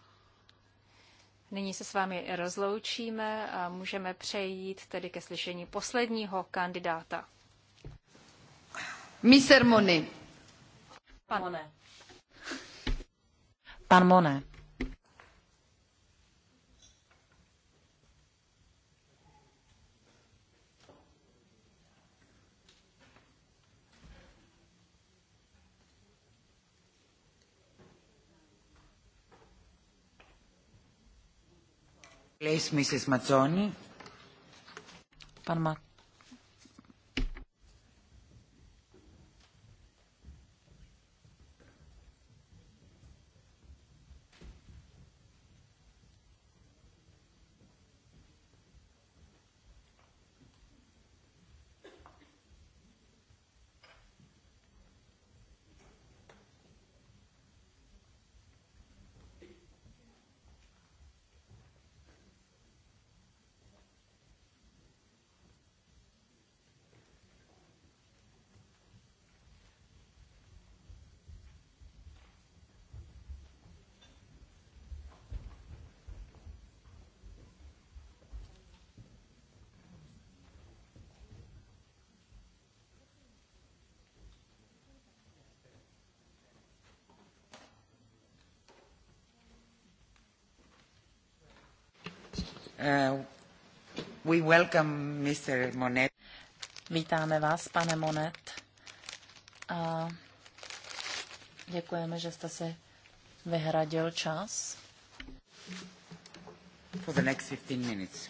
Nyní se s vámi rozloučíme a můžeme přejít tedy ke slyšení posledního kandidáta. Mr. Monet. Pan Monet. Pan Monet. Pan Mat Uh, we welcome Mr. Monet. Vítáme vás, pane Monet. A děkujeme, že jste si vyhradil čas. For the next 15 minutes.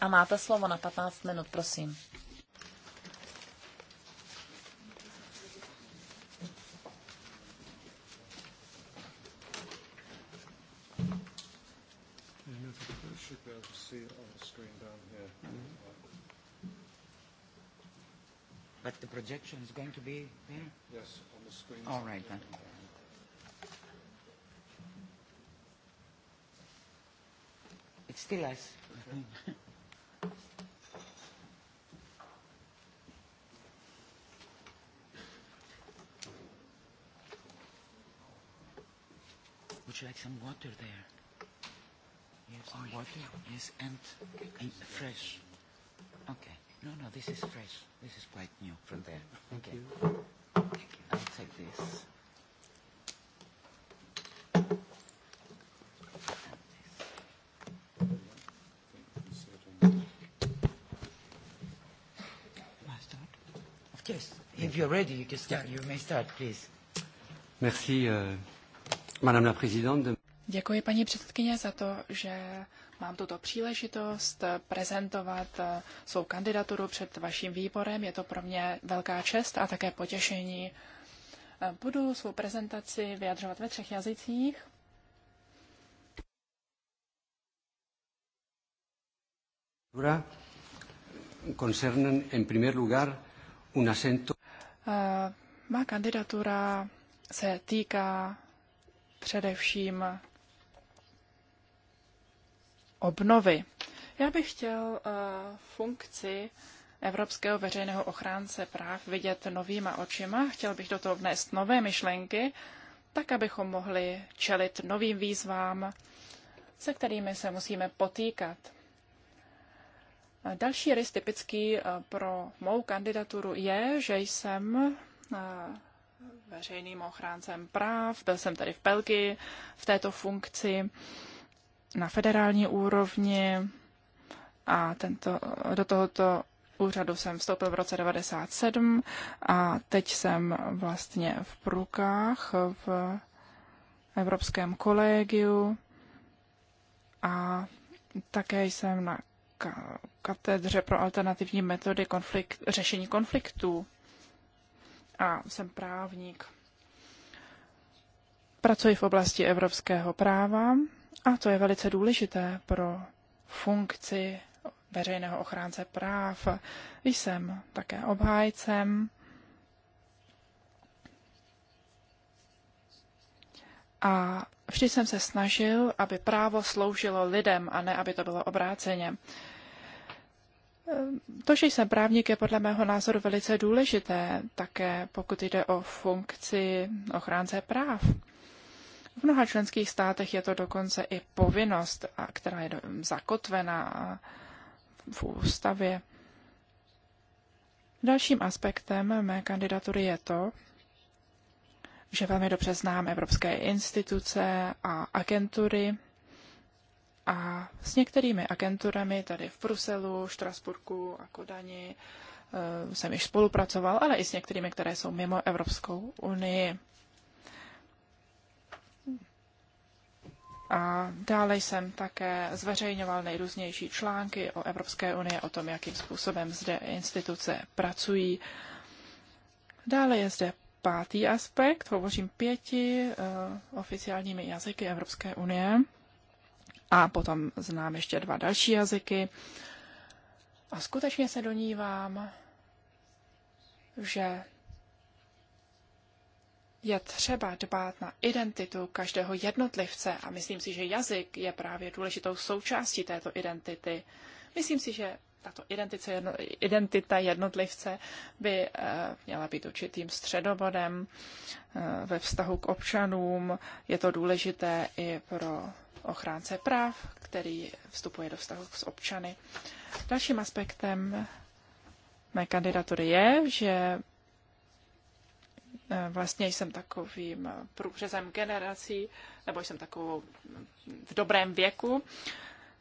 A máte slovo na 15 minut, prosím. presentation is going to be there? Yes, on the screen. All right then. It's still us. Would you like some water there? Yes, oh, water. Yes, and, and fresh. No, no, this is fresh. This is quite new from there. Thank you. Thank you. I'll take this. course, if you're ready, you can start. You may start, please. Merci, euh, Madame la Présidente. Děkuji paní předsedkyně za to, že mám tuto příležitost prezentovat eh, svou kandidaturu před vaším výborem. Je to pro mě velká čest a také potěšení. Eh, Budu svou prezentaci vyjadřovat ve třech jazycích. Concernen en primer lugar un acento. Eh, Má kandidatura se týká především obnovy. Já bych chtěl eh, funkci Evropského veřejného ochránce práv vidět novýma očima, chtěl bych do toho vnést nové myšlenky, tak abychom mohli čelit novým výzvám, se kterými se musíme potýkat. Další rys typický eh, pro mou kandidaturu je, že jsem eh, veřejným ochráncem práv, byl jsem tady v Belgii v této funkci na federální úrovni a tento, do tohoto úřadu jsem vstoupil v roce 97 a teď jsem vlastně v Prukách v Evropském kolegiu a také jsem na katedře pro alternativní metody konflikt, řešení konfliktů a jsem právník. Pracuji v oblasti evropského práva a to je velice důležité pro funkci veřejného ochránce práv. Jsem také obhájcem a vždy jsem se snažil, aby právo sloužilo lidem a ne, aby to bylo obráceně. To, že jsem právník, je podle mého názoru velice důležité, také pokud jde o funkci ochránce práv. V mnoha členských státech je to dokonce i povinnost, která je zakotvená v ústavě. Dalším aspektem mé kandidatury je to, že velmi dobře znám evropské instituce a agentury. A s některými agenturami tady v Bruselu, Štrasburku a Kodani eh, jsem již spolupracoval, ale i s některými, které jsou mimo Evropskou unii. A dále jsem také zveřejňoval nejrůznější články o Evropské unii, o tom, jakým způsobem zde instituce pracují. Dále je zde pátý aspekt. Hovořím pěti uh, oficiálními jazyky Evropské unie. A potom znám ještě dva další jazyky. A skutečně se donívám, že je třeba dbát na identitu každého jednotlivce a myslím si, že jazyk je právě důležitou součástí této identity. Myslím si, že tato jedno, identita jednotlivce by eh, měla být určitým středobodem eh, ve vztahu k občanům. Je to důležité i pro ochránce práv, který vstupuje do vztahu s občany. Dalším aspektem mé kandidatury je, že Eh, vlastně jsem takovým eh, průřezem generací, nebo jsem takovou mm, v dobrém věku.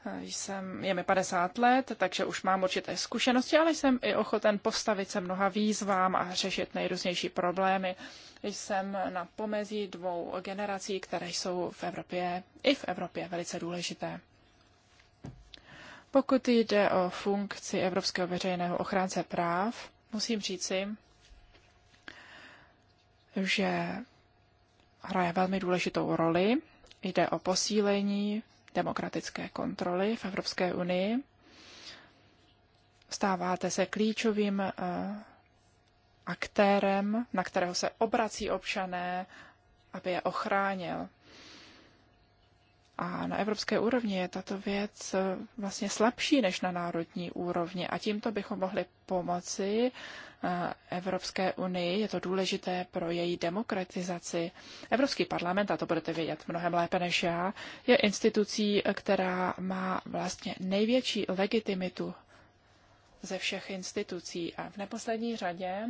Eh, jsem, je mi 50 let, takže už mám určité zkušenosti, ale jsem i ochoten postavit se mnoha výzvám a řešit nejrůznější problémy. Jsem na pomezí dvou generací, které jsou v Evropě i v Evropě velice důležité. Pokud jde o funkci Evropského veřejného ochránce práv, musím říci, že hraje velmi důležitou roli. Jde o posílení demokratické kontroly v Evropské unii. Stáváte se klíčovým eh, aktérem, na kterého se obrací občané, aby je ochránil. A na evropské úrovni je tato věc eh, vlastně slabší než na národní úrovni a tímto bychom mohli pomoci eh, Evropské unii. Je to důležité pro její demokratizaci. Evropský parlament, a to budete vědět mnohem lépe než já, je institucí, která má vlastně největší legitimitu ze všech institucí. A v neposlední řadě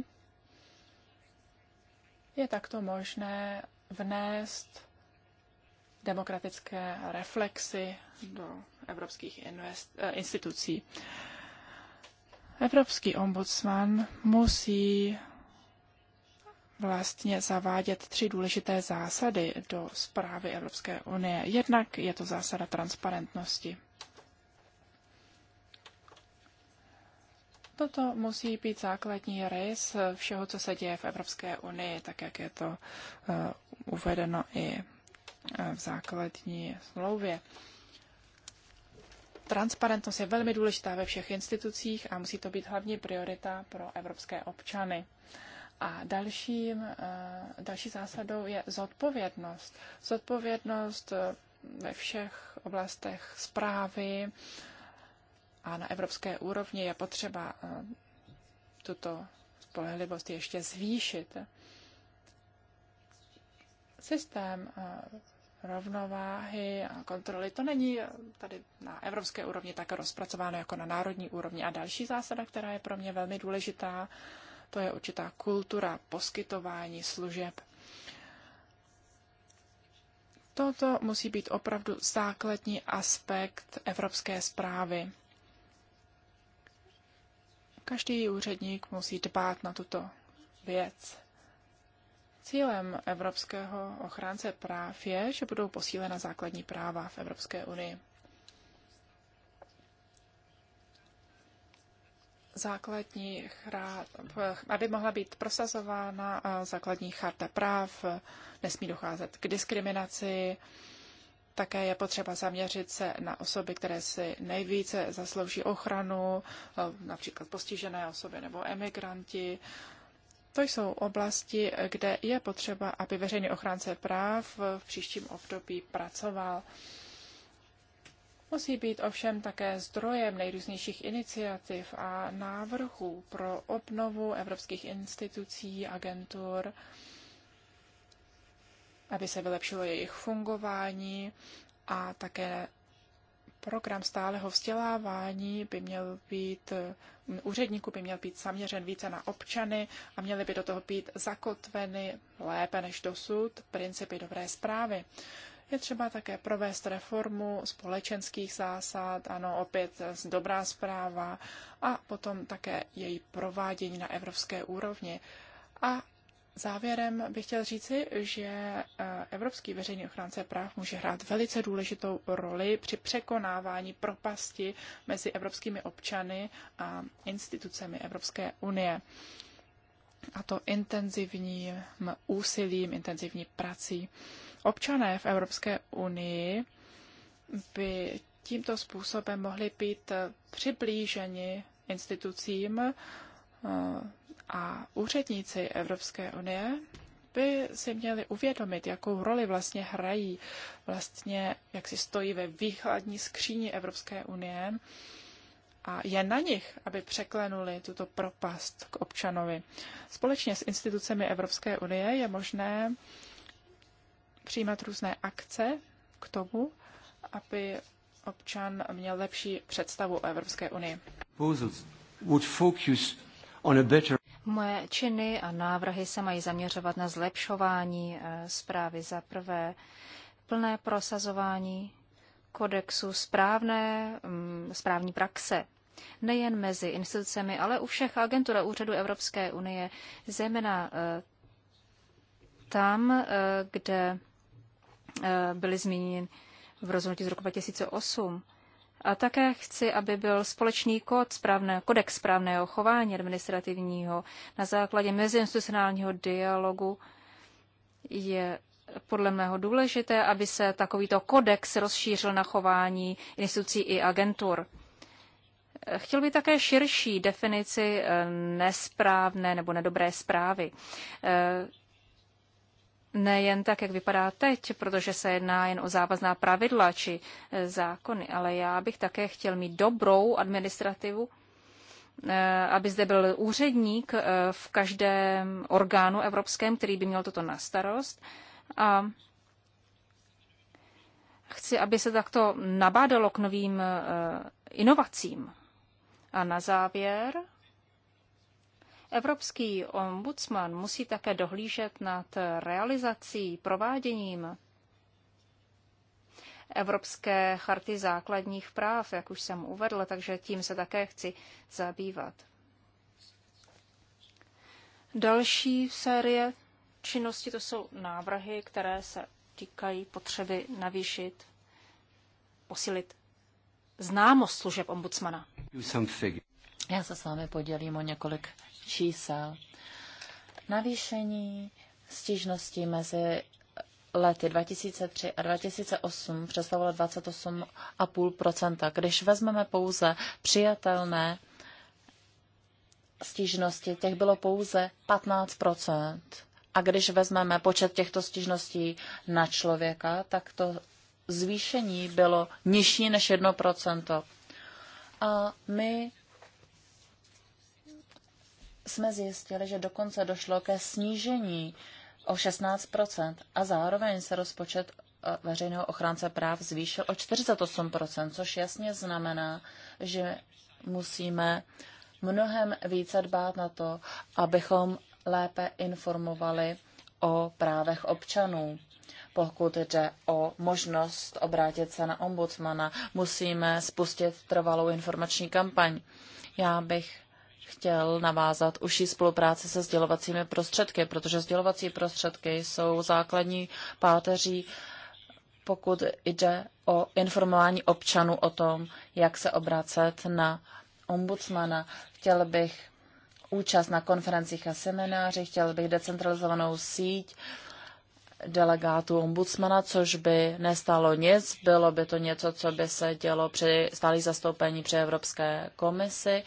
je takto možné vnést demokratické reflexy do evropských invest, eh, institucí. Evropský ombudsman musí vlastně zavádět tři důležité zásady do zprávy Evropské unie. Jednak je to zásada transparentnosti. Toto musí být základní rys všeho, co se děje v Evropské unii, tak jak je to eh, uvedeno i Eh, v základní smlouvě. Transparentnost je velmi důležitá ve všech institucích a musí to být hlavní priorita pro evropské občany. A další eh, další zásadou je zodpovědnost. Zodpovědnost eh, ve všech oblastech zprávy a na evropské úrovni je potřeba tuto spolehlivost ještě zvýšit. Systém rovnováhy a kontroly. To není tady na evropské úrovni tak rozpracováno jako na národní úrovni. A další zásada, která je pro mě velmi důležitá, to je určitá kultura poskytování služeb. Toto musí být opravdu základní aspekt evropské zprávy. Každý úředník musí dbát na tuto věc. Cílem evropského ochránce práv je, že budou posílena základní práva v Evropské unii. Základní chrát, aby mohla být prosazována eh, základní charta práv, nesmí docházet k diskriminaci, také je potřeba zaměřit se na osoby, které si nejvíce zaslouží ochranu, eh, například postižené osoby nebo emigranti, to jsou oblasti, kde je potřeba, aby veřejný ochránce práv v příštím období pracoval. Musí být ovšem také zdrojem nejrůznějších iniciativ a návrhů pro obnovu evropských institucí, agentur, aby se vylepšilo jejich fungování a také program stáleho vzdělávání by měl být, úředníků by měl být zaměřen více na občany a měly by do toho být zakotveny lépe než dosud principy dobré zprávy. Je třeba také provést reformu společenských zásad, ano, opět dobrá zpráva, a potom také její provádění na evropské úrovni. A Závěrem bych chtěl říci, že eh, Evropský veřejný ochránce práv může hrát velice důležitou roli při překonávání propasti mezi evropskými občany a institucemi Evropské unie. A to intenzivním úsilím, intenzivní prací. Občané v Evropské unii by tímto způsobem mohli být přiblíženi institucím eh, a úředníci Evropské unie by si měli uvědomit, jakou roli vlastně hrají, vlastně jak si stojí ve výchladní skříni Evropské unie a je na nich, aby překlenuli tuto propast k občanovi. Společně s institucemi Evropské unie je možné přijímat různé akce k tomu, aby občan měl lepší představu o Evropské unii. Would focus on a better Moje činy a návrhy se mají zaměřovat na zlepšování eh, zprávy za prvé plné prosazování kodexu správné, mm, správní praxe nejen mezi institucemi, ale u všech agentur a úřadů Evropské unie, zejména eh, tam, eh, kde byly zmíněny v rozhodnutí z roku 2008. A také chci, aby byl společný kód správné, kodex správného chování administrativního na základě meziinstitucionálního dialogu je podle mého důležité, aby se takovýto kodex rozšířil na chování institucí i agentur. Chtěl bych také širší definici eh, nesprávné nebo nedobré zprávy. Eh, nejen tak, jak vypadá teď, protože se jedná jen o závazná pravidla či e, zákony, ale já bych také chtěl mít dobrou administrativu, e, aby zde byl úředník e, v každém orgánu evropském, který by měl toto na starost. A chci, aby se takto nabádalo k novým inovacím. A na závěr Evropský ombudsman musí také dohlížet nad realizací, prováděním Evropské charty základních práv, jak už jsem uvedl, takže tím se také chci zabývat. Další série činnosti to jsou návrhy, které se týkají potřeby navýšit, posilit známost služeb ombudsmana. Já se s vámi podělím o několik čísel. Navýšení stížností mezi lety 2003 a 2008 představovalo 28,5 Když vezmeme pouze přijatelné stížnosti, těch bylo pouze 15 A když vezmeme počet těchto stížností na člověka, tak to zvýšení bylo nižší než 1 A my jsme zjistili, že dokonce došlo ke snížení o 16 a zároveň se rozpočet eh, veřejného ochránce práv zvýšil o 48 což jasně znamená, že musíme mnohem více dbát na to, abychom lépe informovali o právech občanů. Pokud jde o možnost obrátit se na ombudsmana, musíme spustit trvalou informační kampaň. Já bych chtěl navázat užší spolupráci se sdělovacími prostředky, protože sdělovací prostředky jsou základní páteří, pokud jde o informování občanů o tom, jak se obracet na ombudsmana. Chtěl bych účast na konferencích a seminářích, chtěl bych decentralizovanou síť delegátů ombudsmana, což by nestálo nic, bylo by to něco, co by se dělo při stálých zastoupení při Evropské komisi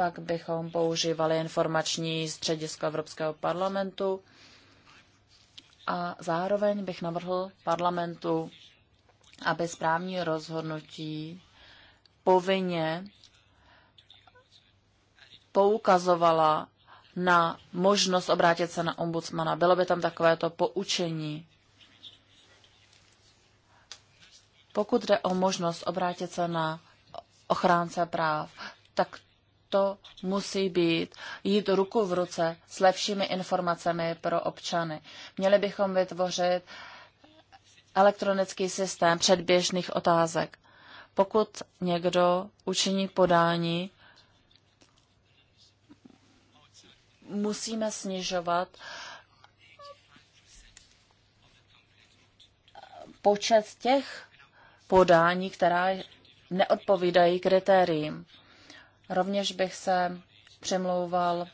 pak bychom používali informační středisko Evropského parlamentu a zároveň bych navrhl parlamentu, aby správní rozhodnutí povinně poukazovala na možnost obrátit se na ombudsmana. Bylo by tam takovéto poučení. Pokud jde o možnost obrátit se na ochránce práv, tak to musí být jít ruku v ruce s lepšími informacemi pro občany. Měli bychom vytvořit elektronický systém předběžných otázek. Pokud někdo učiní podání, musíme snižovat počet těch podání, která neodpovídají kritériím. Rovněž bych se přemlouval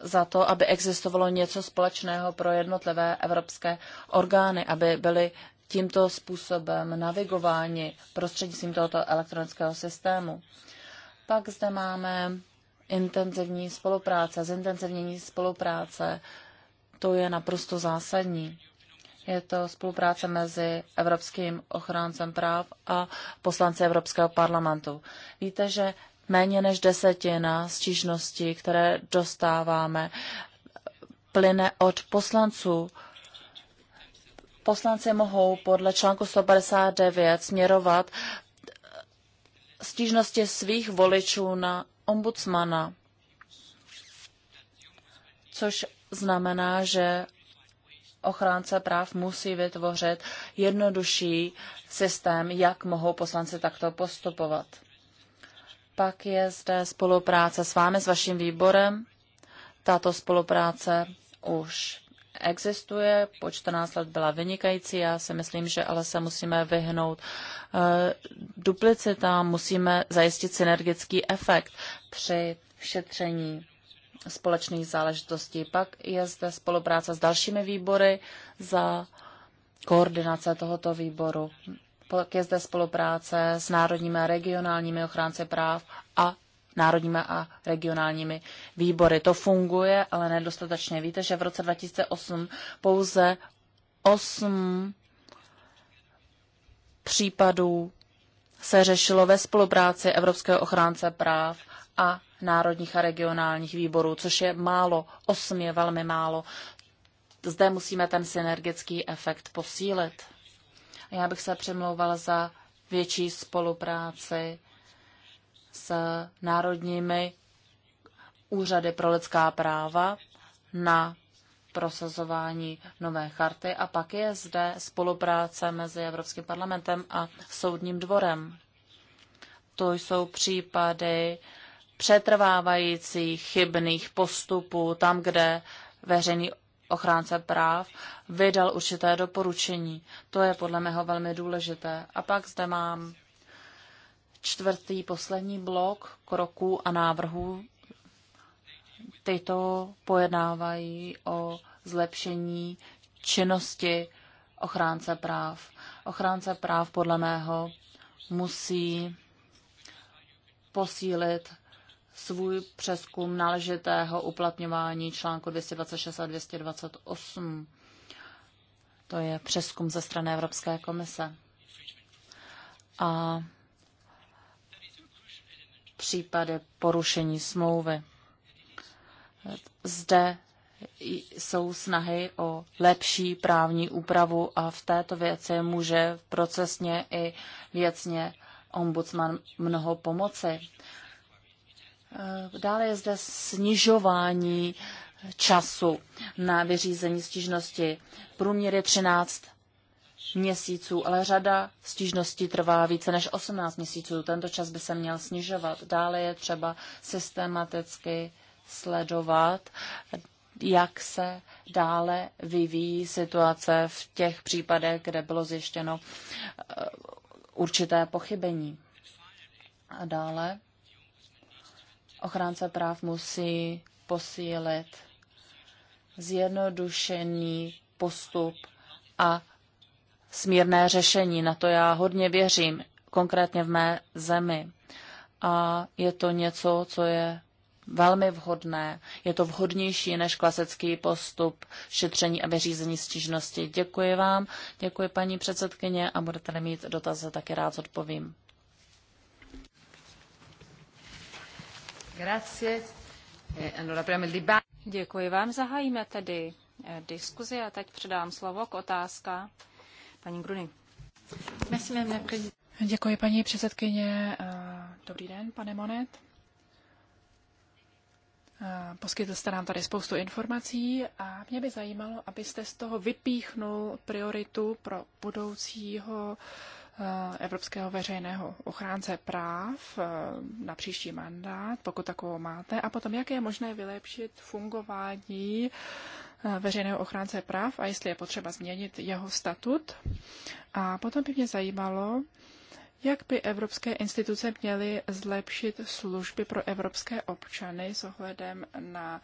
za to, aby existovalo něco společného pro jednotlivé evropské orgány, aby byly tímto způsobem navigováni prostřednictvím tohoto elektronického systému. Pak zde máme intenzivní spolupráce, zintenzivnění spolupráce. To je naprosto zásadní. Je to spolupráce mezi Evropským ochráncem práv a poslanci Evropského parlamentu. Víte, že méně než desetina stížností, které dostáváme, plyne od poslanců. Poslanci mohou podle článku 159 směrovat stížnosti svých voličů na ombudsmana, což znamená, že ochránce práv musí vytvořit jednodušší systém, jak mohou poslanci takto postupovat. Pak je zde spolupráce s vámi, s vaším výborem. Tato spolupráce už existuje, po 14 let byla vynikající, já si myslím, že ale se musíme vyhnout eh, duplicitám, musíme zajistit synergický efekt při šetření společných záležitostí. Pak je zde spolupráce s dalšími výbory za koordinace tohoto výboru je zde spolupráce s národními a regionálními ochránci práv a národními a regionálními výbory. To funguje, ale nedostatečně. Víte, že v roce 2008 pouze 8 případů se řešilo ve spolupráci Evropského ochránce práv a národních a regionálních výborů, což je málo, osm je velmi málo. Zde musíme ten synergický efekt posílit. A já bych se přemlouval za větší spolupráci s národními úřady pro lidská práva na prosazování nové charty a pak je zde spolupráce mezi Evropským parlamentem a Soudním dvorem. To jsou případy přetrvávajících chybných postupů tam, kde veřejný ochránce práv vydal určité doporučení. To je podle mého velmi důležité. A pak zde mám čtvrtý, poslední blok kroků a návrhů. Tyto pojednávají o zlepšení činnosti ochránce práv. Ochránce práv podle mého musí posílit svůj přeskum náležitého uplatňování článku 226 a 228. To je přeskum ze strany Evropské komise. A případy porušení smlouvy. Zde jsou snahy o lepší právní úpravu a v této věci může procesně i věcně ombudsman mnoho pomoci. Eh, dále je zde snižování času na vyřízení stížnosti. Průměr je 13 měsíců, ale řada stížností trvá více než 18 měsíců. Tento čas by se měl snižovat. Dále je třeba systematicky sledovat, jak se dále vyvíjí situace v těch případech, kde bylo zjištěno eh, určité pochybení. A dále ochránce práv musí posílit zjednodušený postup a smírné řešení. Na to já hodně věřím, konkrétně v mé zemi. A je to něco, co je velmi vhodné. Je to vhodnější než klasický postup šetření a vyřízení stížnosti. Děkuji vám, děkuji paní předsedkyně a budete-li mít dotazy, taky rád odpovím. Eh, Děkuji vám. Zahájíme tedy eh, diskuzi a teď předám slovo k otázka paní Gruny. Děkuji, paní předsedkyně. Eh, dobrý den, pane Monet. Poskytl jste nám tady spoustu informací a mě by zajímalo, abyste z toho vypíchnul prioritu pro budoucího uh, Eh, Evropského veřejného ochránce práv eh, na příští mandát, pokud takovou máte, a potom, jak je možné vylepšit fungování eh, veřejného ochránce práv a jestli je potřeba změnit jeho statut. A potom by mě zajímalo, jak by evropské instituce měly zlepšit služby pro evropské občany s ohledem na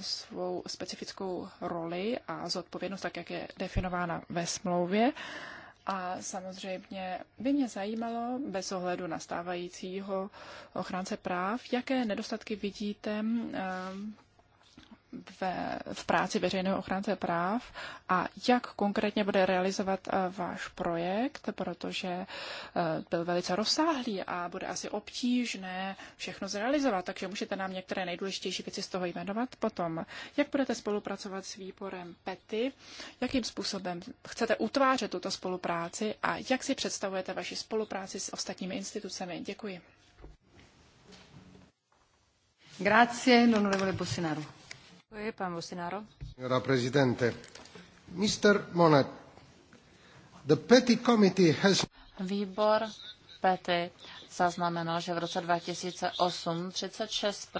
svou specifickou roli a zodpovědnost, tak jak je definována ve smlouvě? A samozřejmě by mě zajímalo, bez ohledu na stávajícího ochránce práv, jaké nedostatky vidíte v práci veřejného ochránce práv a jak konkrétně bude realizovat eh, váš projekt, protože eh, byl velice rozsáhlý a bude asi obtížné všechno zrealizovat, takže můžete nám některé nejdůležitější věci z toho jmenovat. Potom, jak budete spolupracovat s výborem PETY, jakým způsobem chcete utvářet tuto spolupráci a jak si představujete vaši spolupráci s ostatními institucemi. Děkuji. Grazie, l'onorevole Bolsonaro. Signora presidente onorevoli colleghi Výbor PETI zaznamenal, že v roce 2008 36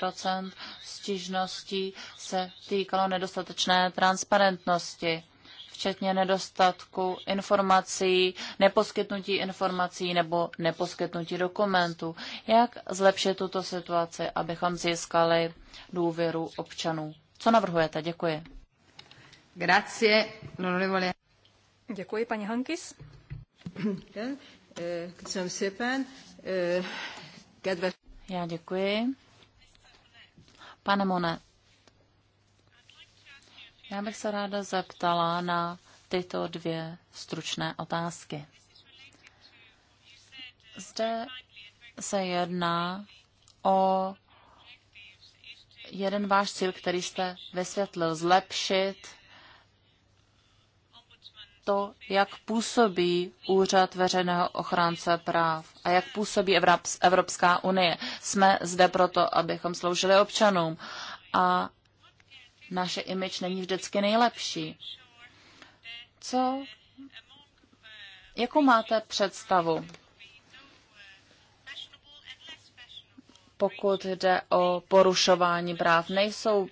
stížností se týkalo nedostatečné transparentnosti včetně nedostatku informací, neposkytnutí informací nebo neposkytnutí dokumentů. Jak zlepšit tuto situaci, abychom získali důvěru občanů co navrhujete? Děkuji. Grazie, Děkuji, paní Hankis. Já děkuji. Pane Mone, já bych se ráda zeptala na tyto dvě stručné otázky. Zde se jedná o jeden váš cíl, který jste vysvětlil, zlepšit to, jak působí úřad veřejného ochránce práv a jak působí Evropská unie. Jsme zde proto, abychom sloužili občanům a naše imič není vždycky nejlepší. Co, jakou máte představu pokud jde o porušování práv. Nejsou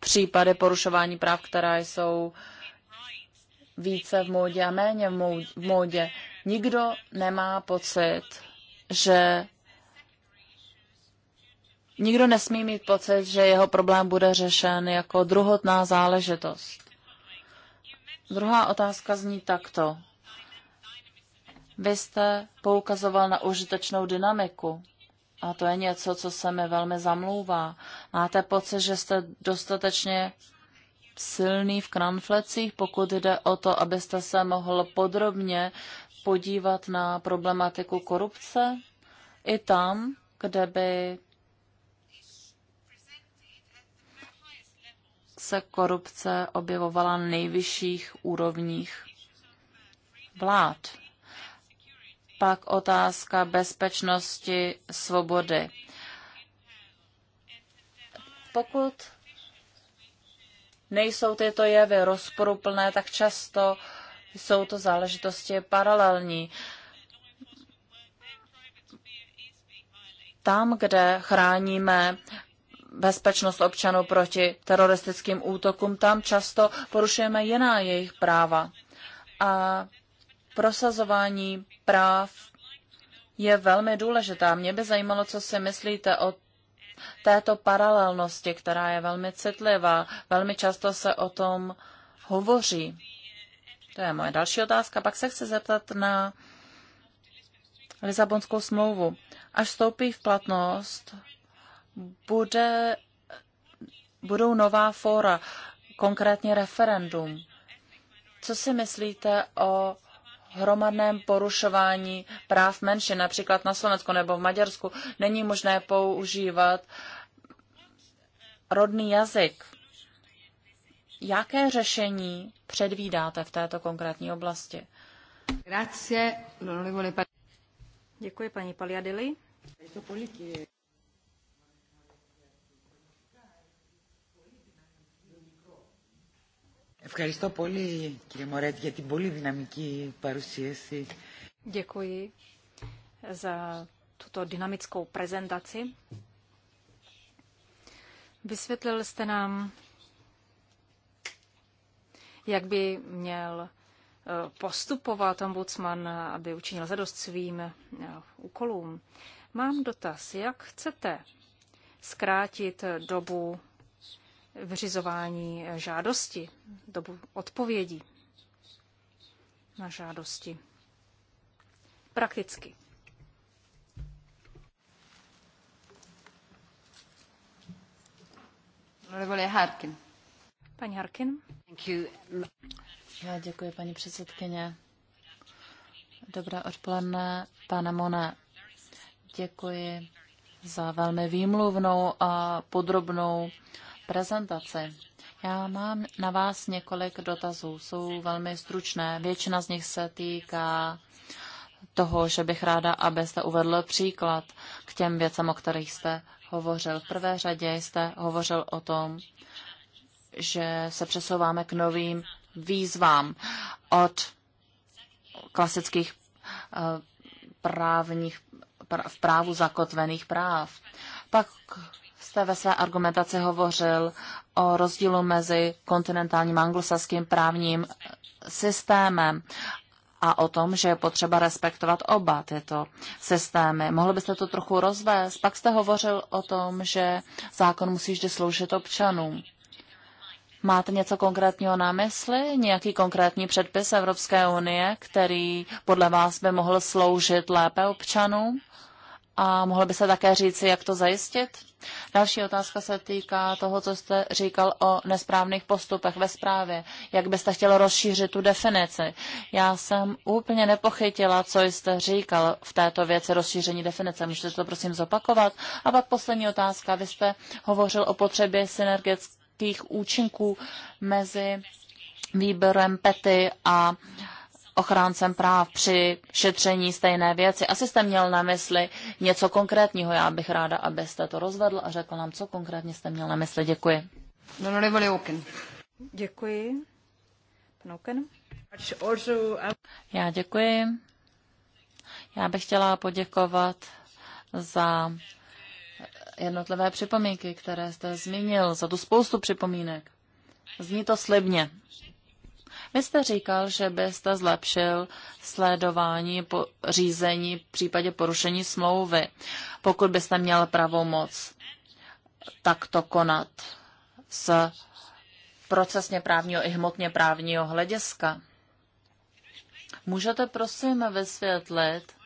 případy porušování práv, která jsou více v módě a méně v módě. Nikdo nemá pocit, že nikdo nesmí mít pocit, že jeho problém bude řešen jako druhotná záležitost. Druhá otázka zní takto. Vy jste poukazoval na užitečnou dynamiku. A to je něco, co se mi velmi zamlouvá. Máte pocit, že jste dostatečně silný v kranflecích, pokud jde o to, abyste se mohl podrobně podívat na problematiku korupce? I tam, kde by se korupce objevovala na nejvyšších úrovních vlád pak otázka bezpečnosti svobody. Pokud nejsou tyto jevy rozporuplné, tak často jsou to záležitosti paralelní. Tam, kde chráníme bezpečnost občanů proti teroristickým útokům, tam často porušujeme jiná jejich práva. A prosazování práv je velmi důležitá. Mě by zajímalo, co si myslíte o této paralelnosti, která je velmi citlivá. Velmi často se o tom hovoří. To je moje další otázka. Pak se chci zeptat na Lisabonskou smlouvu. Až vstoupí v platnost, bude, budou nová fóra, konkrétně referendum. Co si myslíte o hromadném porušování práv menšin, například na Slovensku nebo v Maďarsku, není možné používat rodný jazyk. Jaké řešení předvídáte v této konkrétní oblasti? Děkuji paní Paliadili. Ευχαριστώ πολύ, κύριε Μωρέτ, για την πολύ δυναμική παρουσίαση. Děkuji za tuto dynamickou prezentaci. Vysvětlil jste nám, jak by měl eh, postupovat ombudsman, aby učinil zadost svým eh, úkolům. Mám dotaz, jak chcete zkrátit dobu vyřizování žádosti, dobu odpovědí na žádosti. Prakticky. Harkin. Paní Harkin. Thank you. Já děkuji, paní předsedkyně. Dobré odpoledne, pane Mone. Děkuji za velmi výmluvnou a podrobnou uh, Prezentace. Já mám na vás několik dotazů. Jsou velmi stručné. Většina z nich se týká toho, že bych ráda, abyste uvedl příklad k těm věcem, o kterých jste hovořil. V prvé řadě jste hovořil o tom, že se přesouváme k novým výzvám od klasických eh, právních, v právu zakotvených práv. Pak jste ve své argumentaci hovořil o rozdílu mezi kontinentálním anglosaským právním systémem a o tom, že je potřeba respektovat oba tyto systémy. Mohl byste to trochu rozvést? Pak jste hovořil o tom, že zákon musí vždy sloužit občanům. Máte něco konkrétního na mysli? Nějaký konkrétní předpis Evropské unie, který podle vás by mohl sloužit lépe občanům? A mohl by se také říci, jak to zajistit? Další otázka se týká toho, co jste říkal o nesprávných postupech ve zprávě. Jak byste chtěl rozšířit tu definici? Já jsem úplně nepochytila, co jste říkal v této věci rozšíření definice. Můžete to prosím zopakovat? A pak poslední otázka. Vy jste hovořil o potřebě synergických účinků mezi výběrem PETY a uh, ochráncem práv při šetření stejné věci. Asi jste měl na mysli něco konkrétního. Já bych ráda, abyste to rozvedl a řekl nám, co konkrétně jste měl na mysli. Děkuji. Děkuji. Já děkuji. Já bych chtěla poděkovat za jednotlivé připomínky, které jste zmínil, za tu spoustu připomínek. Zní to slibně. Vy jste říkal, že byste zlepšil sledování po, řízení v případě porušení smlouvy, pokud byste měl pravomoc takto konat z procesně právního i hmotně právního hlediska. Můžete prosím vysvětlit,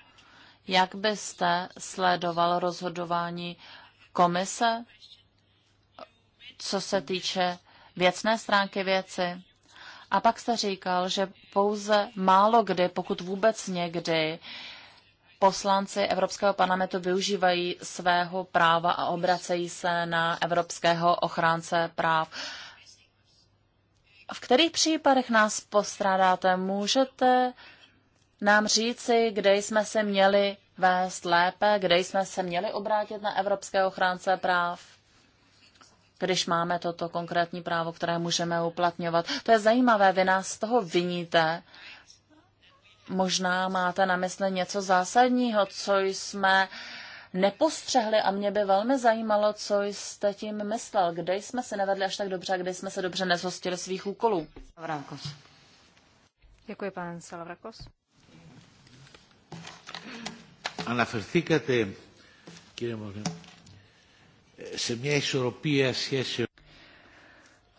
jak byste sledoval rozhodování komise, co se týče věcné stránky věci? A pak jste říkal, že pouze málo kdy, pokud vůbec někdy, poslanci Evropského parlamentu využívají svého práva a obracejí se na Evropského ochránce práv. V kterých případech nás postrádáte? Můžete nám říci, kde jsme se měli vést lépe, kde jsme se měli obrátit na evropského ochránce práv? když máme toto konkrétní právo, které můžeme uplatňovat. To je zajímavé, vy nás z toho viníte. Možná máte na mysli něco zásadního, co jsme nepostřehli a mě by velmi zajímalo, co jste tím myslel. Kde jsme se nevedli až tak dobře a kde jsme se dobře nezhostili svých úkolů? Vrákos. Děkuji, pane Salavrakos. Anafrthíkate, kýre Morgan,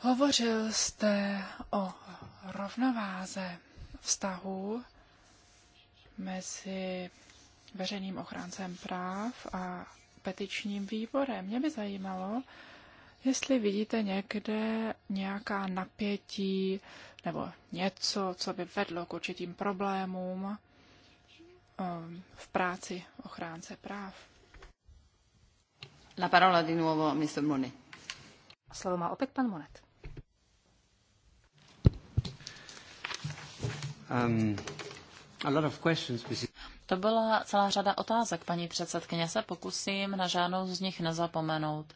Hovořil jste o rovnováze vztahu mezi veřejným ochráncem práv a petičním výborem. Mě by zajímalo, jestli vidíte někde nějaká napětí nebo něco, co by vedlo k určitým problémům um, v práci ochránce práv. La parola di nuovo Mr. Monet. Slovo má opět pan Monet. Um, a lot of questions. To byla celá řada otázek, paní předsedkyně. Se pokusím na žádnou z nich nezapomenout.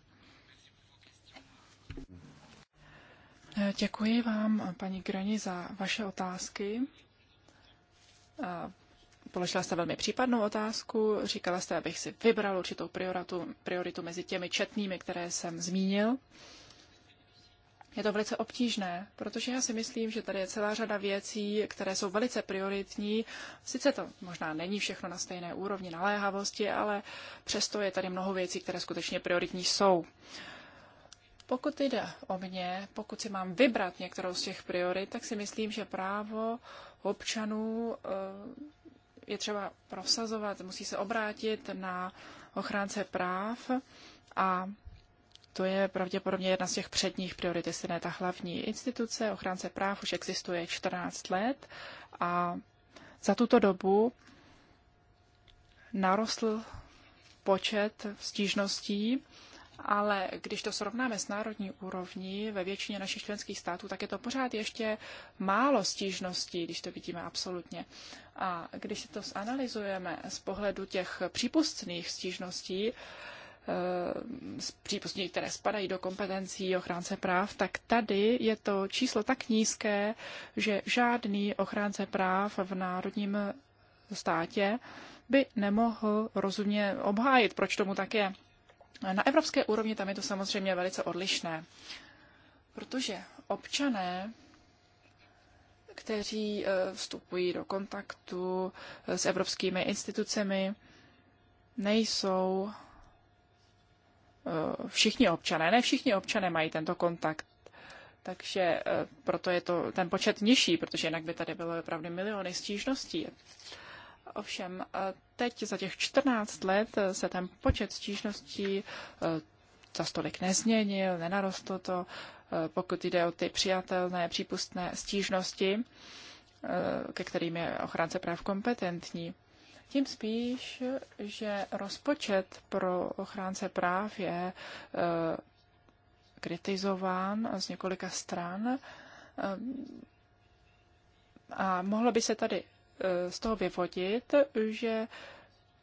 Děkuji vám, paní Grani, za vaše otázky položila jste velmi případnou otázku. Říkala jste, abych si vybral určitou prioritu, prioritu mezi těmi četnými, které jsem zmínil. Je to velice obtížné, protože já si myslím, že tady je celá řada věcí, které jsou velice prioritní. Sice to možná není všechno na stejné úrovni naléhavosti, ale přesto je tady mnoho věcí, které skutečně prioritní jsou. Pokud jde o mě, pokud si mám vybrat některou z těch priorit, tak si myslím, že právo občanů eh, je třeba prosazovat, musí se obrátit na ochránce práv a to je pravděpodobně jedna z těch předních priorit, jestli ne ta hlavní instituce. Ochránce práv už existuje 14 let a za tuto dobu narostl počet stížností ale když to srovnáme s národní úrovní ve většině našich členských států, tak je to pořád ještě málo stížností, když to vidíme absolutně. A když si to zanalizujeme z pohledu těch přípustných stížností, eh, přípustní, které spadají do kompetencí ochránce práv, tak tady je to číslo tak nízké, že žádný ochránce práv v národním státě by nemohl rozumně obhájit, proč tomu tak je. Na evropské úrovni tam je to samozřejmě velice odlišné, protože občané, kteří e, vstupují do kontaktu e, s evropskými institucemi, nejsou e, všichni občané. Ne všichni občané mají tento kontakt. Takže proto je to ten počet nižší, protože jinak by tady bylo opravdu miliony stížností. Ovšem, eh, teď za těch 14 let eh, se ten počet stížností eh, za stolik nezměnil, nenarostlo to, pokud jde o ty přijatelné, přípustné stížnosti, ke kterým je ochránce práv kompetentní. Tím spíš, že rozpočet pro ochránce práv je kritizován z několika stran. A mohlo by se tady z toho vyvodit, že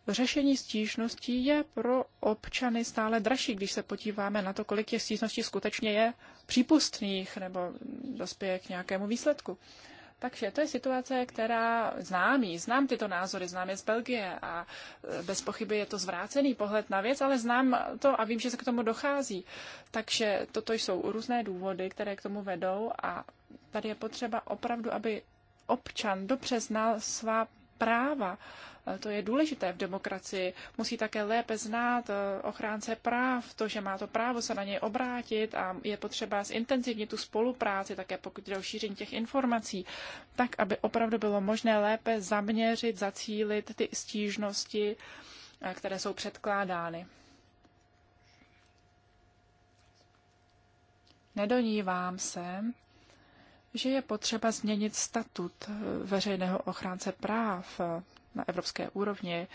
řešení stížností je pro občany stále dražší, když se podíváme na to, kolik těch stížností skutečně je přípustných nebo dospěje k nějakému výsledku. Takže to je situace, která známí, znám tyto názory, znám je z Belgie a e, bez pochyby je to zvrácený pohled na věc, ale znám to a vím, že se k tomu dochází. Takže toto jsou různé důvody, které k tomu vedou a tady je potřeba opravdu, aby občan dobře znal svá práva. E, to je důležité v demokracii. Musí také lépe znát e, ochránce práv, to, že má to právo se na něj obrátit a je potřeba zintenzivnit tu spolupráci, také pokud jde o šíření těch informací, tak, aby opravdu bylo možné lépe zaměřit, zacílit ty stížnosti, e, které jsou předkládány. Nedonívám se, že je potřeba změnit statut eh, veřejného ochránce práv eh, na evropské úrovni.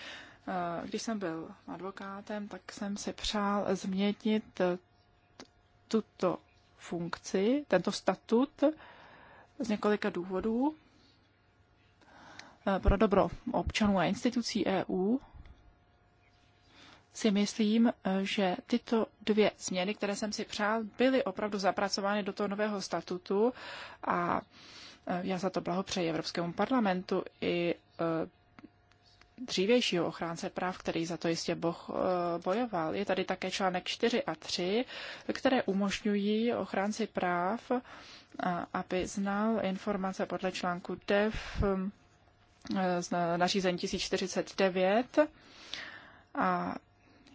Eh, když jsem byl advokátem, tak jsem si přál změnit tuto funkci, tento statut z několika důvodů pro dobro občanů a institucí EU si myslím, že tyto dvě změny, které jsem si přál, byly opravdu zapracovány do toho nového statutu a e, já za to blahopřeji Evropskému parlamentu i e, dřívějšího ochránce práv, který za to jistě Boh e, bojoval. Je tady také článek 4 a 3, které umožňují ochránci práv, aby znal informace podle článku DEF nařízení 1049 a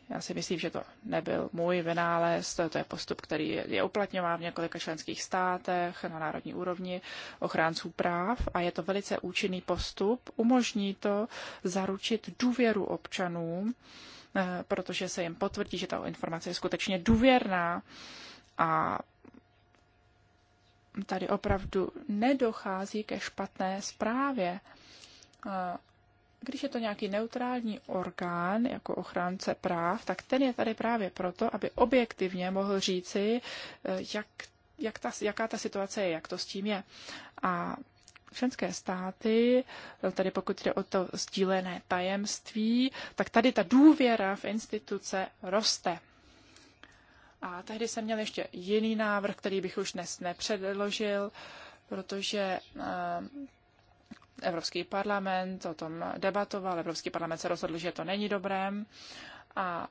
já si myslím, že to nebyl můj vynález, to, to je postup, který je, je uplatňován v několika členských státech na národní úrovni ochránců práv a je to velice účinný postup. Umožní to zaručit důvěru občanům, eh, protože se jim potvrdí, že ta informace je skutečně důvěrná a tady opravdu nedochází ke špatné zprávě eh, když je to nějaký neutrální orgán jako ochránce práv, tak ten je tady právě proto, aby objektivně mohl říci, eh, jak, jak ta, jaká ta situace je, jak to s tím je. A členské státy, eh, tady pokud jde o to sdílené tajemství, tak tady ta důvěra v instituce roste. A tehdy jsem měl ještě jiný návrh, který bych už dnes nepředložil, protože eh, Evropský parlament o tom debatoval, Evropský parlament se rozhodl, že to není dobré a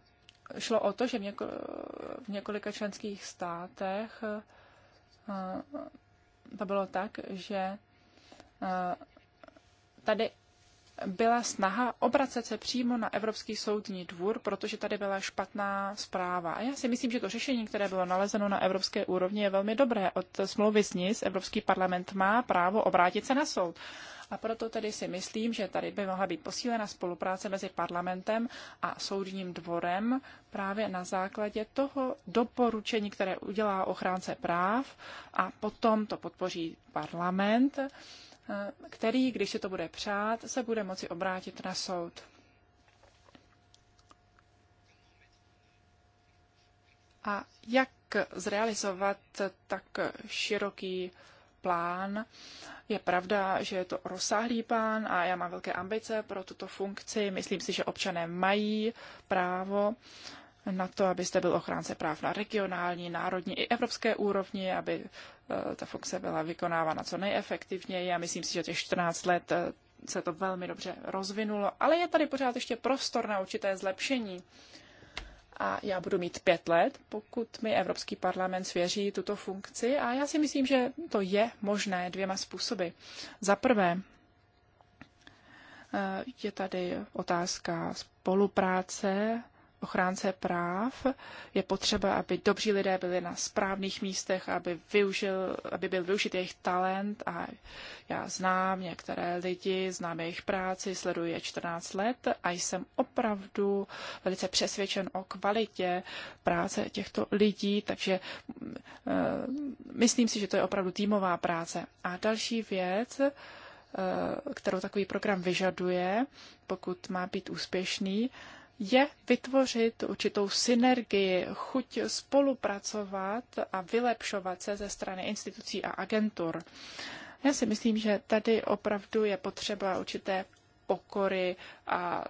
šlo o to, že v, několika členských státech eh, to bylo tak, že eh, tady byla snaha obracet se přímo na Evropský soudní dvůr, protože tady byla špatná zpráva. A já si myslím, že to řešení, které bylo nalezeno na evropské úrovni, je velmi dobré. Od smlouvy s NIS Evropský parlament má právo obrátit se na soud. A proto tedy si myslím, že tady by mohla být posílena spolupráce mezi parlamentem a soudním dvorem právě na základě toho doporučení, které udělá ochránce práv a potom to podpoří parlament, eh, který, když se to bude přát, se bude moci obrátit na soud. A jak zrealizovat tak široký plán. Je pravda, že je to rozsáhlý plán a já mám velké ambice pro tuto funkci. Myslím si, že občané mají právo na to, abyste byl ochránce práv na regionální, národní i evropské úrovni, aby eh, ta funkce byla vykonávána co nejefektivněji. Já myslím si, že těch 14 let eh, se to velmi dobře rozvinulo, ale je tady pořád ještě prostor na určité zlepšení a já budu mít pět let, pokud mi Evropský parlament svěří tuto funkci a já si myslím, že to je možné dvěma způsoby. Za prvé, eh, je tady otázka spolupráce ochránce práv. Je potřeba, aby dobří lidé byli na správných místech, aby, využil, aby byl využit jejich talent a já znám některé lidi, znám jejich práci, sleduji je 14 let a jsem opravdu velice přesvědčen o kvalitě práce těchto lidí, takže eh, myslím si, že to je opravdu týmová práce. A další věc, eh, kterou takový program vyžaduje, pokud má být úspěšný, je vytvořit určitou synergii, chuť spolupracovat a vylepšovat se ze strany institucí a agentur. Já si myslím, že tady opravdu je potřeba určité pokory a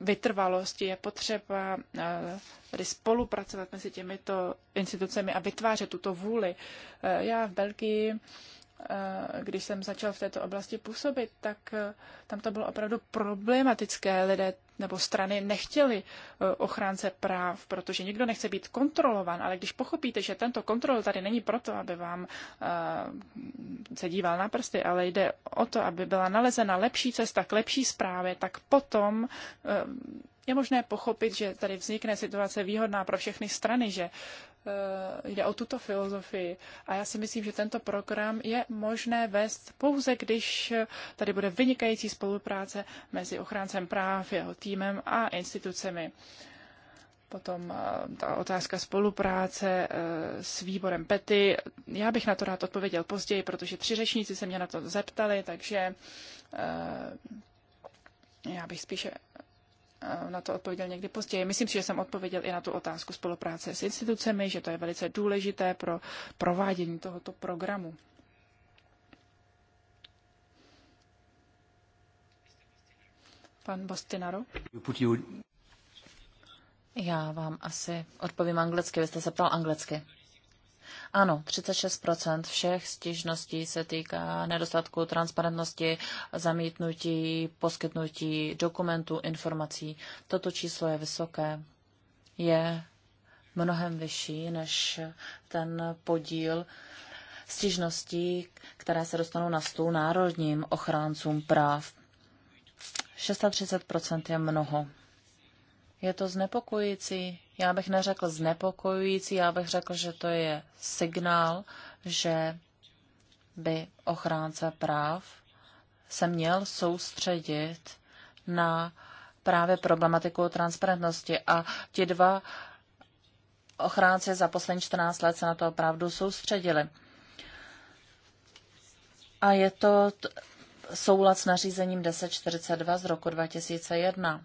vytrvalosti. Je potřeba eh, tady spolupracovat mezi těmito institucemi a vytvářet tuto vůli. Eh, já v Belgii eh, když jsem začal v této oblasti působit, tak tam to bylo opravdu problematické. Lidé nebo strany nechtěly e, ochránce práv, protože nikdo nechce být kontrolovan, ale když pochopíte, že tento kontrol tady není proto, aby vám e, se díval na prsty, ale jde o to, aby byla nalezena lepší cesta k lepší zprávě, tak potom e, je možné pochopit, že tady vznikne situace výhodná pro všechny strany, že Eh, jde o tuto filozofii. A já si myslím, že tento program je možné vést pouze, když tady bude vynikající spolupráce mezi ochráncem práv, jeho týmem a institucemi. Potom eh, ta otázka spolupráce eh, s výborem PETY. Já bych na to rád odpověděl později, protože tři řečníci se mě na to zeptali, takže já bych spíše Eh, na to odpověděl někdy později. Myslím si, že jsem odpověděl i na tu otázku spolupráce s institucemi, že to je velice důležité pro provádění tohoto programu. Pan Bostinaro? Já vám asi odpovím anglicky, vy jste se ptal anglicky. Ano, 36% všech stížností se týká nedostatku transparentnosti, zamítnutí, poskytnutí dokumentů, informací. Toto číslo je vysoké. Je mnohem vyšší než ten podíl stížností, které se dostanou na stůl národním ochráncům práv. 36% je mnoho. Je to znepokojící já bych neřekl znepokojující, já bych řekl, že to je signál, že by ochránce práv se měl soustředit na právě problematiku transparentnosti. A ti dva ochránci za poslední 14 let se na to opravdu soustředili. A je to soulad s nařízením 1042 z roku 2001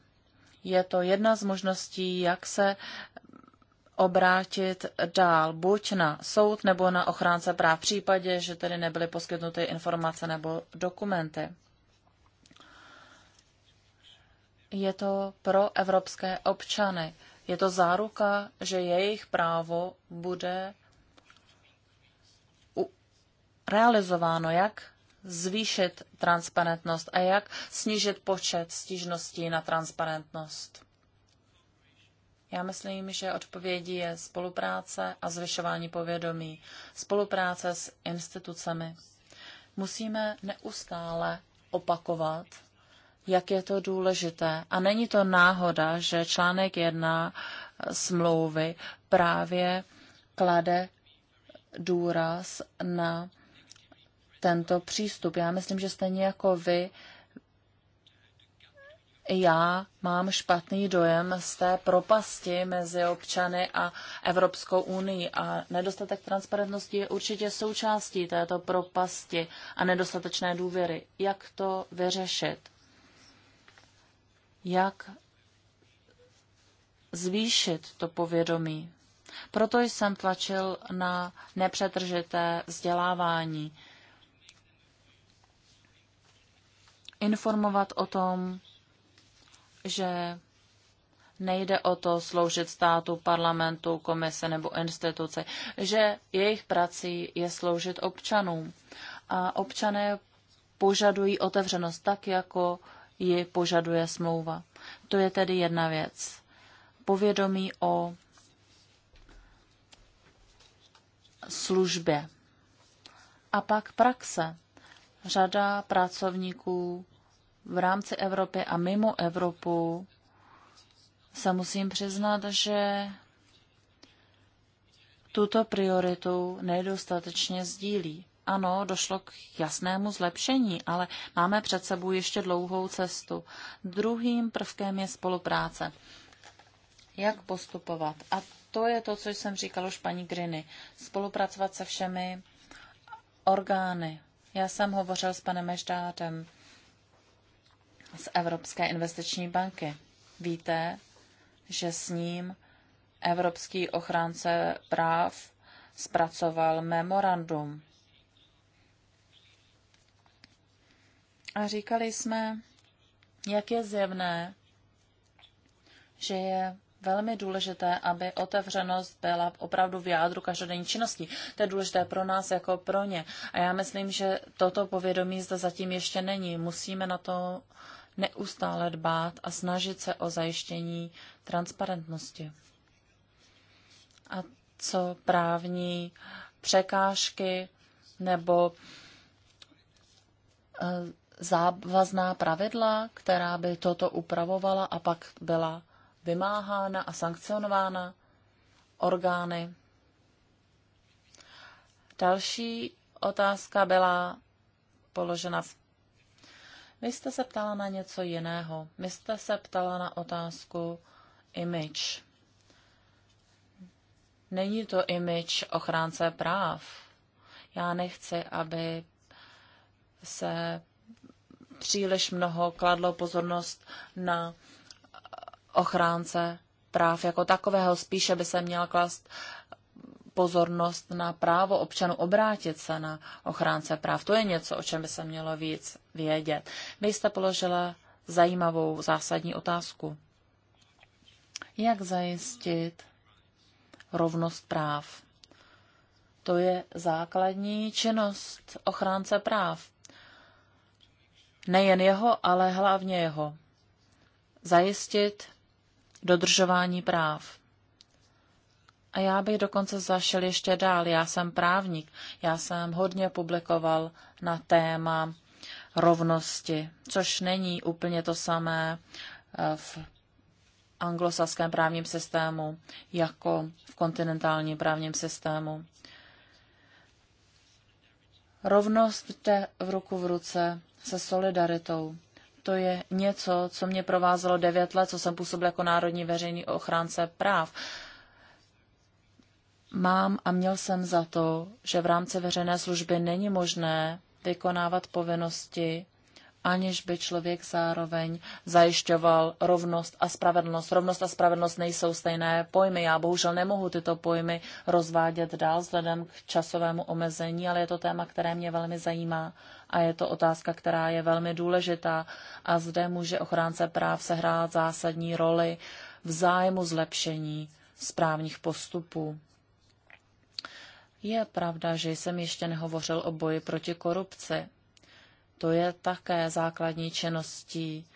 je to jedna z možností, jak se obrátit dál, buď na soud nebo na ochránce práv v případě, že tedy nebyly poskytnuty informace nebo dokumenty. Je to pro evropské občany. Je to záruka, že jejich právo bude realizováno, jak zvýšit transparentnost a jak snížit počet stížností na transparentnost? Já myslím, že odpovědí je spolupráce a zvyšování povědomí, spolupráce s institucemi. Musíme neustále opakovat, jak je to důležité. A není to náhoda, že článek 1 smlouvy právě klade důraz na tento přístup. Já myslím, že stejně jako vy, já mám špatný dojem z té propasti mezi občany a Evropskou unii a nedostatek transparentnosti je určitě součástí této propasti a nedostatečné důvěry. Jak to vyřešit? Jak zvýšit to povědomí? Proto jsem tlačil na nepřetržité vzdělávání informovat o tom, že nejde o to sloužit státu, parlamentu, komise nebo instituci, že jejich prací je sloužit občanům. A občané požadují otevřenost tak, jako ji požaduje smlouva. To je tedy jedna věc. Povědomí o službě. A pak praxe řada pracovníků v rámci Evropy a mimo Evropu se musím přiznat, že tuto prioritu nedostatečně sdílí. Ano, došlo k jasnému zlepšení, ale máme před sebou ještě dlouhou cestu. Druhým prvkem je spolupráce. Jak postupovat? A to je to, co jsem říkal už paní Griny. Spolupracovat se všemi orgány já jsem hovořil s panem Meždátem z Evropské investiční banky. Víte, že s ním Evropský ochránce práv zpracoval memorandum. A říkali jsme, jak je zjevné, že je velmi důležité, aby otevřenost byla opravdu v jádru každodenní činnosti. To je důležité pro nás jako pro ně. A já myslím, že toto povědomí zde zatím ještě není. Musíme na to neustále dbát a snažit se o zajištění transparentnosti. A co právní překážky nebo eh, závazná pravidla, která by toto upravovala a pak byla vymáhána a sankcionována orgány. Další otázka byla položena v vy jste se ptala na něco jiného. Vy jste se ptala na otázku image. Není to image ochránce práv. Já nechci, aby se příliš mnoho kladlo pozornost na ochránce práv jako takového. Spíše by se měla klást pozornost na právo občanů obrátit se na ochránce práv. To je něco, o čem by se mělo víc vědět. Vy jste položila zajímavou zásadní otázku. Jak zajistit rovnost práv? To je základní činnost ochránce práv. Nejen jeho, ale hlavně jeho. Zajistit dodržování práv. A já bych dokonce zašel ještě dál. Já jsem právník. Já jsem hodně publikoval na téma rovnosti, což není úplně to samé eh, v anglosaském právním systému jako v kontinentálním právním systému. Rovnost jde v ruku v ruce se solidaritou to je něco, co mě provázelo devět let, co jsem působil jako národní veřejný ochránce práv. Mám a měl jsem za to, že v rámci veřejné služby není možné vykonávat povinnosti aniž by člověk zároveň zajišťoval rovnost a spravedlnost. Rovnost a spravedlnost nejsou stejné pojmy. Já bohužel nemohu tyto pojmy rozvádět dál vzhledem k časovému omezení, ale je to téma, které mě velmi zajímá a je to otázka, která je velmi důležitá a zde může ochránce práv sehrát zásadní roli v zájmu zlepšení správních postupů. Je pravda, že jsem ještě nehovořil o boji proti korupci to je také základní činností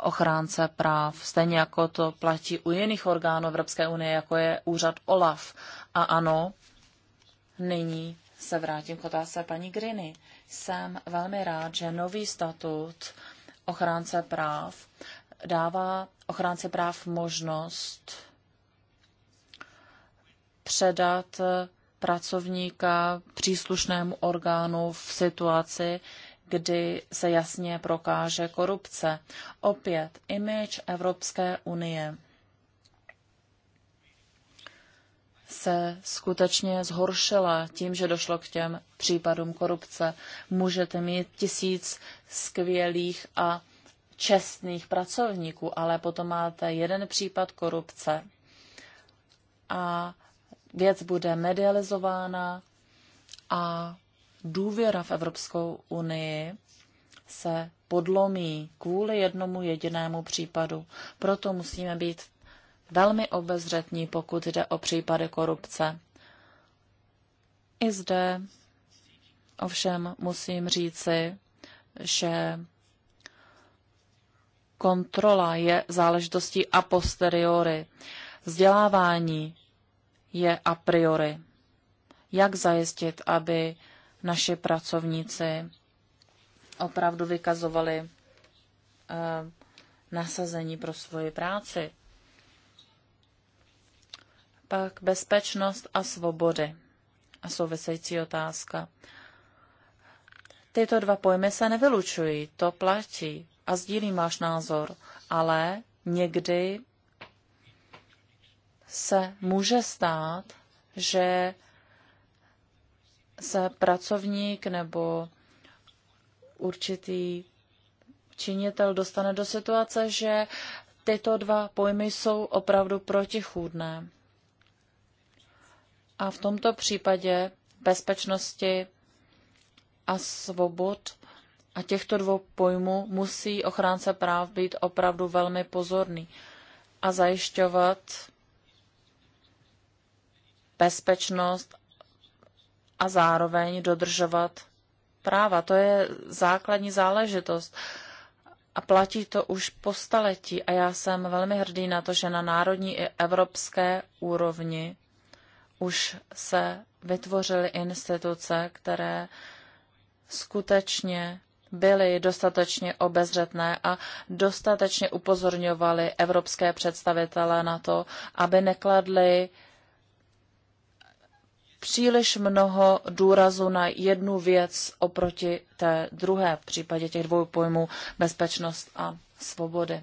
ochránce práv, stejně jako to platí u jiných orgánů Evropské unie, jako je úřad OLAF. A ano, nyní se vrátím k otázce paní Griny. Jsem velmi rád, že nový statut ochránce práv dává ochránce práv možnost předat pracovníka příslušnému orgánu v situaci, kdy se jasně prokáže korupce. Opět image Evropské unie se skutečně zhoršila tím, že došlo k těm případům korupce. Můžete mít tisíc skvělých a čestných pracovníků, ale potom máte jeden případ korupce a věc bude medializována a důvěra v Evropskou unii se podlomí kvůli jednomu jedinému případu. Proto musíme být velmi obezřetní, pokud jde o případy korupce. I zde ovšem musím říci, že kontrola je záležitostí a posteriori. Vzdělávání je a priori. Jak zajistit, aby naši pracovníci opravdu vykazovali eh, nasazení pro svoji práci. Pak bezpečnost a svobody a související otázka. Tyto dva pojmy se nevylučují, to platí a sdílím váš názor, ale někdy se může stát, že se pracovník nebo určitý činitel dostane do situace, že tyto dva pojmy jsou opravdu protichůdné. A v tomto případě bezpečnosti a svobod a těchto dvou pojmů musí ochránce práv být opravdu velmi pozorný a zajišťovat bezpečnost a zároveň dodržovat práva. To je základní záležitost. A platí to už po staletí. A já jsem velmi hrdý na to, že na národní i evropské úrovni už se vytvořily instituce, které skutečně byly dostatečně obezřetné a dostatečně upozorňovaly evropské představitele na to, aby nekladli příliš mnoho důrazu na jednu věc oproti té druhé, v případě těch dvou pojmů bezpečnost a svobody.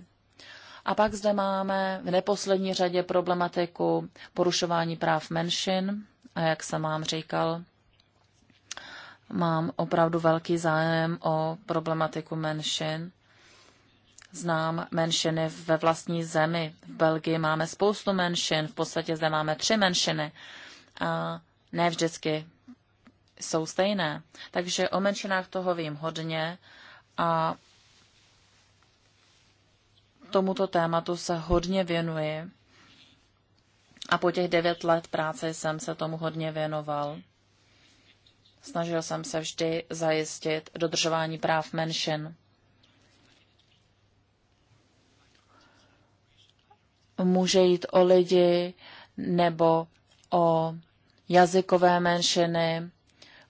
A pak zde máme v neposlední řadě problematiku porušování práv menšin. A jak jsem vám říkal, mám opravdu velký zájem o problematiku menšin. Znám menšiny ve vlastní zemi. V Belgii máme spoustu menšin, v podstatě zde máme tři menšiny. A ne vždycky jsou stejné. Takže o menšinách toho vím hodně a tomuto tématu se hodně věnuji. A po těch devět let práce jsem se tomu hodně věnoval. Snažil jsem se vždy zajistit dodržování práv menšin. Může jít o lidi nebo o jazykové menšiny,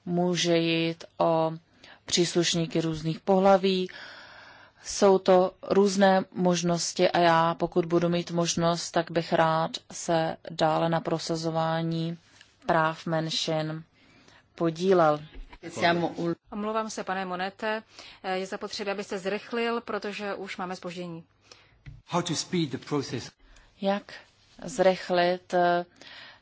může jít o příslušníky různých pohlaví. Jsou to různé možnosti a já, pokud budu mít možnost, tak bych rád se dále na prosazování práv menšin podílel. Omlouvám se, pane Monete, je zapotřebí, abyste zrychlil, protože už máme spoždění. How to speed the process. Jak zrychlit eh,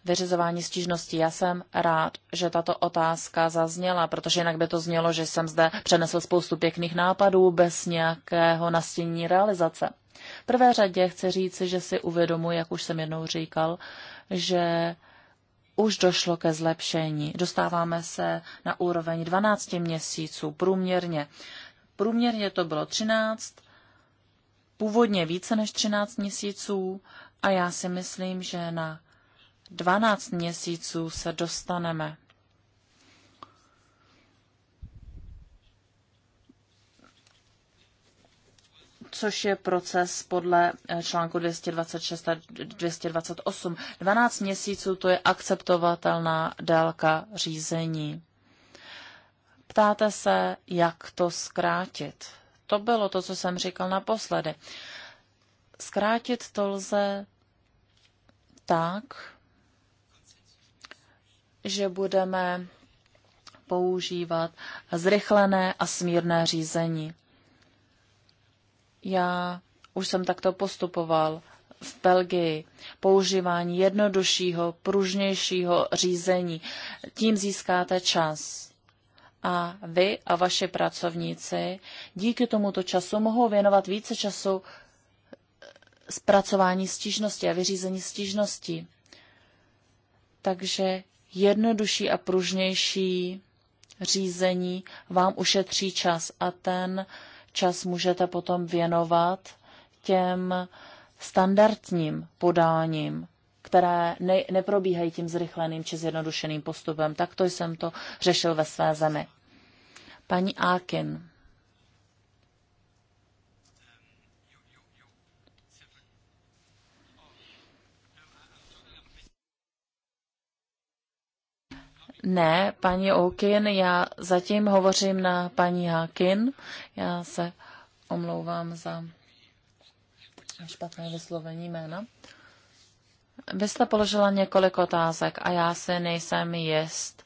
vyřizování stížností. Já jsem rád, že tato otázka zazněla, protože jinak by to znělo, že jsem zde přenesl spoustu pěkných nápadů bez nějakého nastění realizace. V prvé řadě chci říci, že si uvědomuji, jak už jsem jednou říkal, že už došlo ke zlepšení. Dostáváme se na úroveň 12 měsíců průměrně. Průměrně to bylo 13, původně více než 13 měsíců a já si myslím, že na 12 měsíců se dostaneme. což je proces podle eh, článku 226 a 228. 12 měsíců to je akceptovatelná délka řízení. Ptáte se, jak to zkrátit. To bylo to, co jsem říkal naposledy. Zkrátit to lze tak, že budeme používat zrychlené a smírné řízení. Já už jsem takto postupoval v Belgii. Používání jednoduššího, pružnějšího řízení. Tím získáte čas. A vy a vaši pracovníci díky tomuto času mohou věnovat více času zpracování stížnosti a vyřízení stížnosti. Takže jednodušší a pružnější řízení vám ušetří čas a ten čas můžete potom věnovat těm standardním podáním, které ne, neprobíhají tím zrychleným či zjednodušeným postupem. Takto jsem to řešil ve své zemi. Paní Akin. Ne, paní Oukin, já zatím hovořím na paní Hákin. Já se omlouvám za špatné vyslovení jména. Vy jste položila několik otázek a já se nejsem jist,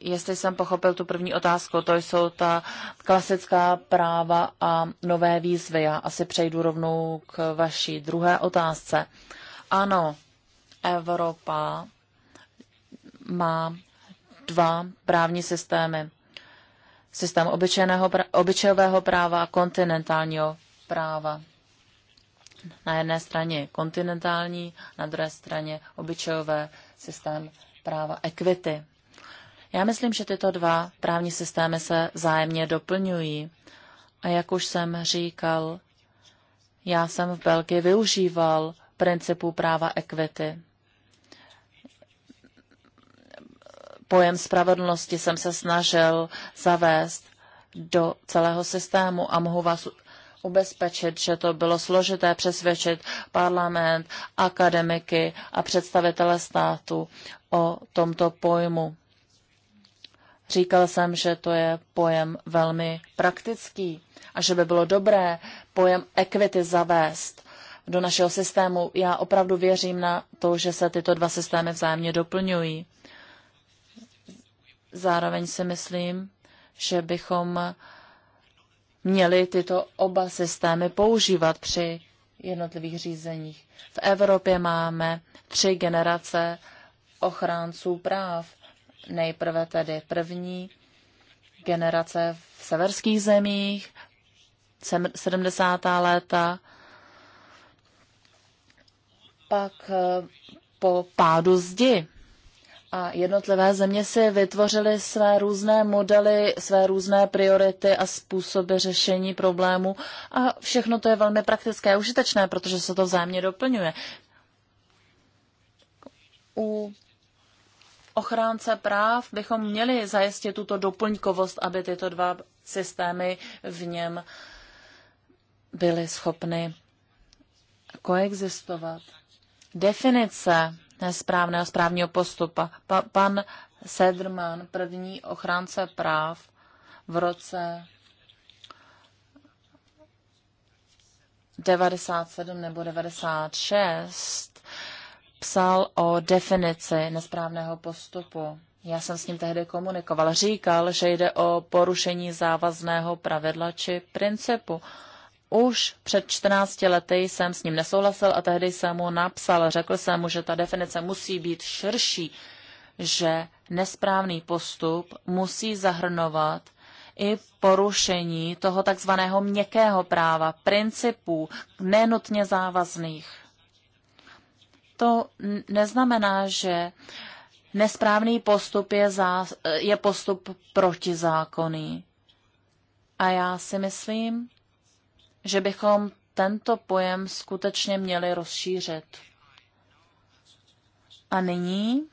jestli jsem pochopil tu první otázku. To jsou ta klasická práva a nové výzvy. Já asi přejdu rovnou k vaší druhé otázce. Ano, Evropa má dva právní systémy. Systém obyčejného, obyčejového práva a kontinentálního práva. Na jedné straně kontinentální, na druhé straně obyčejové systém práva equity. Já myslím, že tyto dva právní systémy se zájemně doplňují. A jak už jsem říkal, já jsem v Belgii využíval principů práva equity. pojem spravedlnosti jsem se snažil zavést do celého systému a mohu vás ubezpečit, že to bylo složité přesvědčit parlament, akademiky a představitele státu o tomto pojmu. Říkal jsem, že to je pojem velmi praktický a že by bylo dobré pojem equity zavést do našeho systému. Já opravdu věřím na to, že se tyto dva systémy vzájemně doplňují. Zároveň si myslím, že bychom měli tyto oba systémy používat při jednotlivých řízeních. V Evropě máme tři generace ochránců práv. Nejprve tedy první generace v severských zemích, 70. léta, pak eh, po pádu zdi a jednotlivé země si vytvořily své různé modely, své různé priority a způsoby řešení problémů a všechno to je velmi praktické a užitečné, protože se to vzájemně doplňuje. U ochránce práv bychom měli zajistit tuto doplňkovost, aby tyto dva systémy v něm byly schopny koexistovat. Definice nesprávného správního postupu. Pa, pan Sedrman, první ochránce práv v roce 97 nebo 96, psal o definici nesprávného postupu. Já jsem s ním tehdy komunikoval. Říkal, že jde o porušení závazného pravidla či principu. Už před 14 lety jsem s ním nesouhlasil a tehdy jsem mu napsal, řekl jsem mu, že ta definice musí být širší, že nesprávný postup musí zahrnovat i porušení toho takzvaného měkkého práva, principů nenutně závazných. To neznamená, že nesprávný postup je, zá, je postup protizákonný. A já si myslím, že bychom tento pojem skutečně měli rozšířit. A nyní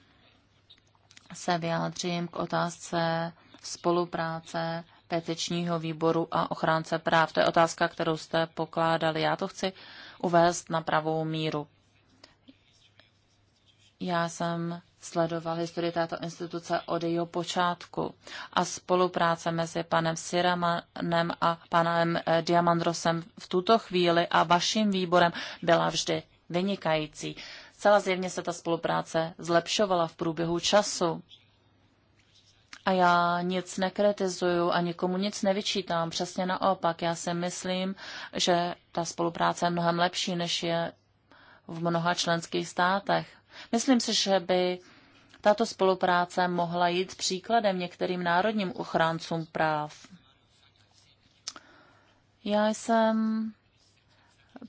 se vyjádřím k otázce spolupráce petičního výboru a ochránce práv. To je otázka, kterou jste pokládali. Já to chci uvést na pravou míru. Já jsem sledoval historii této instituce od jeho počátku a spolupráce mezi panem Siramanem a panem eh, Diamandrosem v tuto chvíli a vaším výborem byla vždy vynikající. Celá zjevně se ta spolupráce zlepšovala v průběhu času. A já nic nekritizuju a nikomu nic nevyčítám. Přesně naopak, já si myslím, že ta spolupráce je mnohem lepší, než je v mnoha členských státech. Myslím si, že by tato spolupráce mohla jít příkladem některým národním ochráncům práv. Já jsem,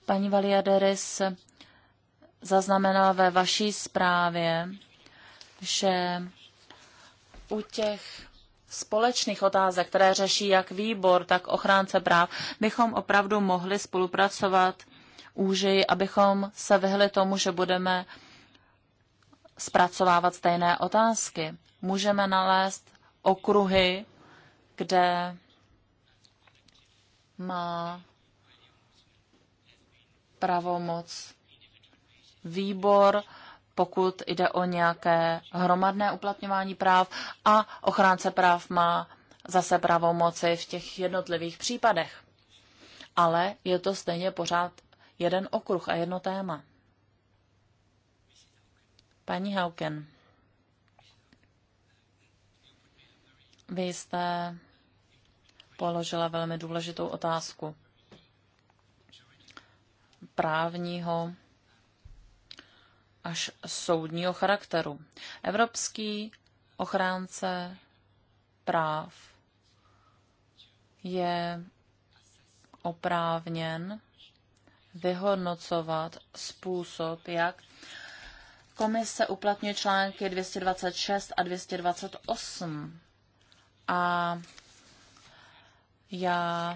paní Valiaderis, zaznamenala ve vaší zprávě, že u těch společných otázek, které řeší jak výbor, tak ochránce práv, bychom opravdu mohli spolupracovat úži, abychom se vyhli tomu, že budeme zpracovávat stejné otázky. Můžeme nalézt okruhy, kde má pravomoc výbor, pokud jde o nějaké hromadné uplatňování práv a ochránce práv má zase pravomoci v těch jednotlivých případech. Ale je to stejně pořád jeden okruh a jedno téma. Paní Hauken, vy jste položila velmi důležitou otázku právního až soudního charakteru. Evropský ochránce práv je oprávněn vyhodnocovat způsob, jak Komise uplatňuje články 226 a 228. A já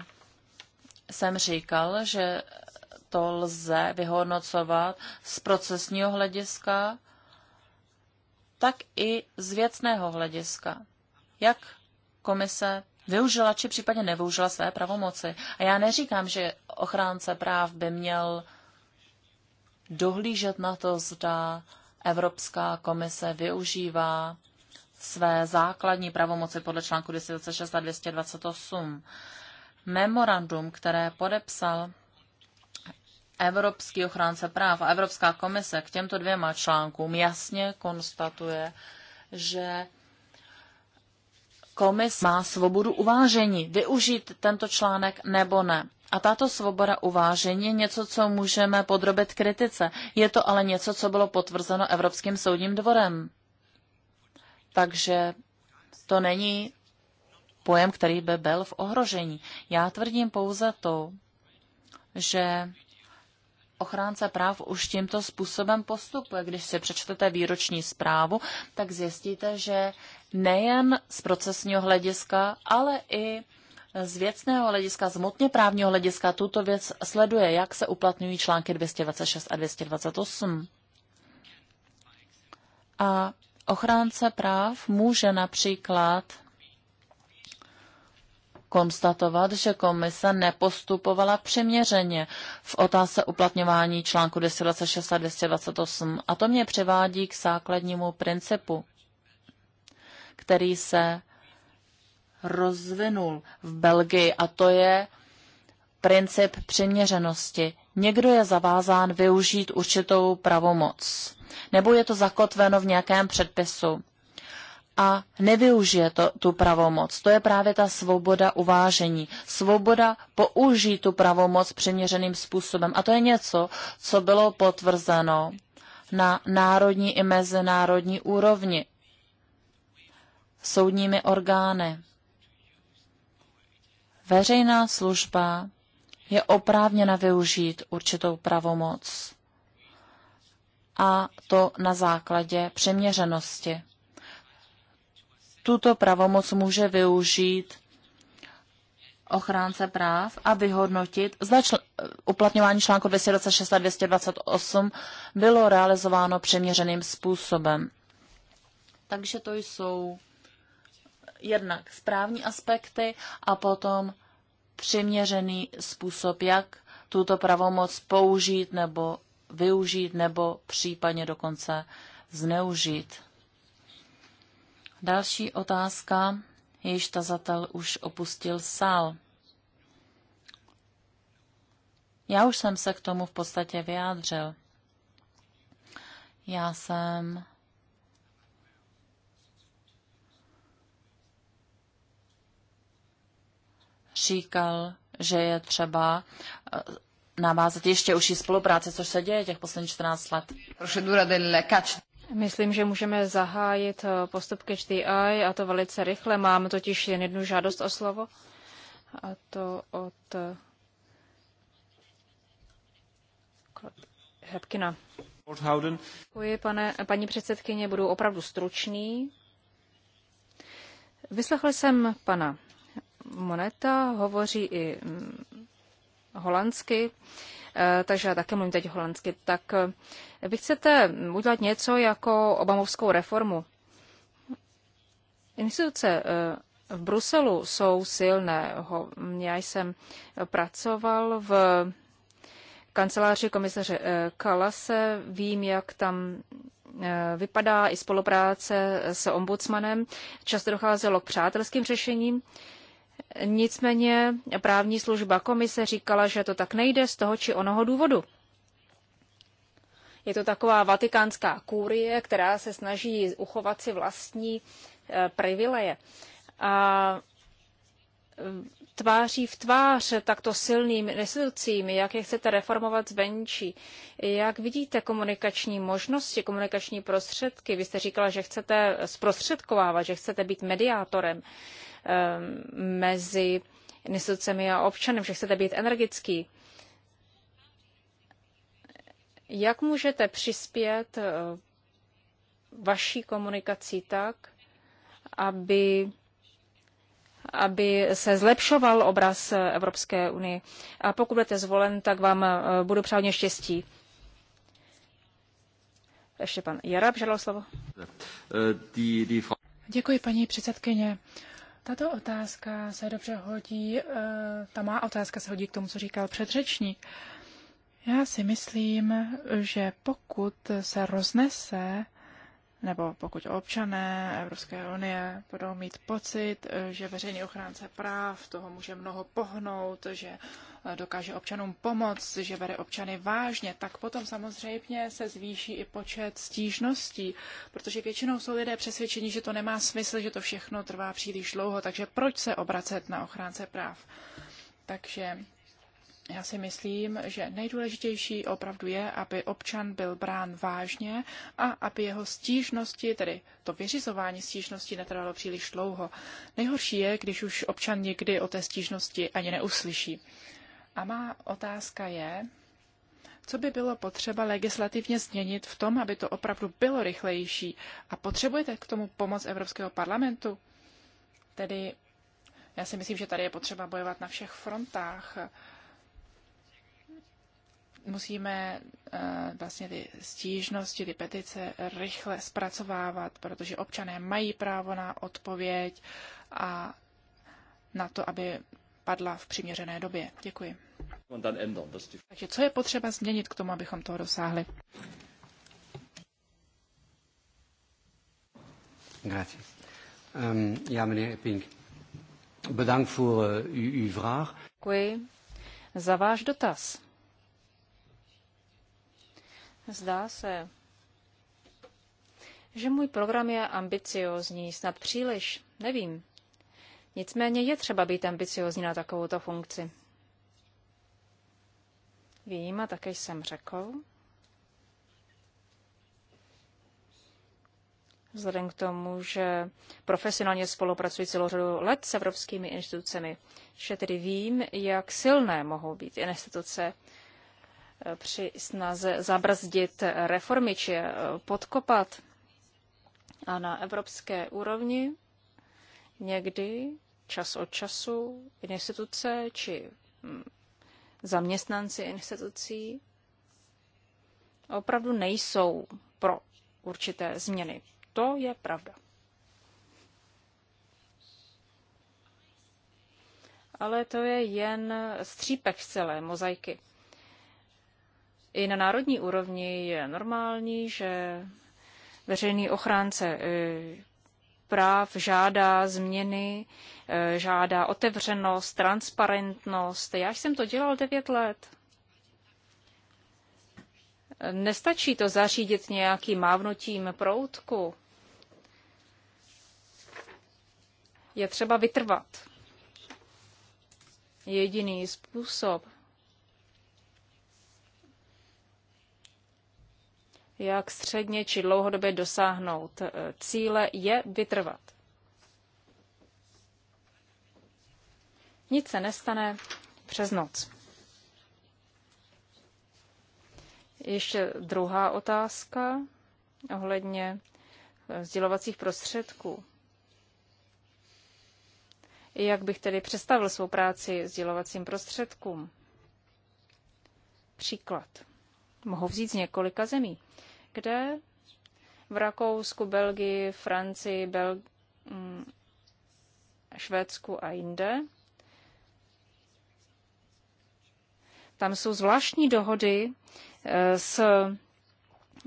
jsem říkal, že to lze vyhodnocovat z procesního hlediska, tak i z věcného hlediska. Jak komise využila či případně nevyužila své pravomoci. A já neříkám, že ochránce práv by měl dohlížet na to, zda Evropská komise využívá své základní pravomoci podle článku 226 a 228. Memorandum, které podepsal Evropský ochránce práv a Evropská komise k těmto dvěma článkům jasně konstatuje, že komis má svobodu uvážení, využít tento článek nebo ne. A tato svoboda uvážení je něco, co můžeme podrobit kritice. Je to ale něco, co bylo potvrzeno Evropským soudním dvorem. Takže to není pojem, který by byl v ohrožení. Já tvrdím pouze to, že ochránce práv už tímto způsobem postupuje. Když si přečtete výroční zprávu, tak zjistíte, že nejen z procesního hlediska, ale i z věcného hlediska, z motně právního hlediska tuto věc sleduje, jak se uplatňují články 226 a 228. A ochránce práv může například konstatovat, že komise nepostupovala přiměřeně v otázce uplatňování článku 226 a 228. A to mě přivádí k základnímu principu, který se rozvinul v Belgii a to je princip přiměřenosti. Někdo je zavázán využít určitou pravomoc, nebo je to zakotveno v nějakém předpisu a nevyužije to, tu pravomoc. To je právě ta svoboda uvážení. Svoboda použít tu pravomoc přiměřeným způsobem. A to je něco, co bylo potvrzeno na národní i mezinárodní úrovni soudními orgány veřejná služba je oprávněna využít určitou pravomoc. A to na základě přeměřenosti. Tuto pravomoc může využít ochránce práv a vyhodnotit, zda čl- uplatňování článku 226 a 228 bylo realizováno přeměřeným způsobem. Takže to jsou jednak správní aspekty a potom přiměřený způsob, jak tuto pravomoc použít nebo využít nebo případně dokonce zneužít. Další otázka, jejíž tazatel už opustil sál. Já už jsem se k tomu v podstatě vyjádřil. Já jsem říkal, že je třeba eh, navázat ještě užší spolupráce, což se děje těch posledních 14 let. Myslím, že můžeme zahájit eh, postup ke HDI a to velice rychle. Mám totiž jen jednu žádost o slovo a to od Hepkina. Eh, Děkuji, pane, paní předsedkyně, budu opravdu stručný. Vyslechl jsem pana Moneta hovoří i mm, holandsky, e, takže já také mluvím teď holandsky. Tak e, vy chcete udělat něco jako obamovskou reformu. Instituce e, v Bruselu jsou silné. Já jsem pracoval v kanceláři komisaře Kalase, vím, jak tam vypadá i spolupráce s ombudsmanem. Často docházelo k přátelským řešením Nicméně právní služba komise říkala, že to tak nejde z toho či onoho důvodu. Je to taková vatikánská kůrie, která se snaží uchovat si vlastní e, privileje. A e, tváří v tvář takto silným institucím, jak je chcete reformovat zvenčí, jak vidíte komunikační možnosti, komunikační prostředky. Vy jste říkala, že chcete zprostředkovávat, že chcete být mediátorem. Uh, Ehm, mezi institucemi a občanem, že chcete být energický. Jak můžete přispět eh, vaší komunikací tak, aby, aby se zlepšoval obraz Evropské unie? A pokud budete zvolen, tak vám eh, budu přát štěstí. Ještě pan žádal slovo. Eh, Děkuji, paní předsedkyně. Tato otázka se dobře hodí, eh, ta má otázka se hodí k tomu, co říkal předřečník. Já si myslím, že pokud se roznese, nebo pokud občané Evropské unie budou mít pocit, eh, že veřejný ochránce práv toho může mnoho pohnout, že dokáže občanům pomoct, že bere občany vážně, tak potom samozřejmě se zvýší i počet stížností, protože většinou jsou lidé přesvědčeni, že to nemá smysl, že to všechno trvá příliš dlouho, takže proč se obracet na ochránce práv? Takže já si myslím, že nejdůležitější opravdu je, aby občan byl brán vážně a aby jeho stížnosti, tedy to vyřizování stížnosti, netrvalo příliš dlouho. Nejhorší je, když už občan někdy o té stížnosti ani neuslyší. A má otázka je, co by bylo potřeba legislativně změnit v tom, aby to opravdu bylo rychlejší? A potřebujete k tomu pomoc Evropského parlamentu? Tedy já si myslím, že tady je potřeba bojovat na všech frontách. Musíme eh, vlastně ty stížnosti, ty petice rychle zpracovávat, protože občané mají právo na odpověď a na to, aby padla v přiměřené době. Děkuji. Takže co je potřeba změnit k tomu, abychom toho dosáhli? Grazie. Um, ja, meneer Epping, bedankt voor uh, uw vraag. Děkuji za váš dotaz. Zdá se, že můj program je ambiciozní, snad příliš, nevím. Nicméně je třeba být ambiciozní na takovouto funkci. Vím a také jsem řekl, vzhledem k tomu, že profesionálně spolupracuji celou řadu let s evropskými institucemi, že tedy vím, jak silné mohou být instituce eh, při snaze zabrzdit reformy či eh, podkopat. A na evropské úrovni někdy čas od času instituce či hm, zaměstnanci institucí opravdu nejsou pro určité změny. To je pravda. Ale to je jen střípek z celé mozaiky. I na národní úrovni je normální, že veřejný ochránce eh, práv žádá změny, eh, žádá otevřenost, transparentnost. Já jsem to dělal devět let. Nestačí to zařídit nějakým mávnutím proutku. Je třeba vytrvat. Jediný způsob, jak středně či dlouhodobě dosáhnout eh, cíle, je vytrvat. Nic se nestane přes noc. Ještě druhá otázka ohledně eh, sdělovacích prostředků. Jak bych tedy představil svou práci sdělovacím prostředkům? Příklad. Mohu vzít z několika zemí kde? V Rakousku, Belgii, Francii, Bel... Mm, Švédsku a jinde. Tam jsou zvláštní dohody eh, s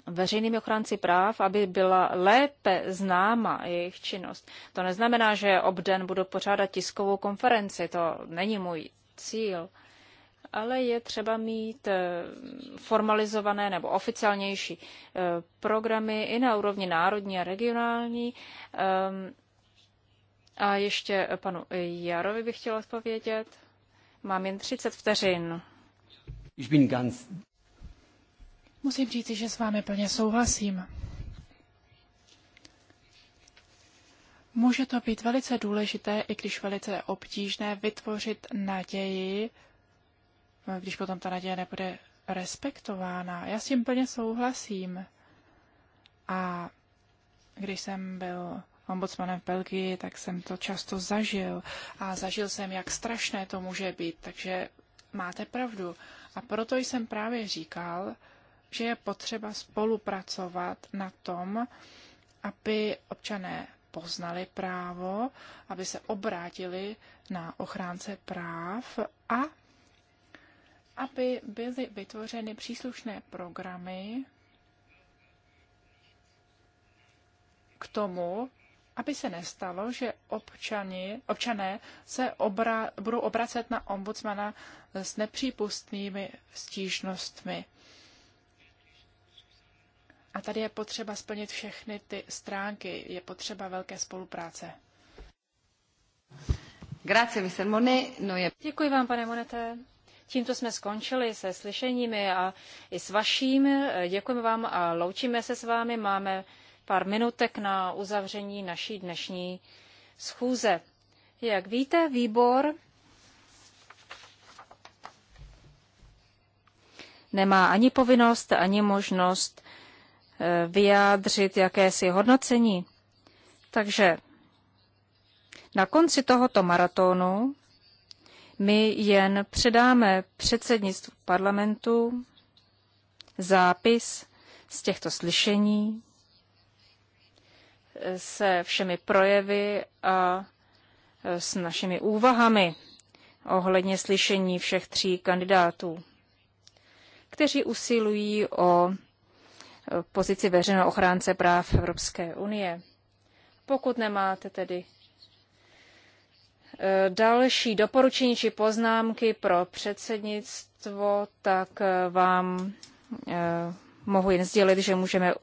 veřejnými ochránci práv, aby byla lépe známa jejich činnost. To neznamená, že obden budu pořádat tiskovou konferenci, to není můj cíl ale je třeba mít eh, formalizované nebo oficiálnější eh, programy i na úrovni národní a regionální. Ehm, a ještě panu Jarovi bych chtěla odpovědět. Mám jen 30 vteřin. Ich bin ganz... Musím říct, že s vámi plně souhlasím. Může to být velice důležité, i když velice obtížné, vytvořit naději když potom ta naděje nebude respektována. Já s tím plně souhlasím. A když jsem byl ombudsmanem v Belgii, tak jsem to často zažil. A zažil jsem, jak strašné to může být. Takže máte pravdu. A proto jsem právě říkal, že je potřeba spolupracovat na tom, aby občané poznali právo, aby se obrátili na ochránce práv a aby byly vytvořeny příslušné programy k tomu, aby se nestalo, že občani, občané se obra, budou obracet na ombudsmana s nepřípustnými stížnostmi. A tady je potřeba splnit všechny ty stránky, je potřeba velké spolupráce. Grazie, Mr. Monet. No je... Děkuji vám, pane Monete. Tímto jsme skončili se slyšeními a i s vaším. Děkujeme vám a loučíme se s vámi. Máme pár minutek na uzavření naší dnešní schůze. Jak víte, výbor nemá ani povinnost, ani možnost eh, vyjádřit jakési hodnocení. Takže na konci tohoto maratonu my jen předáme předsednictvu parlamentu zápis z těchto slyšení eh, se všemi projevy a eh, s našimi úvahami ohledně slyšení všech tří kandidátů, kteří usilují o eh, pozici veřejného ochránce práv Evropské unie. Pokud nemáte tedy Eh, další doporučení či poznámky pro předsednictvo, tak eh, vám eh, mohu jen sdělit, že můžeme